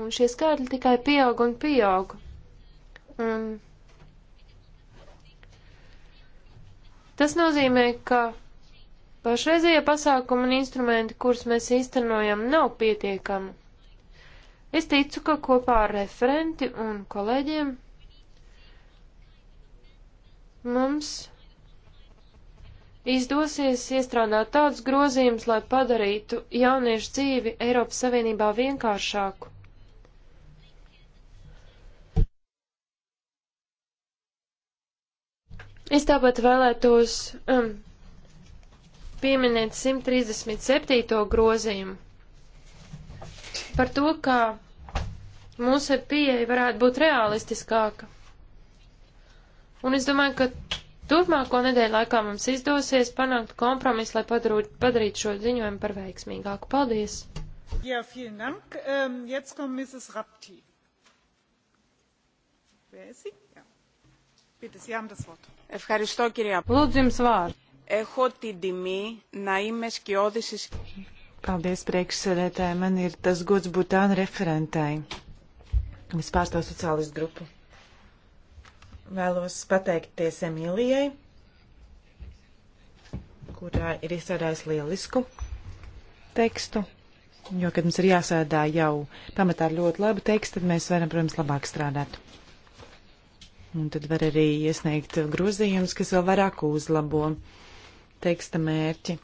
Un šie skaitļi tikai pieaug un pieaug. Un tas nozīmē, ka pašreizie pasākumi un instrumenti, kurus mēs īstenojam, nav pietiekami. Es ticu, ka kopā ar referenti un kolēģiem mums izdosies iestrādāt tādus grozījumus, lai padarītu jauniešu dzīvi Eiropas Savienībā vienkāršāku. Es tāpat vēlētos um, pieminēt 137. grozījumu par to, kā mūsu pieeja varētu būt realistiskāka. Un es domāju, ka turpmāko nedēļu laikā mums izdosies panākt kompromisu, lai padarūtu, padarītu šo ziņojumu par veiksmīgāku. Paldies! Jā, ja, vielen dank. Um, jetzt kommt Mrs. Rapti. Wer ist sie? Ja. Bitte, Sie haben das Wort. Ευχαριστώ, κυρία Πρόεδρε. Έχω την τιμή να είμαι σκιώδης εισηγήτρια Paldies, priekšsēdētāji. Man ir tas gods būt tāna referentai. Es pārstāvu sociālistu grupu. Vēlos pateikties Emīlijai, kurā ir izstrādājis lielisku tekstu. Jo, kad mums ir jāsēdā jau pamatā ar ļoti labu tekstu, tad mēs varam, protams, labāk strādāt. Un tad var arī iesniegt grozījumus, kas vēl vairāk uzlabo teksta mērķi.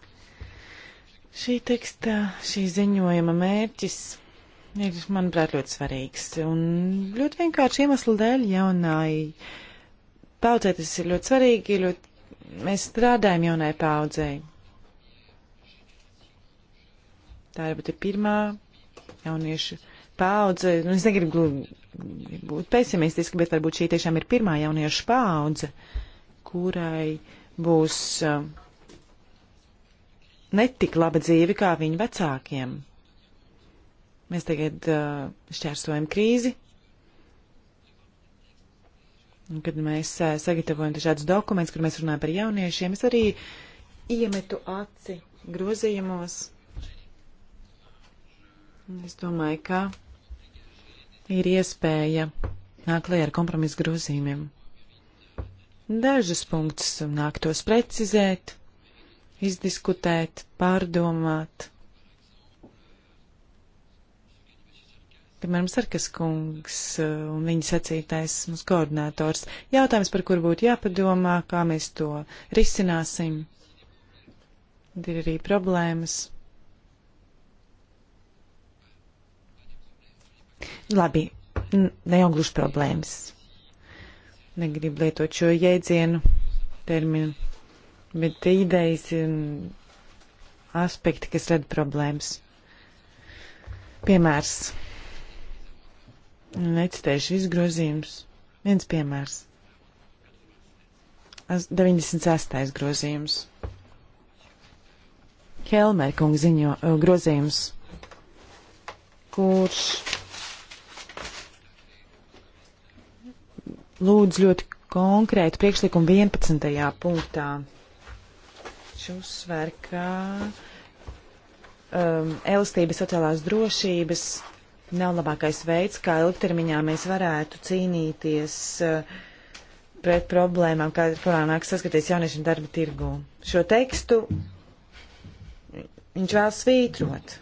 Šī teksta, šī ziņojuma mērķis ir, manuprāt, ļoti svarīgs. Un ļoti vienkārši iemeslu dēļ jaunai paudzē tas ir ļoti svarīgi, ļoti... mēs strādājam jaunai paudzei. Tā ir būtu pirmā jauniešu paudze. Nu, es negribu būt pesimistiski, bet varbūt šī tiešām ir pirmā jauniešu paudze, kurai būs. Uh, netik laba dzīve kā viņu vecākiem. Mēs tagad uh, šķērsojam krīzi. Un, kad mēs uh, sagatavojam dažādus dokumentus, kur mēs runājam par jauniešiem, es arī iemetu aci grozījumos. Es domāju, ka ir iespēja nākt klajā ar kompromisu grozījumiem. Dažus punktus nāk tos precizēt izdiskutēt, pārdomāt. Piemēram, Sarkas kungs uh, un viņa sacītais mums koordinators. Jautājums, par kur būtu jāpadomā, kā mēs to risināsim. Un ir arī problēmas. Labi, neaugluši problēmas. Negribu lietot šo jēdzienu terminu bet idejas un aspekti, kas rada problēmas. Piemērs. Necitēšu izgrozījums. Viens piemērs. 96. grozījums. Helmerkunga ziņo grozījums, kurš lūdz ļoti konkrētu priekšlikumu 11. punktā uzsver, ka um, elastības sociālās drošības nav labākais veids, kā ilgtermiņā mēs varētu cīnīties uh, pret problēmām, kāda problēma nāk saskaties jauniešiem darba tirgū. Šo tekstu viņš vēl svītrot.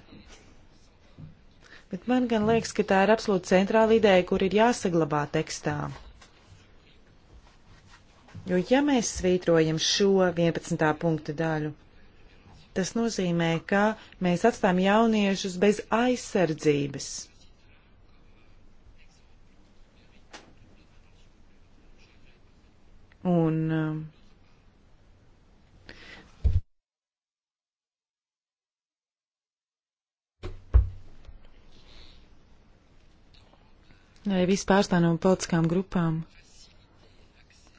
Bet man gan liekas, ka tā ir absolūti centrāla ideja, kur ir jāsaglabā tekstā. Jo ja mēs svītrojam šo 11. punktu daļu, tas nozīmē, ka mēs atstājam jauniešus bez aizsardzības. Un um, arī viss pārstāv no politiskām grupām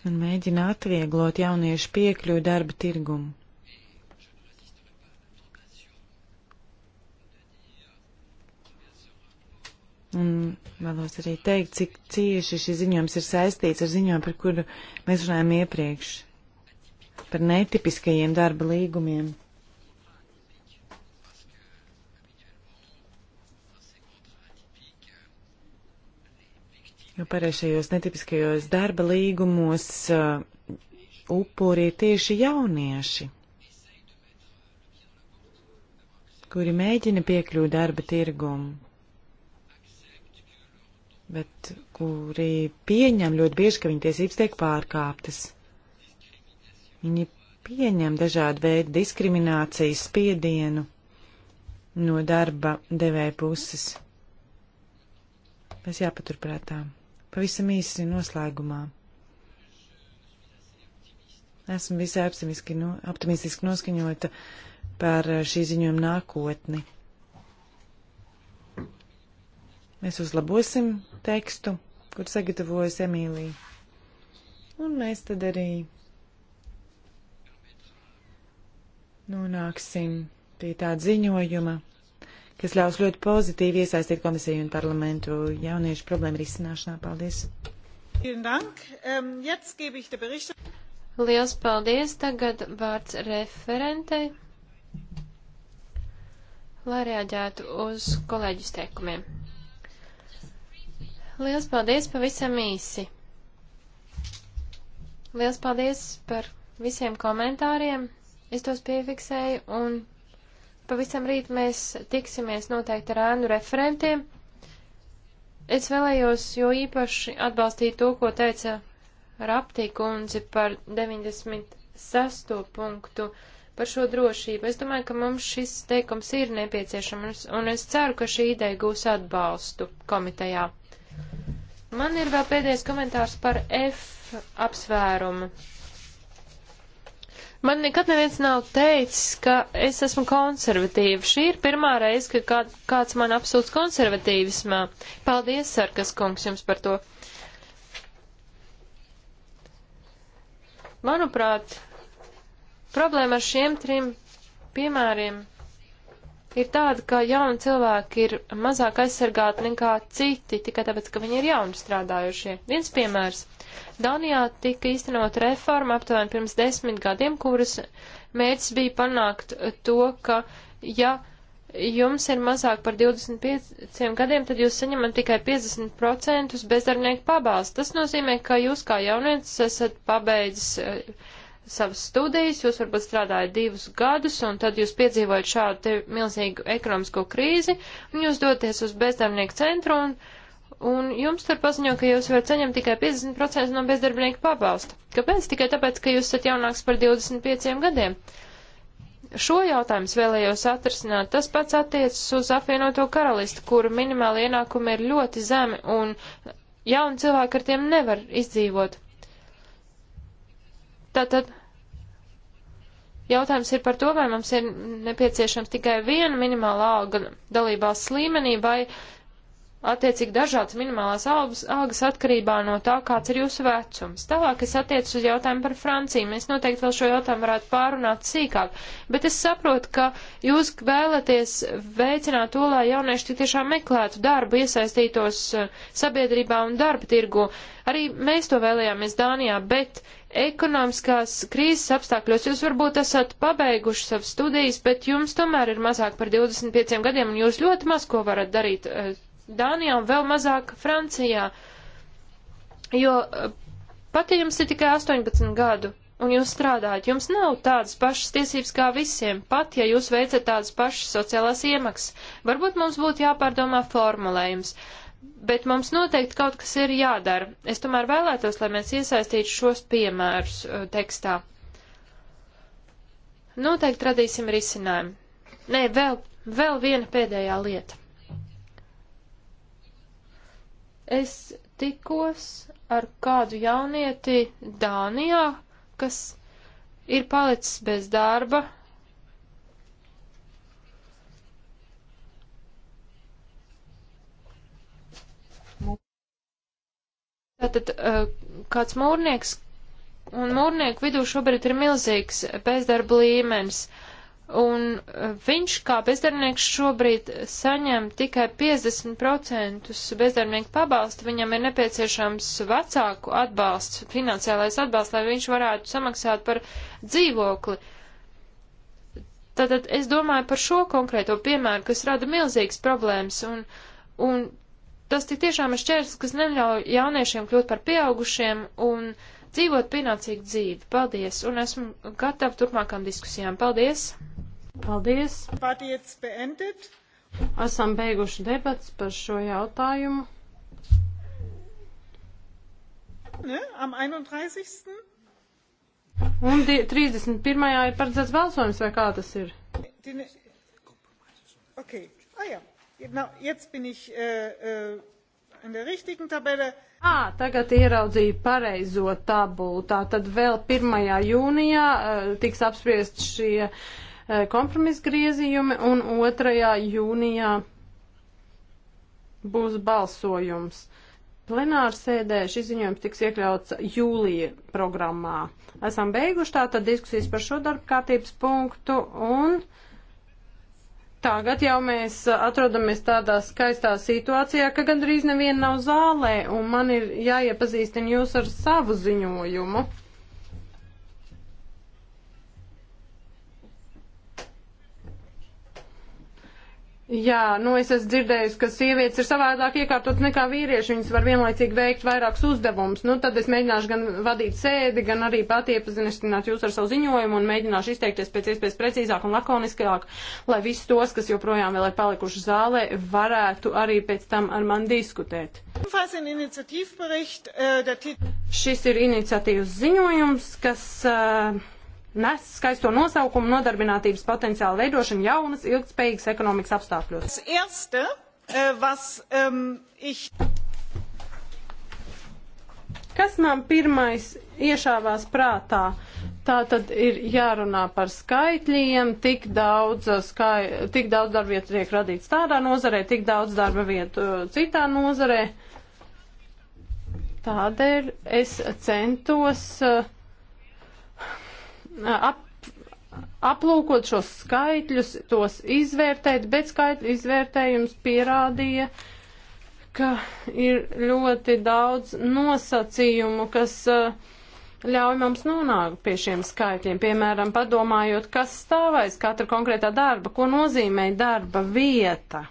un mēģina atvieglot jauniešu piekļuvi darba tirgumu. Un vēlos arī teikt, cik cieši šis ziņojums ir saistīts ar ziņojumu, par kuru mēs runājām iepriekš, par netipiskajiem darba līgumiem. Jo nu, parešajos netipiskajos darba līgumos uh, upuri ir tieši jaunieši, kuri mēģina piekļūt darba tirgumu, bet kuri pieņem ļoti bieži, ka viņu tiesības tiek pārkāptas. Viņi pieņem dažādu veidu diskrimināciju, spiedienu no darba devēja puses. Tas jāpaturprātā. Pavisam īsi noslēgumā. Esmu visai optimistiski, no, optimistiski noskaņota par eh, šī ziņojuma nākotni. Mēs uzlabosim tekstu, kur sagatavojas Emīlija. Un mēs tad arī nonāksim pie tā ziņojuma, kas ļaus ļoti pozitīvi iesaistīt komisiju un parlamentu jauniešu problēmu risināšanā. Paldies! Ähm, Liels paldies! Tagad vārds referentei, lai reaģētu uz kolēģu steikumiem. Liels paldies pavisam īsi! Liels paldies par visiem komentāriem. Es tos piefiksēju un Pavisam rīt mēs tiksimies noteikti ar ēnu referentiem. Es vēlējos jo īpaši atbalstīt to, ko teica Raptī kundze par 96. punktu par šo drošību. Es domāju, ka mums šis teikums ir nepieciešams, un es ceru, ka šī ideja gūs atbalstu komitejā. Man ir vēl pēdējais komentārs par F apsvērumu. Man nekad neviens nav teicis, ka es esmu konservatīva. Šī ir pirmā reize, ka kā, kāds man apsūdz konservatīvismā. Paldies, Sarkas kungs, jums par to. Manuprāt, problēma ar šiem trim piemēriem ir tāda, ka jauni cilvēki ir mazāk aizsargāti nekā citi, tikai tāpēc, ka viņi ir jauni strādājušie. Viens piemērs. Danijā tika īstenot reforma aptuveni pirms desmit gadiem, kuras mērķis bija panākt to, ka ja jums ir mazāk par 25 gadiem, tad jūs saņemat tikai 50% bezdarnieku pabalstu. Tas nozīmē, ka jūs kā jaunieks esat pabeidzis eh, savas studijas, jūs varbūt strādājat divus gadus, un tad jūs piedzīvojat šādu milzīgu ekonomisko krīzi, un jūs doties uz bezdarbnieku centru, un, un jums tur paziņo, ka jūs varat saņemt tikai 50% no bezdarbnieku pabalsta. Kāpēc? Tikai tāpēc, ka jūs esat jaunāks par 25 gadiem. Šo jautājumu vēlējos atrisināt. Tas pats attiecas uz apvienoto karalisti, kuru minimāli ienākumi ir ļoti zemi, un jauni cilvēki ar tiem nevar izdzīvot. Tātad jautājums ir par to, vai mums ir nepieciešams tikai viena minimāla alga dalībās līmenī, vai attiecīgi dažādas minimālās algas, algas atkarībā no tā, kāds ir jūsu vecums. Tālāk es attiecu uz jautājumu par Franciju. Mēs noteikti vēl šo jautājumu varētu pārunāt sīkāk, bet es saprotu, ka jūs vēlaties veicināt to, lai jaunieši tik tiešām meklētu darbu, iesaistītos eh, sabiedrībā un darba tirgu. Arī mēs to vēlējāmies Dānijā, bet ekonomiskās krīzes apstākļos jūs varbūt esat pabeiguši savas studijas, bet jums tomēr ir mazāk par 25 gadiem un jūs ļoti maz ko varat darīt eh, Dānijā un vēl mazāk Francijā. Jo eh, pat ja jums ir tikai 18 gadu un jūs strādājat, jums nav tādas pašas tiesības kā visiem, pat ja jūs veicat tādas pašas sociālās iemaksas. Varbūt mums būtu jāpārdomā formulējums. Bet mums noteikti kaut kas ir jādara. Es tomēr vēlētos, lai mēs iesaistītu šos piemērus eh, tekstā. Noteikti radīsim risinājumu. Nē, vēl, vēl viena pēdējā lieta. Es tikos ar kādu jaunieti Dānijā, kas ir palicis bez darba. Tātad eh, kāds mūrnieks, un mūrnieku vidū šobrīd ir milzīgs bezdarba līmenis. Uh, un eh, viņš kā bezdarbnieks šobrīd saņem tikai 50% bezdarbnieku pabalstu, viņam ir nepieciešams vecāku atbalsts, finansiālais atbalsts, lai viņš varētu samaksāt par dzīvokli. Tātad es domāju par šo konkrēto piemēru, kas rada milzīgas problēmas, un, un tas tik tiešām ir šķērslis, kas neļauj jauniešiem kļūt par pieaugušiem un dzīvot pienācīgu dzīvi. Paldies, un esmu gatava turpmākām diskusijām. Paldies! Paldies! Esam beiguši debats par šo jautājumu. Ne, am 31. Un 31. ir paredzēts balsojums, vai kā tas ir? Okay. Ah, ja. Now, jetzt bin ich, uh, uh... À, tagad ieraudzīju pareizo tabulu. Tā tad vēl 1. jūnijā uh, tiks apspriest šie uh, E, kompromisgriezījumi un 2. jūnijā būs balsojums. Plenārsēdē šis ziņojums tiks iekļauts jūlija programmā. Esam beiguši tātad diskusijas par šo darba kārtības punktu un tagad jau mēs atrodamies tādā skaistā situācijā, ka gandrīz neviena nav zālē, un man ir jāiepazīstina jūs ar savu ziņojumu. Jā, nu es esmu dzirdējis, ka sievietes ir savādāk iekārtotas nekā vīrieši. Viņas var vienlaicīgi veikt vairākus uzdevumus. Nu, tad es mēģināšu gan vadīt sēdi, gan arī pati iepazīstināt jūs ar savu ziņojumu un mēģināšu izteikties pēc iespējas precīzāk un lakoniskāk, lai visi tos, kas joprojām vēl ir palikuši zālē, varētu arī pēc tam ar mani diskutēt. Äh, Šis ir iniciatīvas ziņojums, kas. Uh, nes skaisto nosaukumu nodarbinātības potenciāla veidošana jaunas, ilgspējīgas ekonomikas apstākļos. Erste, äh, was, um, ich... Kas man pirmais iešāvās prātā? Tā tad ir jārunā par skaitļiem, tik daudz, äh, skai, tik daudz darba vietu tiek radīts tādā nozarē, tik daudz darba vietu äh, citā nozarē. Tādēļ es centos uh, ap, aplūkot šos skaitļus, tos izvērtēt, bet skaitļu izvērtējums pierādīja, ka ir ļoti daudz nosacījumu, kas ļauj mums nonākt pie šiem skaitļiem. Piemēram, padomājot, kas stāv aiz katra konkrētā darba, ko nozīmē darba vieta.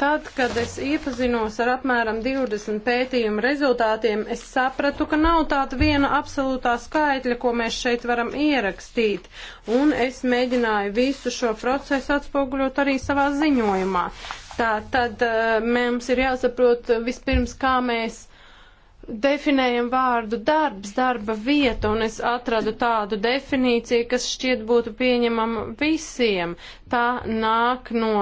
Tad, kad es iepazinos ar apmēram 20 pētījumu rezultātiem, es sapratu, ka nav tāda viena absolūtā skaitļa, ko mēs šeit varam ierakstīt. Un es mēģināju visu šo procesu atspoguļot arī savā ziņojumā. Tā tad eh, mums ir jāsaprot vispirms, kā mēs definējam vārdu darbs, darba vieta, un es atradu tādu definīciju, kas šķiet būtu pieņemama visiem. Tā nāk no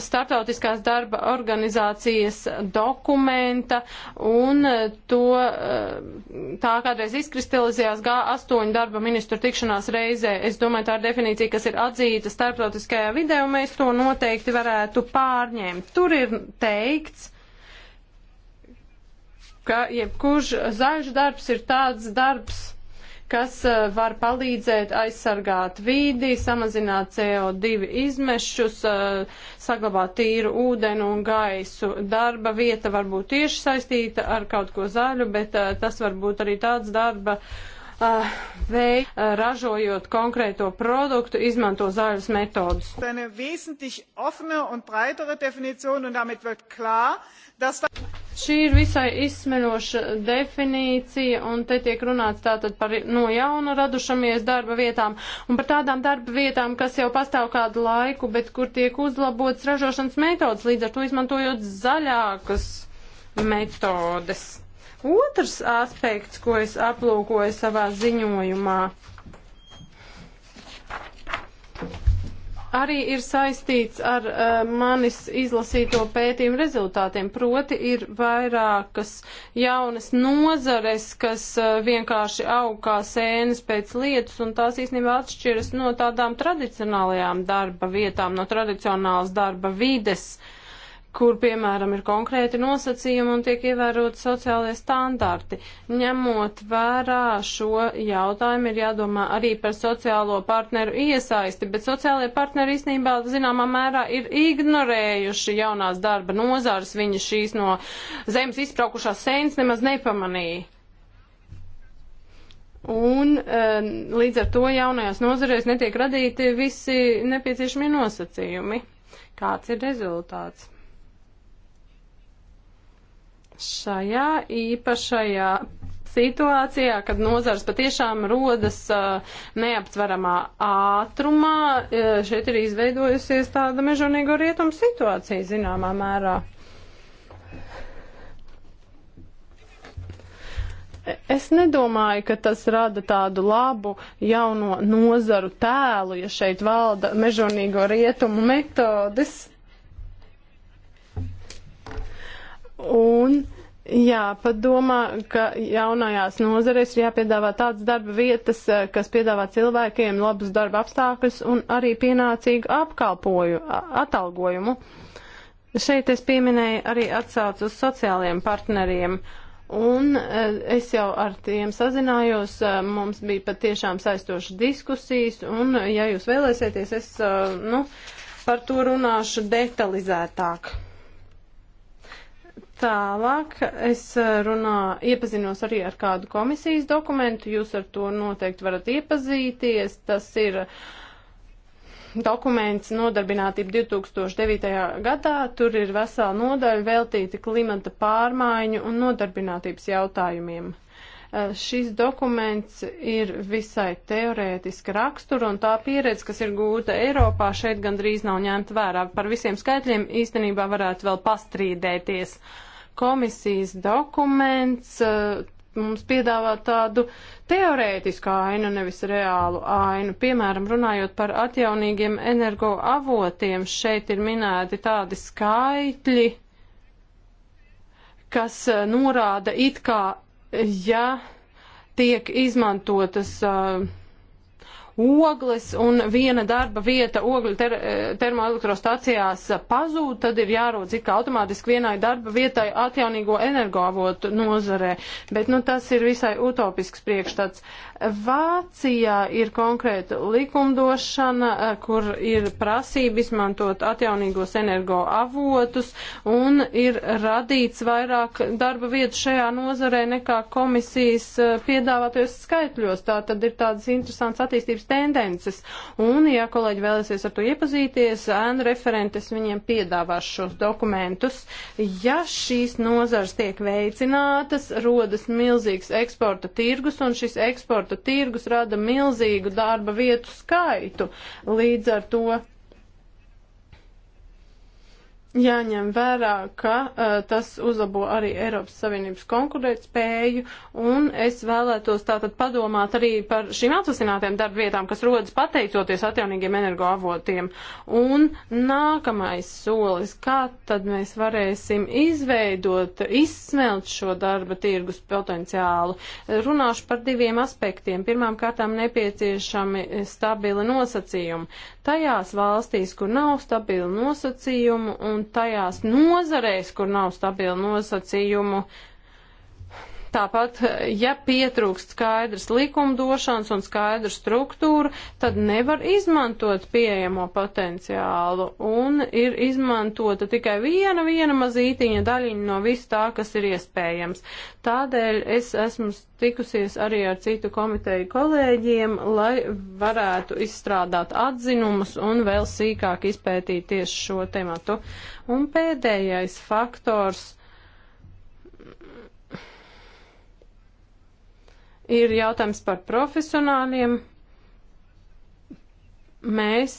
Startautiskās darba organizācijas dokumenta un to eh, tā kādreiz izkristalizējās G8 darba ministru tikšanās reizē. Es domāju, tā ir definīcija, kas ir atzīta starptautiskajā vidē un mēs to noteikti varētu pārņemt. Tur ir teikts, ka jebkurš zaļš darbs ir tāds darbs, kas eh, var palīdzēt aizsargāt vīdi, samazināt CO2 izmešus, eh, saglabāt tīru ūdeni un gaisu. Darba vieta var būt tieši saistīta ar kaut ko zaļu, bet eh, tas var būt arī tāds darba veids, ražojot konkrēto produktu, izmanto zaļas metodus. Eine wesentlich offene und breitere Definition und damit wird klar, Šī ir visai izsmeļoša definīcija, un te tiek runāts tātad par no nu, jauna radušamies darba vietām un par tādām darba vietām, kas jau pastāv kādu laiku, bet kur tiek uzlabotas ražošanas metodas, līdz ar to izmantojot zaļākas metodes. Otrs aspekts, ko es aplūkoju savā ziņojumā. arī ir saistīts ar uh, manis izlasīto pētījumu rezultātiem. Proti ir vairākas jaunas nozares, kas uh, vienkārši aug kā sēnes pēc lietas, un tās īstenībā atšķiras no tādām tradicionālajām darba vietām, no tradicionālas darba vides. Uh, kur, piemēram, ir konkrēti nosacījumi un tiek ievēroti sociālie standarti. Ņemot vērā šo jautājumu, ir jādomā arī par sociālo partneru iesaisti, bet sociālajie partneri īstenībā, zināmā mērā, ir ignorējuši jaunās darba nozāras, viņi šīs no zemes izbraukušās sēnes nemaz nepamanīja. Un e, līdz ar to jaunajās nozarēs netiek radīti visi nepieciešamie nosacījumi. Kāds ir rezultāts? šajā īpašajā situācijā, kad nozars patiešām rodas uh, neaptveramā ātrumā, uh, šeit ir izveidojusies tāda mežonīgo rietumu situācija zināmā mērā. Es nedomāju, ka tas rada tādu labu jauno nozaru tēlu, ja šeit valda mežonīgo rietumu metodes. Un jāpadomā, ka jaunajās nozarēs ir jāpiedāvā tādas darba vietas, eh, kas piedāvā cilvēkiem labus darba apstākļus un arī pienācīgu apkalpoju, atalgojumu. Šeit es pieminēju arī atsaucu uz sociālajiem partneriem. Un eh, es jau ar tiem sazinājos, eh, mums bija patiešām saistošas diskusijas, un ja jūs vēlēsieties, es nu, par to runāšu detalizētāk. Tālāk es eh, runā, iepazinos arī ar kādu komisijas dokumentu, jūs ar to noteikti varat iepazīties. Tas ir eh, dokuments nodarbinātība 2009. gadā, tur ir vesela nodaļa veltīta klimata pārmaiņu un nodarbinātības jautājumiem. Šis dokuments ir visai teorētiska rakstura, un tā pieredze, kas ir gūta Eiropā, šeit gandrīz nav ņemta vērā. Par visiem skaitļiem īstenībā varētu vēl pastrīdēties. Komisijas dokuments mums piedāvā tādu teorētisku ainu, nevis reālu ainu. Piemēram, runājot par atjaunīgiem energoavotiem, šeit ir minēti tādi skaitļi, kas norāda it kā ja tiek izmantotas uh, ogles un viena darba vieta ogļu ter, eh, termoelektrostacijās pazūd, tad ir jārūdz ik automātiski vienai darba vietai atjaunīgo energoavotu nozarē. Bet nu, tas ir visai utopisks priekšstats. Vācijā ir konkrēta likumdošana, eh, kur ir prasība izmantot atjaunīgos energoavotus un ir radīts vairāk darba vietu šajā nozarē nekā komisijas eh, piedāvātajos skaitļos. Tā tad ir tādas interesantas attīstības tendences. Un, ja kolēģi vēlēsies ar to iepazīties, ēnu referentes viņiem piedāvās šos dokumentus. Ja šīs nozars tiek veicinātas, rodas milzīgs eksporta tirgus un šis eksporta transporta tirgus rada milzīgu darba vietu skaitu. Līdz ar to jāņem vērā, ka uh, tas uzlabo arī Eiropas Savienības konkurētspēju, un es vēlētos tātad padomāt arī par šīm atvasinātiem darbvietām, kas rodas pateicoties atjaunīgiem energoavotiem. Un nākamais solis, kā tad mēs varēsim izveidot, izsmelt šo darba tirgus potenciālu. Runāšu par diviem aspektiem. Pirmām kārtām nepieciešami stabili nosacījumi. Tajās valstīs, kur nav stabili nosacījumi un tajās nozarēs, kur nav stabilu nosacījumu, uh, Tāpat, ja pietrūkst skaidrs likumdošanas un skaidru struktūru, tad nevar izmantot pieejamo potenciālu un ir izmantota tikai viena, viena mazītiņa daļiņa no visu tā, kas ir iespējams. Tādēļ es esmu tikusies arī ar citu komiteju kolēģiem, lai varētu izstrādāt atzinumus un vēl sīkāk izpētīt tieši šo tematu. Un pēdējais faktors Ir jautājums par profesionāļiem. Mēs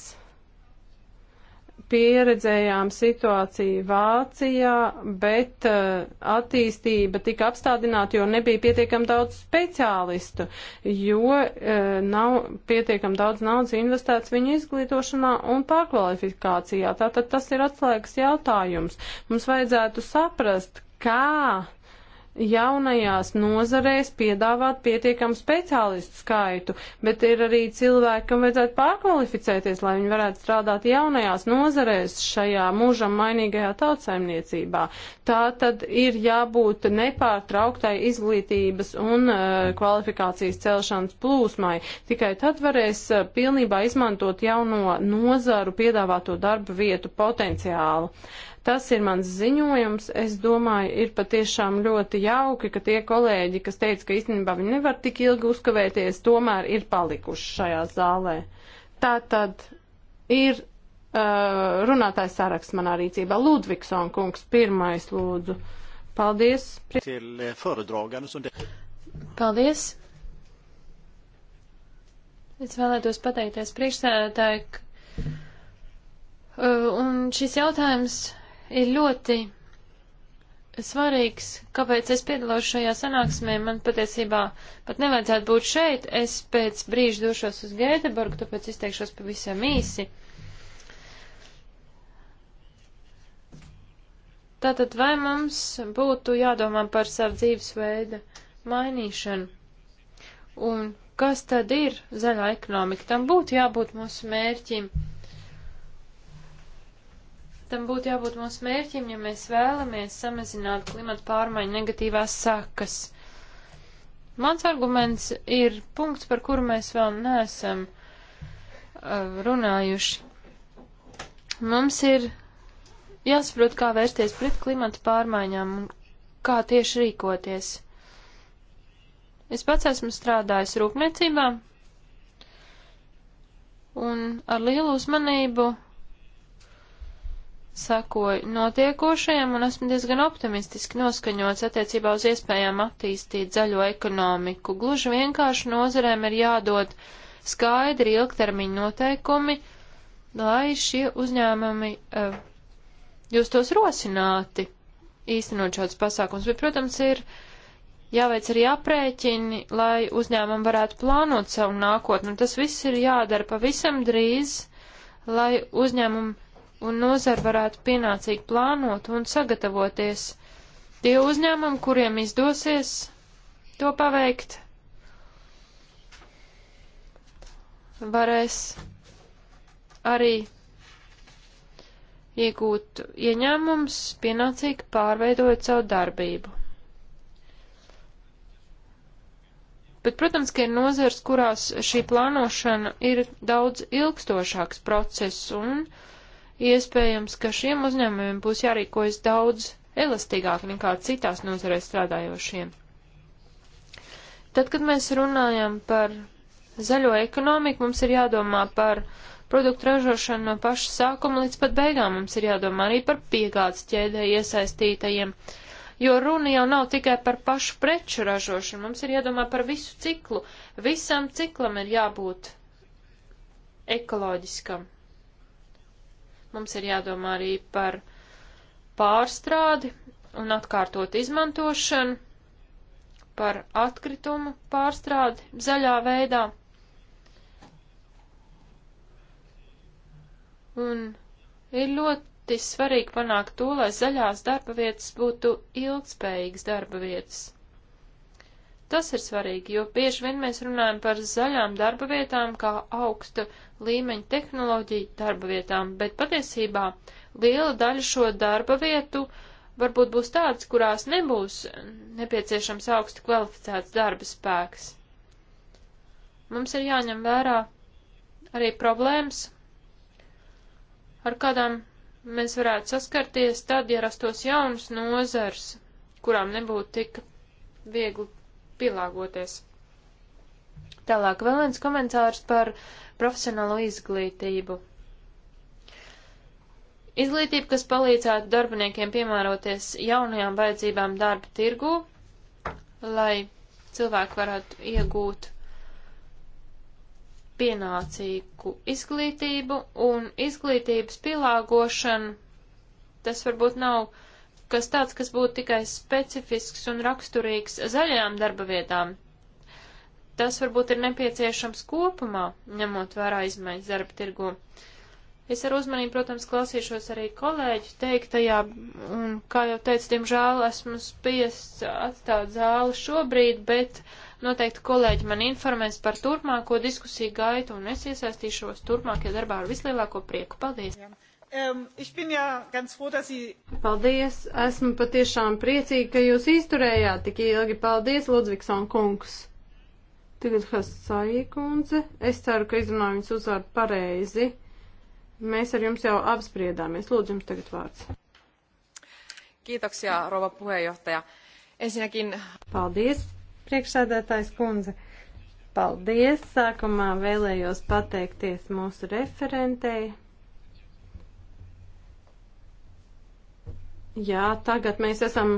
pieredzējām situāciju Vācijā, bet uh, attīstība tika apstādināta, jo nebija pietiekami daudz speciālistu, jo uh, nav pietiekami daudz naudas investēts viņu izglītošanā un pārkvalifikācijā. Tātad tas ir atslēgas jautājums. Mums vajadzētu saprast, kā jaunajās nozarēs piedāvāt pietiekamu speciālistu skaitu, bet ir arī cilvēki, kam vajadzētu pārkvalificēties, lai viņi varētu strādāt jaunajās nozarēs šajā mūžam mainīgajā tautsaimniecībā. Tā tad ir jābūt nepārtrauktai izglītības un uh, kvalifikācijas celšanas plūsmai. Tikai tad varēs uh, pilnībā izmantot jauno nozaru piedāvāto darba vietu potenciālu. Uh, Tas ir mans ziņojums. Es domāju, ir patiešām ļoti jauki, ka tie kolēģi, kas teica, ka īstenībā viņi nevar tik ilgi uzkavēties, tomēr ir palikuši šajā zālē. Tā tad ir uh, runātājs saraksts manā rīcībā. Ludvigsson kungs, pirmais lūdzu. Paldies. Paldies. Es vēlētos pateikties priekšsēdētāji, uh, un šis jautājums ir ļoti svarīgs, kāpēc es piedalos šajā sanāksmē. Man patiesībā pat nevajadzētu būt šeit. Es pēc brīža došos uz Gēteborgu, tāpēc izteikšos pavisam īsi. Tātad vai mums būtu jādomā par savu dzīvesveidu mainīšanu? Un kas tad ir zaļā ekonomika? Tam būtu jābūt mūsu mērķim. Tam būtu jābūt mūsu mērķim, ja mēs vēlamies samazināt klimata pārmaiņu negatīvās sakas. Mans arguments ir punkts, par kuru mēs vēl neesam uh, runājuši. Mums ir jāsaprot, kā vērsties pret klimata pārmaiņām un kā tieši rīkoties. Es pats esmu strādājis rūpniecībā un ar lielu uzmanību sakoju notiekošajam un esmu diezgan optimistiski noskaņots attiecībā uz iespējām attīstīt zaļo ekonomiku. Gluži vienkārši nozarēm ir jādod skaidri ilgtermiņa noteikumi, lai šie uzņēmumi uh, eh, jūs tos rosināti īstenot šāds pasākums. Bet, protams, ir jāveic arī aprēķini, lai uzņēmumi varētu plānot savu nākotni. Tas viss ir jādara pavisam drīz, lai uzņēmumi un nozara varētu pienācīgi plānot un sagatavoties. Tie uzņēmumi, kuriem izdosies to paveikt, varēs arī iegūt ieņēmums, pienācīgi pārveidojot savu darbību. Bet, protams, ka ir nozars, kurās šī plānošana ir daudz ilgstošāks process un uh, Iespējams, ka šiem uzņēmumiem būs jārīkojas daudz elastīgāk nekā citās nozarēs strādājošiem. Tad, kad mēs runājam par zaļo ekonomiku, mums ir jādomā par produktu ražošanu no paša sākuma līdz pat beigām. Mums ir jādomā arī par piegādes ķēdē iesaistītajiem, jo runa jau nav tikai par pašu preču ražošanu, mums ir jādomā par visu ciklu. Visam ciklam ir jābūt ekoloģiskam. Mums ir jādomā arī par pārstrādi un atkārtot izmantošanu, par atkritumu pārstrādi zaļā veidā. Un ir ļoti svarīgi panākt to, lai zaļās darba vietas būtu ilgspējīgas darba vietas. Tas ir svarīgi, jo bieži vien mēs runājam par zaļām darba vietām kā augstu līmeņa tehnoloģiju darba vietām, bet patiesībā liela daļa šo darba vietu varbūt būs tādas, kurās nebūs nepieciešams augsti kvalificēts darba spēks. Mums ir jāņem vērā arī problēmas, ar kādām mēs varētu saskarties tad, ja rastos jaunas nozars, kurām nebūtu tik viegli pielāgoties. Tālāk vēl viens komentārs par profesionālo izglītību. Izglītība, kas palīdzētu darbiniekiem piemēroties jaunajām vajadzībām darba tirgū, lai cilvēki varētu iegūt pienācīgu izglītību un izglītības pielāgošanu. Tas varbūt nav kas tāds, kas būtu tikai specifisks un raksturīgs zaļajām darba vietām tas varbūt ir nepieciešams kopumā, ņemot vērā izmaiņas darba tirgu. Es ar uzmanību, protams, klausīšos arī kolēģu teiktajā, un, kā jau teicu, diemžēl esmu spiests atstāt zāli šobrīd, bet noteikti kolēģi man informēs par turpmāko diskusiju gaitu, un es iesaistīšos turpmākajā darbā ar vislielāko prieku. Paldies! Paldies! Esmu patiešām priecīga, ka jūs izturējāt tik ilgi. Paldies, Ludvigsson kungs! Tagad Hasai kundze. Es ceru, ka izrunāju viņas uzvārdu pareizi. Mēs ar jums jau apspriedāmies. Lūdzu, jums tagad vārds. Kiitoksia, rouva puheenjohtaja. Ensinnäkin... Paldies, priekšsēdētājs kundze. Paldies! Sākumā vēlējos pateikties mūsu referentei. Jā, tagad mēs esam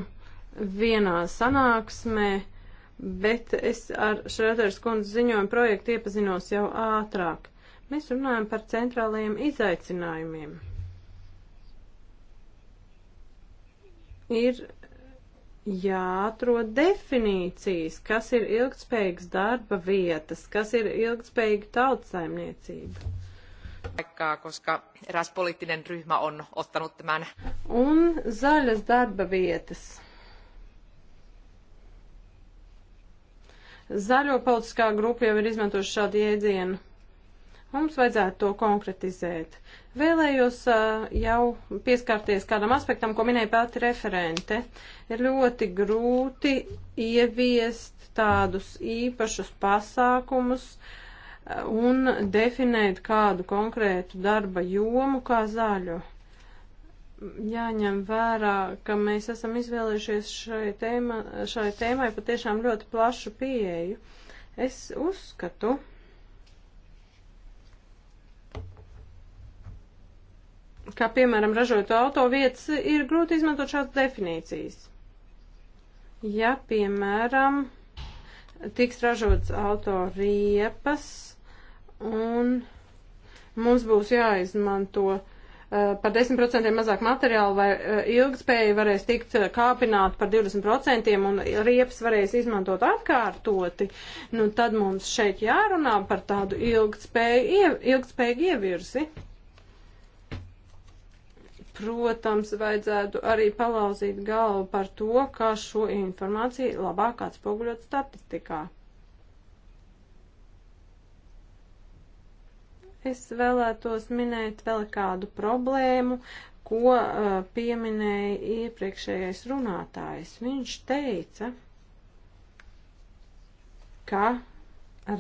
vienā sanāksmē bet es ar Šrēderas kundzes ziņojumu projektu iepazinos jau ātrāk. Mēs runājam par centrālajiem izaicinājumiem. Ir jāatrod definīcijas, kas ir ilgspējīgs darba vietas, kas ir ilgspējīga tautsaimniecība paikkaa, koska eräs poliittinen ryhmä on ottanut tämän. Un zaļas darba vietas. Zaļo politiskā grupa jau ir izmantojuši šādu jēdzienu. Mums vajadzētu to konkretizēt. Vēlējos uh, jau pieskarties kādam aspektam, ko minēja pati referente. Ir ļoti grūti ieviest tādus īpašus pasākumus un definēt kādu konkrētu darba jomu kā zaļu. Uh, jāņem vērā, ka mēs esam izvēlējušies šai, tēma, šai tēmai patiešām ļoti plašu pieeju. Es uzskatu, ka, piemēram, ražotu auto vietas ir grūti izmantot šādas definīcijas. Ja, piemēram, tiks ražots auto riepas un mums būs jāizmanto uh, Eh, par 10% mazāk materiālu vai eh, ilgspēju varēs tikt eh, kāpināt par 20% un riepas varēs izmantot atkārtoti, nu tad mums šeit jārunā par tādu ilgspēju, ilgspēju ievirsi. Protams, vajadzētu arī palauzīt galvu par to, kā šo informāciju labāk atspoguļot statistikā. Es vēlētos minēt vēl kādu problēmu, ko uh, pieminēja iepriekšējais runātājs. Viņš teica, ka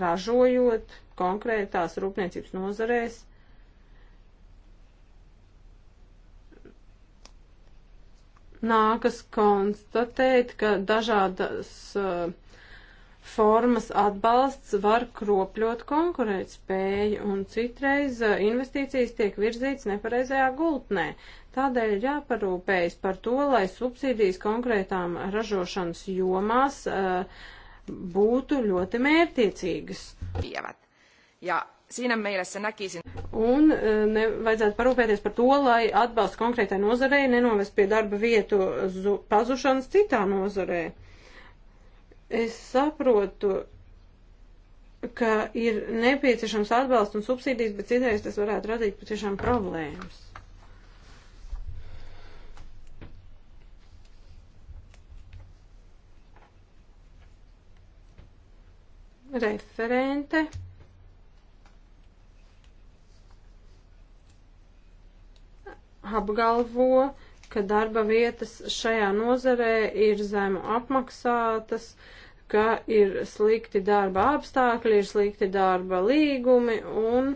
ražojot konkrētās rūpniecības nozarēs, nākas konstatēt, ka dažādas uh, formas atbalsts var kropļot konkurētspēju un citreiz eh, investīcijas tiek virzīts nepareizajā gultnē. Tādēļ ir jāparūpējas par to, lai subsīdijas konkrētām ražošanas jomās uh, būtu ļoti mērtiecīgas. Pievat. Jā, siinä mielessä näkisin. Un eh, ne, vajadzētu parūpēties par to, lai atbalsts konkrētai nozarei nenovest pie darba vietu pazušanas citā nozarei. Es saprotu, ka ir nepieciešams atbalsts un subsīdijas, bet citreiz tas varētu radīt patiešām problēmas. Referente. apgalvo, ka darba vietas šajā nozarē ir zemu apmaksātas, uh, ka ir slikti darba apstākļi, ir slikti darba līgumi un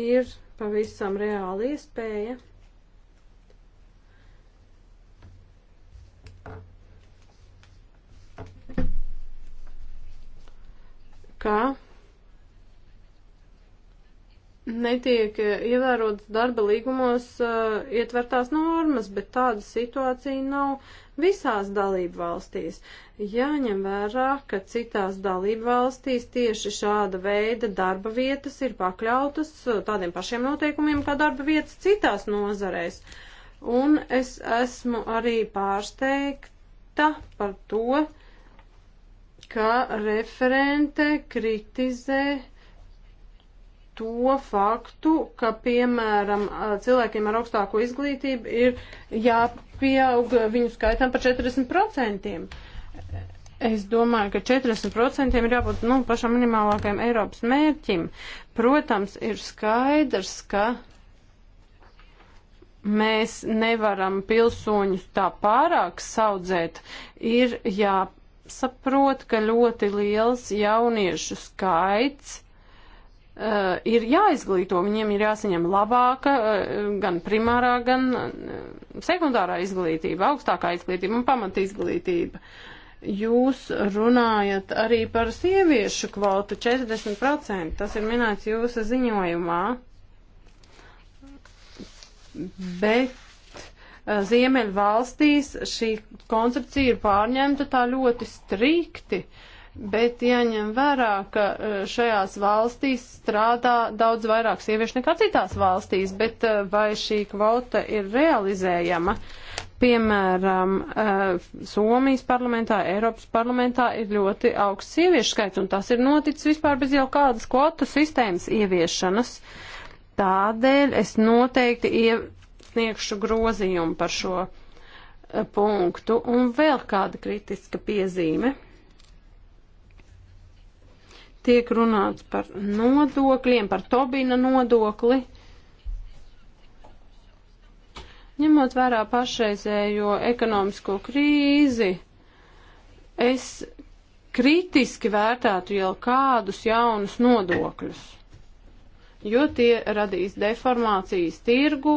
ir pavisam reāla iespēja. Kā netiek ievērotas darba līgumos uh, ietvertās normas, bet tāda situācija nav visās dalību valstīs. Jāņem vērā, ka citās dalību valstīs tieši šāda veida darba vietas ir pakļautas tādiem pašiem noteikumiem kā darba vietas citās nozarēs. Un es esmu arī pārsteigta par to, ka referente kritizē to faktu, ka, piemēram, cilvēkiem ar augstāko izglītību ir jāpieaug viņu skaitam par 40%. Es domāju, ka 40% ir jābūt nu, pašam minimālākajam Eiropas mērķim. Protams, ir skaidrs, ka mēs nevaram pilsoņus tā pārāk saudzēt. Ir jāsaprot, ka ļoti liels jauniešu skaits uh, ir jāizglīto, viņiem ir jāsaņem labāka, uh, gan primārā, gan uh, sekundārā izglītība, augstākā izglītība un pamat izglītība. Jūs runājat arī par sieviešu kvotu 40%, tas ir minēts jūsu ziņojumā, bet Ziemeļvalstīs šī koncepcija ir pārņemta tā ļoti strikti. Uh, bet jāņem vērā, ka e, šajās valstīs strādā daudz vairāk sieviešu nekā citās valstīs, bet e, vai šī kvota ir realizējama? Piemēram, e, Somijas parlamentā, Eiropas parlamentā ir ļoti augsts sieviešu skaits, un tas ir noticis vispār bez jau kādas kvotu sistēmas ieviešanas. Tādēļ es noteikti iesniegšu grozījumu par šo punktu, un vēl kāda kritiska piezīme. Tiek runāts par nodokļiem, par Tobina nodokli. Ņemot vērā pašreizējo ekonomisko krīzi, es kritiski vērtētu jau kādus jaunus nodokļus, jo tie radīs deformācijas tirgu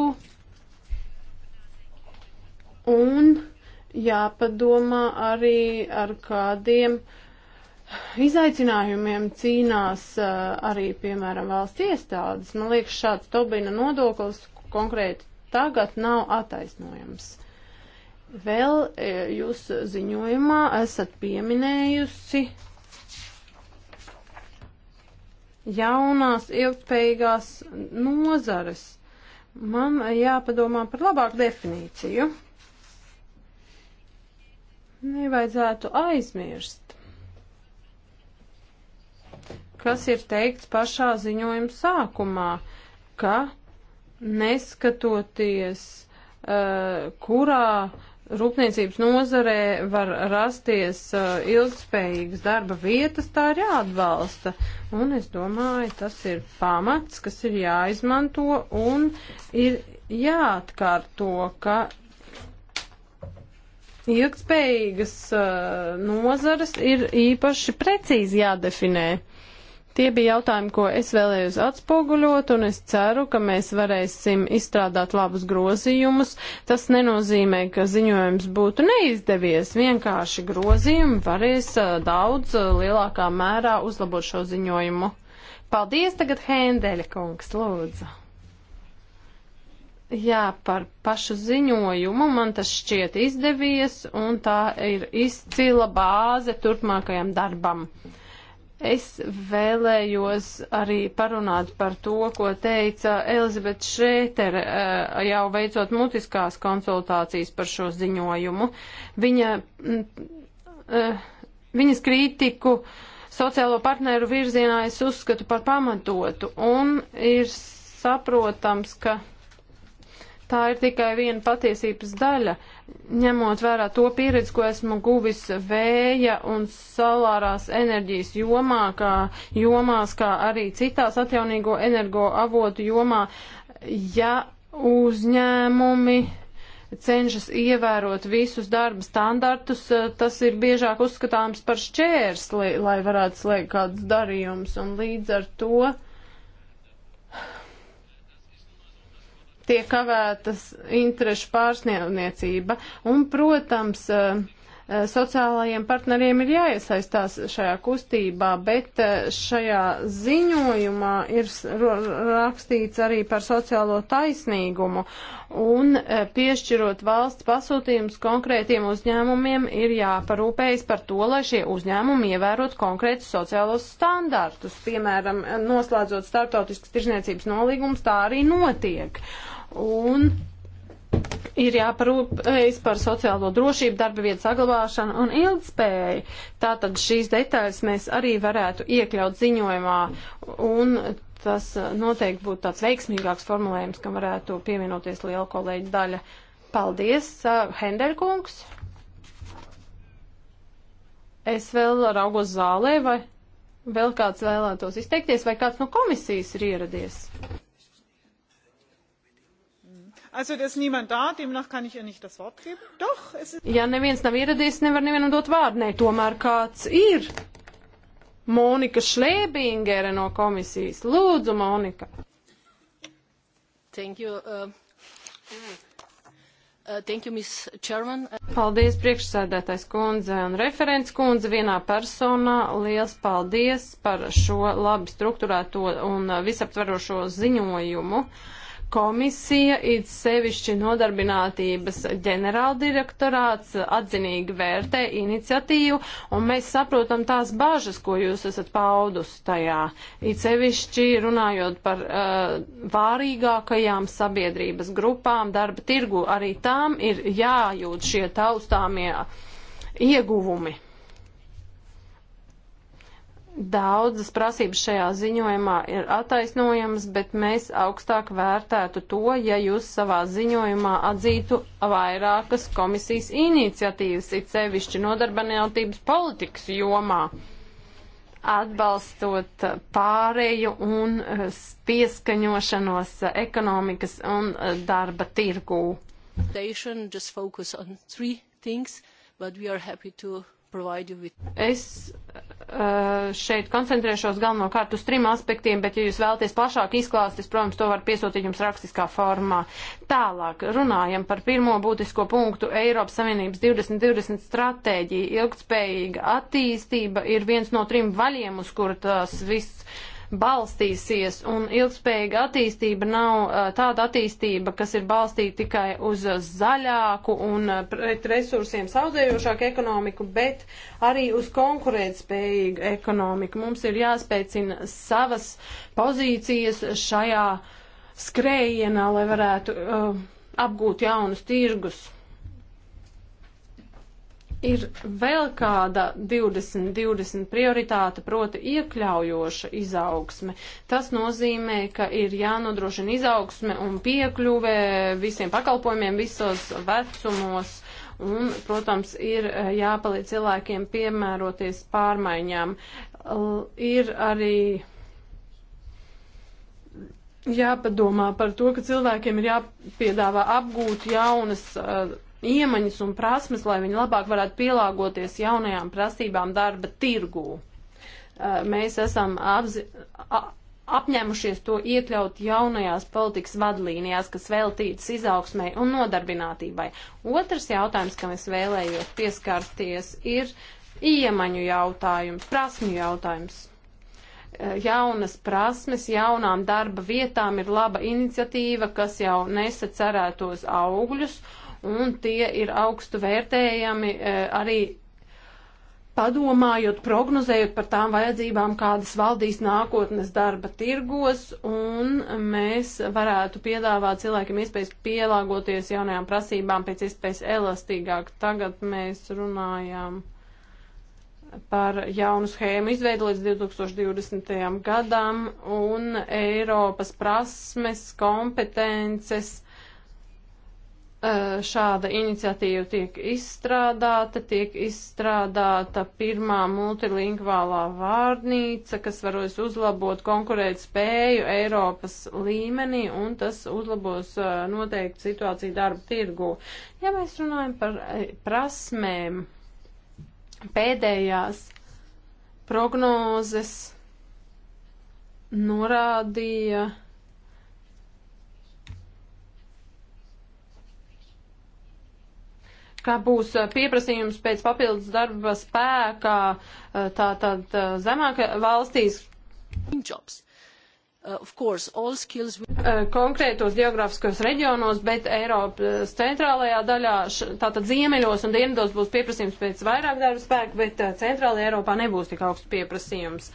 un jāpadomā arī ar kādiem uh, izaicinājumiem cīnās arī, piemēram, valsts iestādes. Man liekas, šāds Tobina nodoklis konkrēti tagad nav attaisnojams. Vēl jūs ziņojumā esat pieminējusi jaunās ilgspējīgās nozares. Man jāpadomā par labāku definīciju. Nevajadzētu aizmirst kas ir teikts pašā ziņojuma sākumā, ka neskatoties, uh, kurā rūpniecības nozarē var rasties uh, ilgspējīgas darba vietas, tā ir jāatbalsta. Un es domāju, tas ir pamats, kas ir jāizmanto un ir jāatkārto, ka ilgspējīgas uh, nozares ir īpaši precīzi jādefinē. Tie bija jautājumi, ko es vēlējos atspoguļot, un es ceru, ka mēs varēsim izstrādāt labus grozījumus. Tas nenozīmē, ka ziņojums būtu neizdevies. Vienkārši grozījumi varēs daudz lielākā mērā uzlabot šo ziņojumu. Paldies tagad Hēndeļa kungs, lūdzu. Jā, par pašu ziņojumu man tas šķiet izdevies, un tā ir izcila bāze turpmākajam darbam. Es vēlējos arī parunāt par to, ko teica Elizabete Šrētere, eh, jau veicot mutiskās konsultācijas par šo ziņojumu. Viņa, mm, eh, viņas kritiku sociālo partneru virzienā es uzskatu par pamatotu un ir saprotams, ka tā ir tikai viena patiesības daļa, ņemot vērā to pieredzi, ko esmu guvis vēja un solārās enerģijas jomā, kā jomās, kā arī citās atjaunīgo energo avotu jomā, ja uzņēmumi cenšas ievērot visus darba standartus, eh, tas ir biežāk uzskatāms par šķērsli, lai varētu slēgt kādus darījumus, un līdz ar to uh, tiek kavētas interešu pārsnievniecība. Un, protams, eh, eh, sociālajiem partneriem ir jāiesaistās šajā kustībā, bet eh, šajā ziņojumā ir rakstīts arī par sociālo taisnīgumu un piešķirot valsts pasūtījumus konkrētiem uzņēmumiem ir jāparūpējas par to, lai šie uzņēmumi ievērot konkrētus sociālos standartus. Piemēram, noslēdzot startautiskas tirzniecības nolīgumus, tā arī notiek. Uh, un ir jāparūpējas par sociālo drošību, darba vietu saglabāšanu un ilgspēju. Tātad šīs detaļas mēs arī varētu iekļaut ziņojumā, un tas noteikti būtu tāds veiksmīgāks formulējums, kam varētu pievienoties liela kolēģa daļa. Paldies, Henderkungs! Es vēl raugos zālē, vai vēl kāds vēlētos izteikties, vai kāds no komisijas ir ieradies? Also, da ist niemand da, demnach kann ich ihr nicht das Wort geben. Doch, es ist. Ja, neviens nav ieradies, nevar nevienam dot vārdu. Nē, tomēr kāds ir. Monika Šlēbingere no komisijas. Lūdzu, Monika. Thank you. Uh, uh, thank you, Ms. Chairman. Paldies, priekšsēdētājs kundze un referents kundze vienā personā. Liels paldies par šo labi strukturēto un visaptverošo ziņojumu. Uh, Komisija, it sevišķi nodarbinātības ģenerāldirektorāts, atzinīgi vērtē iniciatīvu, un mēs saprotam tās bažas, ko jūs esat paudus tajā. It sevišķi runājot par uh, vārīgākajām sabiedrības grupām, darba tirgu, arī tām ir jājūt šie taustāmie ieguvumi. Daudzas prasības šajā ziņojumā ir attaisnojamas, bet mēs augstāk vērtētu to, ja jūs savā ziņojumā atzītu vairākas komisijas iniciatīvas, it sevišķi nodarbinātības politikas jomā, atbalstot pārēju un eh, pieskaņošanos ekonomikas un eh, darba tirgū. Things, with... Es Eh, šeit koncentrēšos galvenokārt uz trim aspektiem, bet, ja jūs vēlaties plašāk izklāstīt, protams, to var piesūtīt jums rakstiskā formā. Tālāk runājam par pirmo būtisko punktu Eiropas Savienības 2020 stratēģiju. Ilgtspējīga attīstība ir viens no trim vaļiem, uz kur tas viss balstīsies, un ilgspējīga attīstība nav tāda attīstība, kas ir balstīta tikai uz zaļāku un pret resursiem saudzējošāku ekonomiku, bet arī uz konkurētspējīgu ekonomiku. Mums ir jāspēcina savas pozīcijas šajā skrējienā, lai varētu uh, apgūt jaunus tirgus. Ir vēl kāda 20-20 prioritāte, proti iekļaujoša izaugsme. Tas nozīmē, ka ir jānodrošina izaugsme un piekļuvē visiem pakalpojumiem visos vecumos. Un, protams, ir eh, jāpalīdz cilvēkiem piemēroties pārmaiņām. Ir arī jāpadomā par to, ka cilvēkiem ir jāpiedāvā apgūt jaunas uh, iemaņas un prasmes, lai viņi labāk varētu pielāgoties jaunajām prasībām darba tirgū. Uh, mēs esam apzi, apņēmušies to iekļaut jaunajās politikas vadlīnijās, kas veltītas izaugsmai un nodarbinātībai. Otrs jautājums, kam es vēlējos pieskarties, ir iemaņu jautājums, prasmju jautājums. Uh, jaunas prasmes, jaunām darba vietām ir laba iniciatīva, kas jau nesa cerētos augļus, uh, un tie ir augstu vērtējami eh, arī padomājot, prognozējot par tām vajadzībām, kādas valdīs nākotnes darba tirgos, un mēs varētu piedāvāt cilvēkiem iespējas pielāgoties jaunajām prasībām pēc iespējas elastīgāk. Tagad mēs runājām par jaunu schēmu izveidu līdz 2020. gadam, un Eiropas prasmes, kompetences, šāda iniciatīva tiek izstrādāta, tiek izstrādāta pirmā multilingvālā vārnīca, kas varos uzlabot konkurēt spēju Eiropas līmenī, un tas uzlabos noteikti situāciju darba tirgu. Ja mēs runājam par prasmēm, pēdējās prognozes norādīja, ka būs eh, pieprasījums pēc papildus darba spēkā eh, tātad eh, zemāk valstīs. Jobs. Uh, course, skills... konkrētos geogrāfiskos reģionos, bet Eiropas centrālajā daļā, tātad ziemeļos un dienvidos būs pieprasījums pēc vairāk darba spēka, bet centrālajā Eiropā nebūs tik augsts pieprasījums.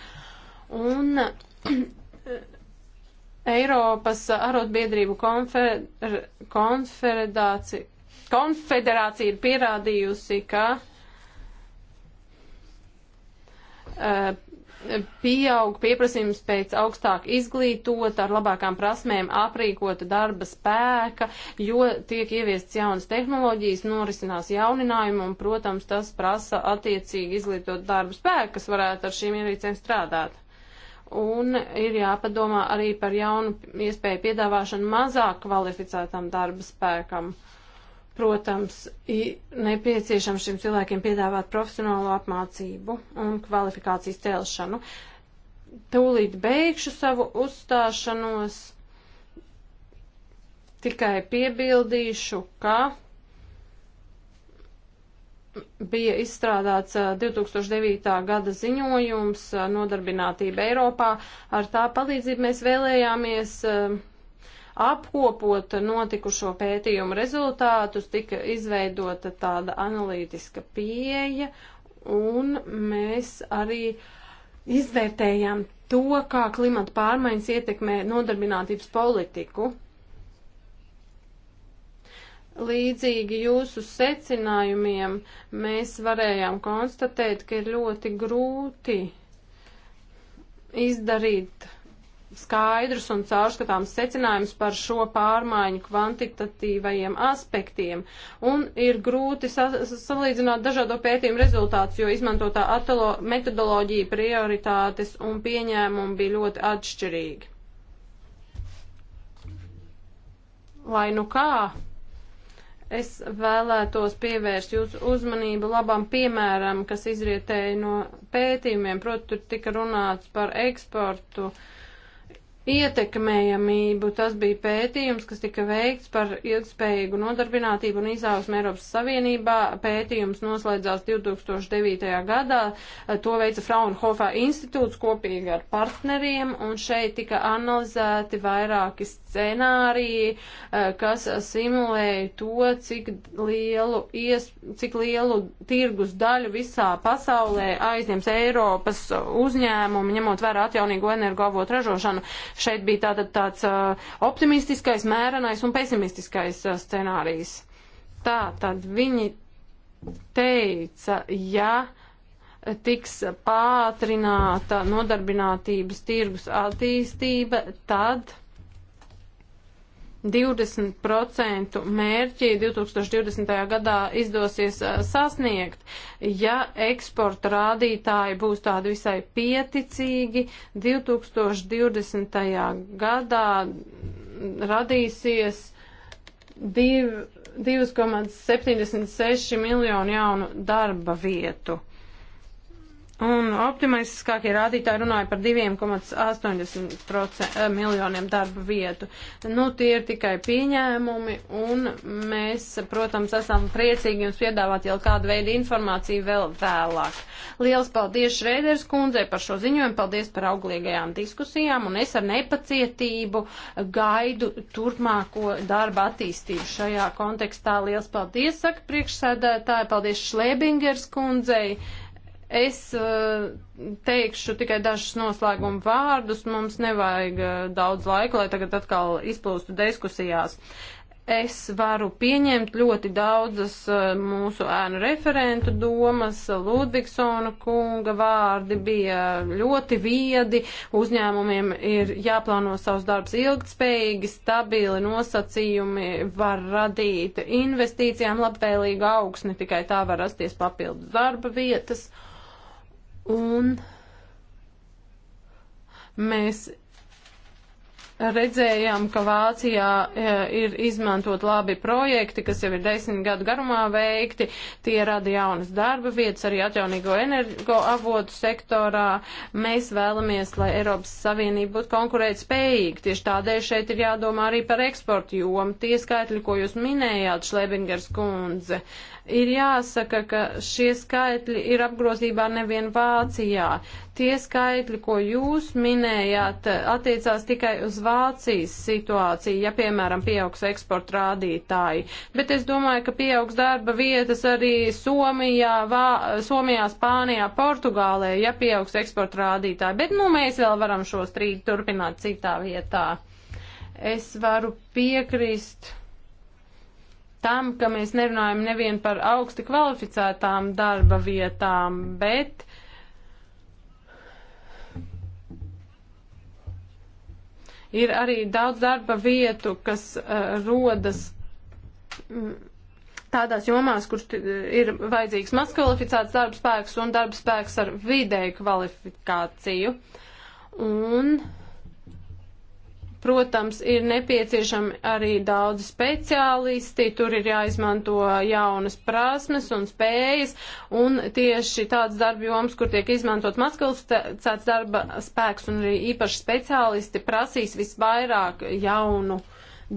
Un [clears throat] Eiropas arotbiedrību konfer, konferedācija konfederācija ir pierādījusi, ka uh, pieaug pieprasījums pēc augstāk izglītota, ar labākām prasmēm aprīkota darba spēka, jo tiek ieviests jaunas tehnoloģijas, norisinās jauninājumu un, protams, tas prasa attiecīgi izglītot darba spēku, kas varētu ar šīm ierīcēm strādāt. Un ir jāpadomā arī par jaunu iespēju piedāvāšanu mazāk kvalificētam darba spēkam. Uh, Protams, ir nepieciešams šiem cilvēkiem piedāvāt profesionālo apmācību un kvalifikācijas celšanu. Tūlīt beigšu savu uzstāšanos. Tikai piebildīšu, ka bija izstrādāts 2009. gada ziņojums Nodarbinātība Eiropā. Ar tā palīdzību mēs vēlējāmies Apkopot notikušo pētījumu rezultātus, tika izveidota tāda analītiska pieeja, un mēs arī izvērtējām to, kā klimata pārmaiņas ietekmē nodarbinātības politiku. Līdzīgi jūsu secinājumiem mēs varējām konstatēt, ka ir ļoti grūti izdarīt skaidrus un caurskatāms secinājums par šo pārmaiņu kvantitatīvajiem aspektiem. Un ir grūti sa salīdzināt dažādo pētījumu rezultātus, jo izmantotā metodoloģija, prioritātes un pieņēmumi bija ļoti atšķirīgi. Lai nu kā, es vēlētos pievērst jūsu uzmanību labam piemēram, kas izrietēja no pētījumiem, proti tur tika runāts par eksportu. Uh, ietekmējamību. Tas bija pētījums, kas tika veikts par ilgspējīgu nodarbinātību un izaugsmu Eiropas Savienībā. Pētījums noslēdzās 2009. gadā. To veica Fraunhofer institūts kopīgi ar partneriem, un šeit tika analizēti vairāki scenāriji, eh, kas simulēja to, cik lielu, ies, cik lielu tirgus daļu visā pasaulē aizņems Eiropas uzņēmumi, ņemot vērā atjaunīgo energoavotu ražošanu. Šeit bija tātad tāds optimistiskais, mērenais un pesimistiskais scenārijs. Tā tad viņi teica, ja tiks pātrināta nodarbinātības tirgus attīstība, tad 20% mērķi 2020. gadā izdosies sasniegt. Ja eksporta rādītāji būs tādi visai pieticīgi, 2020. gadā radīsies 2,76 miljonu jaunu darba vietu. Un optimistiskākie rādītāji runāja par 2,80 eh, miljoniem darba vietu. Nu, tie ir tikai pieņēmumi, un mēs, protams, esam priecīgi jums piedāvāt jau kādu veidu informāciju vēl vēlāk. Liels paldies Šreiders kundzei par šo ziņojumu, paldies par auglīgajām diskusijām, un es ar nepacietību gaidu turpmāko darba attīstību šajā kontekstā. Liels paldies, saka priekšsēdētāji, paldies Šlēbingers kundzei Es eh, teikšu tikai dažus noslēgumu vārdus, mums nevajag eh, daudz laika, lai tagad atkal izplūstu diskusijās. Es varu pieņemt ļoti daudzas eh, mūsu ēnu referentu domas, Ludvigsona kunga vārdi bija ļoti viedi, uzņēmumiem ir jāplāno savus darbs ilgtspējīgi, stabili nosacījumi var radīt investīcijām labvēlīgu augsni, tikai tā var rasties papildus darba vietas. Uh, Un mēs redzējām, ka Vācijā e, ir izmantot labi projekti, kas jau ir desmit gadu garumā veikti, tie rada jaunas darba vietas arī atjaunīgo energo avotu sektorā. Mēs vēlamies, lai Eiropas Savienība būtu konkurēt spējīga. Tieši tādēļ šeit ir jādomā arī par eksportu jomu. Tie skaitļi, ko jūs minējāt, Šlebingers kundze, uh, Ir jāsaka, ka šie skaitļi ir apgrozībā nevien Vācijā. Tie skaitļi, ko jūs minējāt, attiecās tikai uz Vācijas situāciju, ja, piemēram, pieaugs eksporta rādītāji. Bet es domāju, ka pieaugs darba vietas arī Somijā, Vā, Somijā Spānijā, Portugālē, ja pieaugs eksporta rādītāji. Bet, nu, mēs vēl varam šo strīdu turpināt citā vietā. Es varu piekrist tam, ka mēs nerunājam nevien par augsti kvalificētām darba vietām, bet ir arī daudz darba vietu, kas uh, rodas. Mm, tādās jomās, kur uh, ir vajadzīgs maz kvalificēts darbspēks un darbspēks ar vidēju kvalifikāciju. Un uh, Protams, ir nepieciešami arī daudz speciālisti, tur ir jāizmanto jaunas prasmes un spējas, un tieši tāds darba joms, kur tiek izmantot maskalificēts darba spēks un arī īpaši speciālisti, prasīs visvairāk jaunu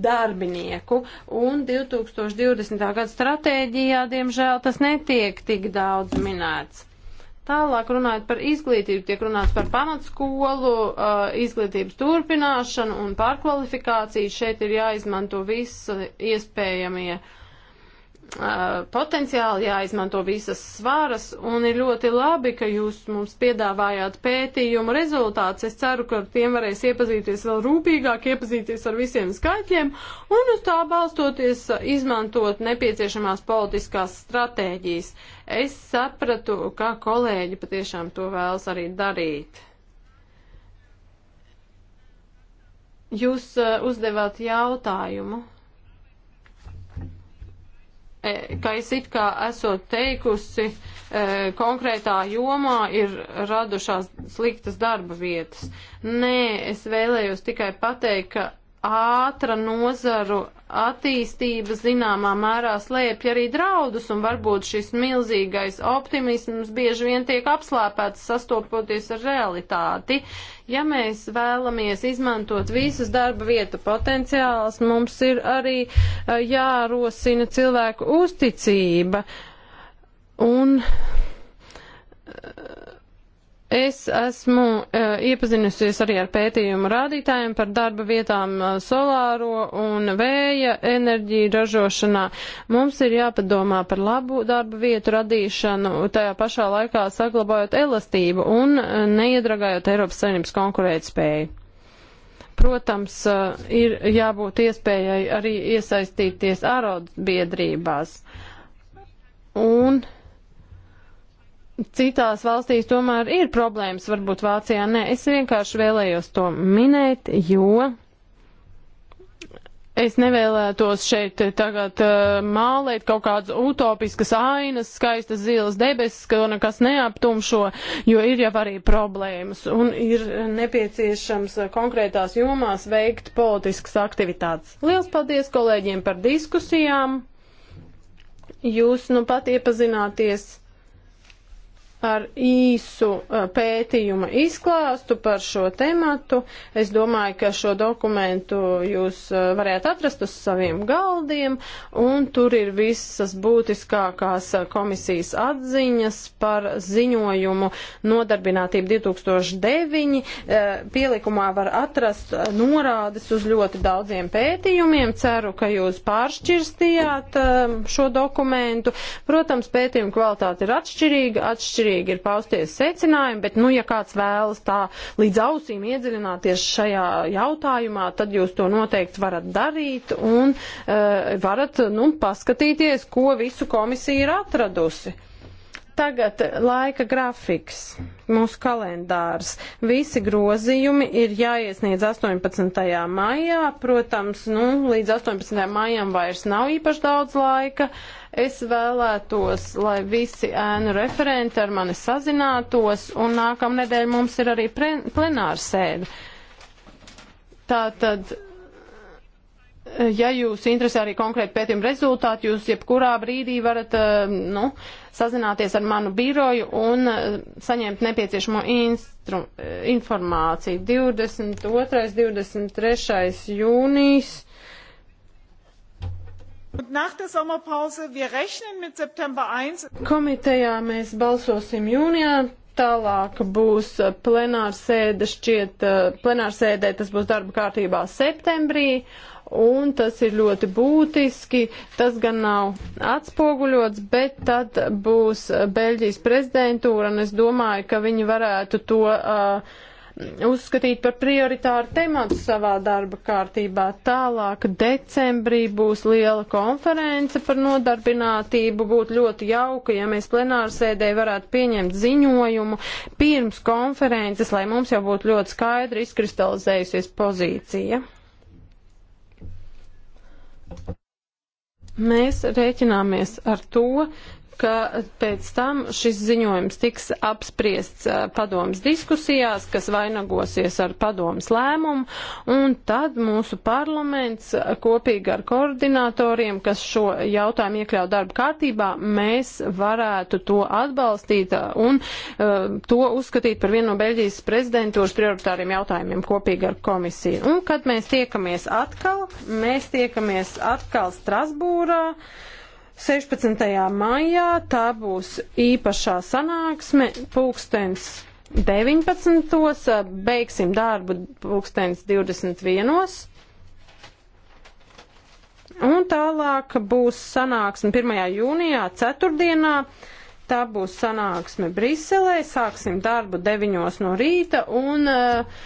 darbinieku, un 2020. gada stratēģijā, diemžēl, tas netiek tik daudz minēts. Tālāk runājot par izglītību, tiek runāts par pamatskolu, uh, izglītības turpināšanu un pārkvalifikāciju. Šeit ir jāizmanto visi iespējamie uh, potenciāli jāizmanto visas svaras, un ir ļoti labi, ka jūs mums piedāvājāt pētījumu rezultātus. Es ceru, ka ar tiem varēs iepazīties vēl rūpīgāk, iepazīties ar visiem skaitļiem, un uz tā balstoties izmantot nepieciešamās politiskās stratēģijas. Es sapratu, kā kolēģi patiešām to vēlas arī darīt. Jūs uzdevāt jautājumu. E, ka es it kā esot teikusi, e, konkrētā jomā ir radušās sliktas darba vietas. Nē, es vēlējos tikai pateikt, ka ātra nozaru attīstība zināmā mērā slēpj arī draudus, un varbūt šis milzīgais optimisms bieži vien tiek apslāpēts sastopoties ar realitāti. Ja mēs vēlamies izmantot visas darba vietu potenciāls, mums ir arī eh, jārosina cilvēku uzticība. Un Es esmu uh, iepazinusies arī ar pētījumu rādītājiem par darba vietām uh, solāro un vēja enerģiju ražošanā. Mums ir jāpadomā par labu darba vietu radīšanu, tajā pašā laikā saglabājot elastību un uh, neiedragājot Eiropas Savienības konkurētspēju. Protams, uh, ir jābūt iespējai arī iesaistīties ārotbiedrībās. Un citās valstīs tomēr ir problēmas, varbūt Vācijā nē. Es vienkārši vēlējos to minēt, jo es nevēlētos šeit tagad uh, mālēt kaut kādas utopiskas ainas, skaistas zilas debesis, ka nekas neaptumšo, jo ir jau arī problēmas un ir nepieciešams konkrētās jomās veikt politiskas aktivitātes. Liels paldies kolēģiem par diskusijām! Jūs nu pat iepazināties ar īsu eh, pētījuma izklāstu par šo tematu. Es domāju, ka šo dokumentu jūs eh, varētu atrast uz saviem galdiem, un tur ir visas būtiskākās eh, komisijas atziņas par ziņojumu nodarbinātību 2009. Pielikumā var atrast norādes uz ļoti daudziem pētījumiem. Ceru, ka jūs pāršķirstījāt šo dokumentu. Protams, pētījuma kvalitāte ir atšķirīga. atšķirīga atšķirīgi ir pausties secinājumi, bet, nu, ja kāds vēlas tā līdz ausīm iedziļināties šajā jautājumā, tad jūs to noteikti varat darīt un uh, varat, nu, paskatīties, ko visu komisija ir atradusi. Tagad laika grafiks, mūsu kalendārs. Visi grozījumi ir jāiesniedz 18. maijā. Protams, nu, līdz 18. maijam vairs nav īpaši daudz laika. Es vēlētos, lai visi ēnu referenti ar mani sazinātos, un nākamnedēļ mums ir arī plenārsēde. Tātad ja jūs interesē arī konkrēti pētījuma rezultāti, jūs jebkurā brīdī varat eh, nu, sazināties ar manu biroju un eh, saņemt nepieciešamo instru, eh, informāciju. 22. 23. jūnijas. Komitejā mēs balsosim jūnijā, Tālāk būs plenārsēde, šķiet, plenārsēdē tas būs darba kārtībā septembrī, un tas ir ļoti būtiski. Tas gan nav atspoguļots, bet tad būs Beļģijas prezidentūra, un es domāju, ka viņi varētu to uh, uzskatīt par prioritāru tematu savā darba kārtībā. Tālāk decembrī būs liela konference par nodarbinātību. Būtu ļoti jauka, ja mēs plenārsēdē varētu pieņemt ziņojumu pirms konferences, lai mums jau būtu ļoti skaidri izkristalizējusies pozīcija. Mēs rēķināmies ar to, ka pēc tam šis ziņojums tiks apspriests eh, padomas diskusijās, kas vainagosies ar padomas lēmumu, un tad mūsu parlaments eh, kopīgi ar koordinatoriem, kas šo jautājumu iekļauj darba kārtībā, mēs varētu to atbalstīt eh, un uh, to uzskatīt par vienu no Beļģijas prezidentūras prioritāriem jautājumiem kopīgi ar komisiju. Un kad mēs tiekamies atkal, mēs tiekamies atkal Strasbūrā. Uh, 16. maijā tā būs īpašā sanāksme pulkstens 19. beigsim darbu pulkstens 21. Un tālāk būs sanāksme 1. jūnijā, ceturtdienā. Tā būs sanāksme Briselē. Sāksim darbu 9 no rīta un uh,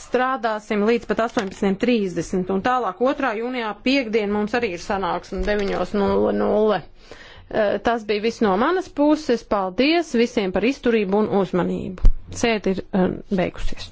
strādāsim līdz pat 18.30 un tālāk 2. jūnijā piekdien mums arī ir sanāksme 9.00. Eh, tas bija viss no manas puses. Paldies visiem par izturību un uzmanību. Sēde ir eh, beigusies.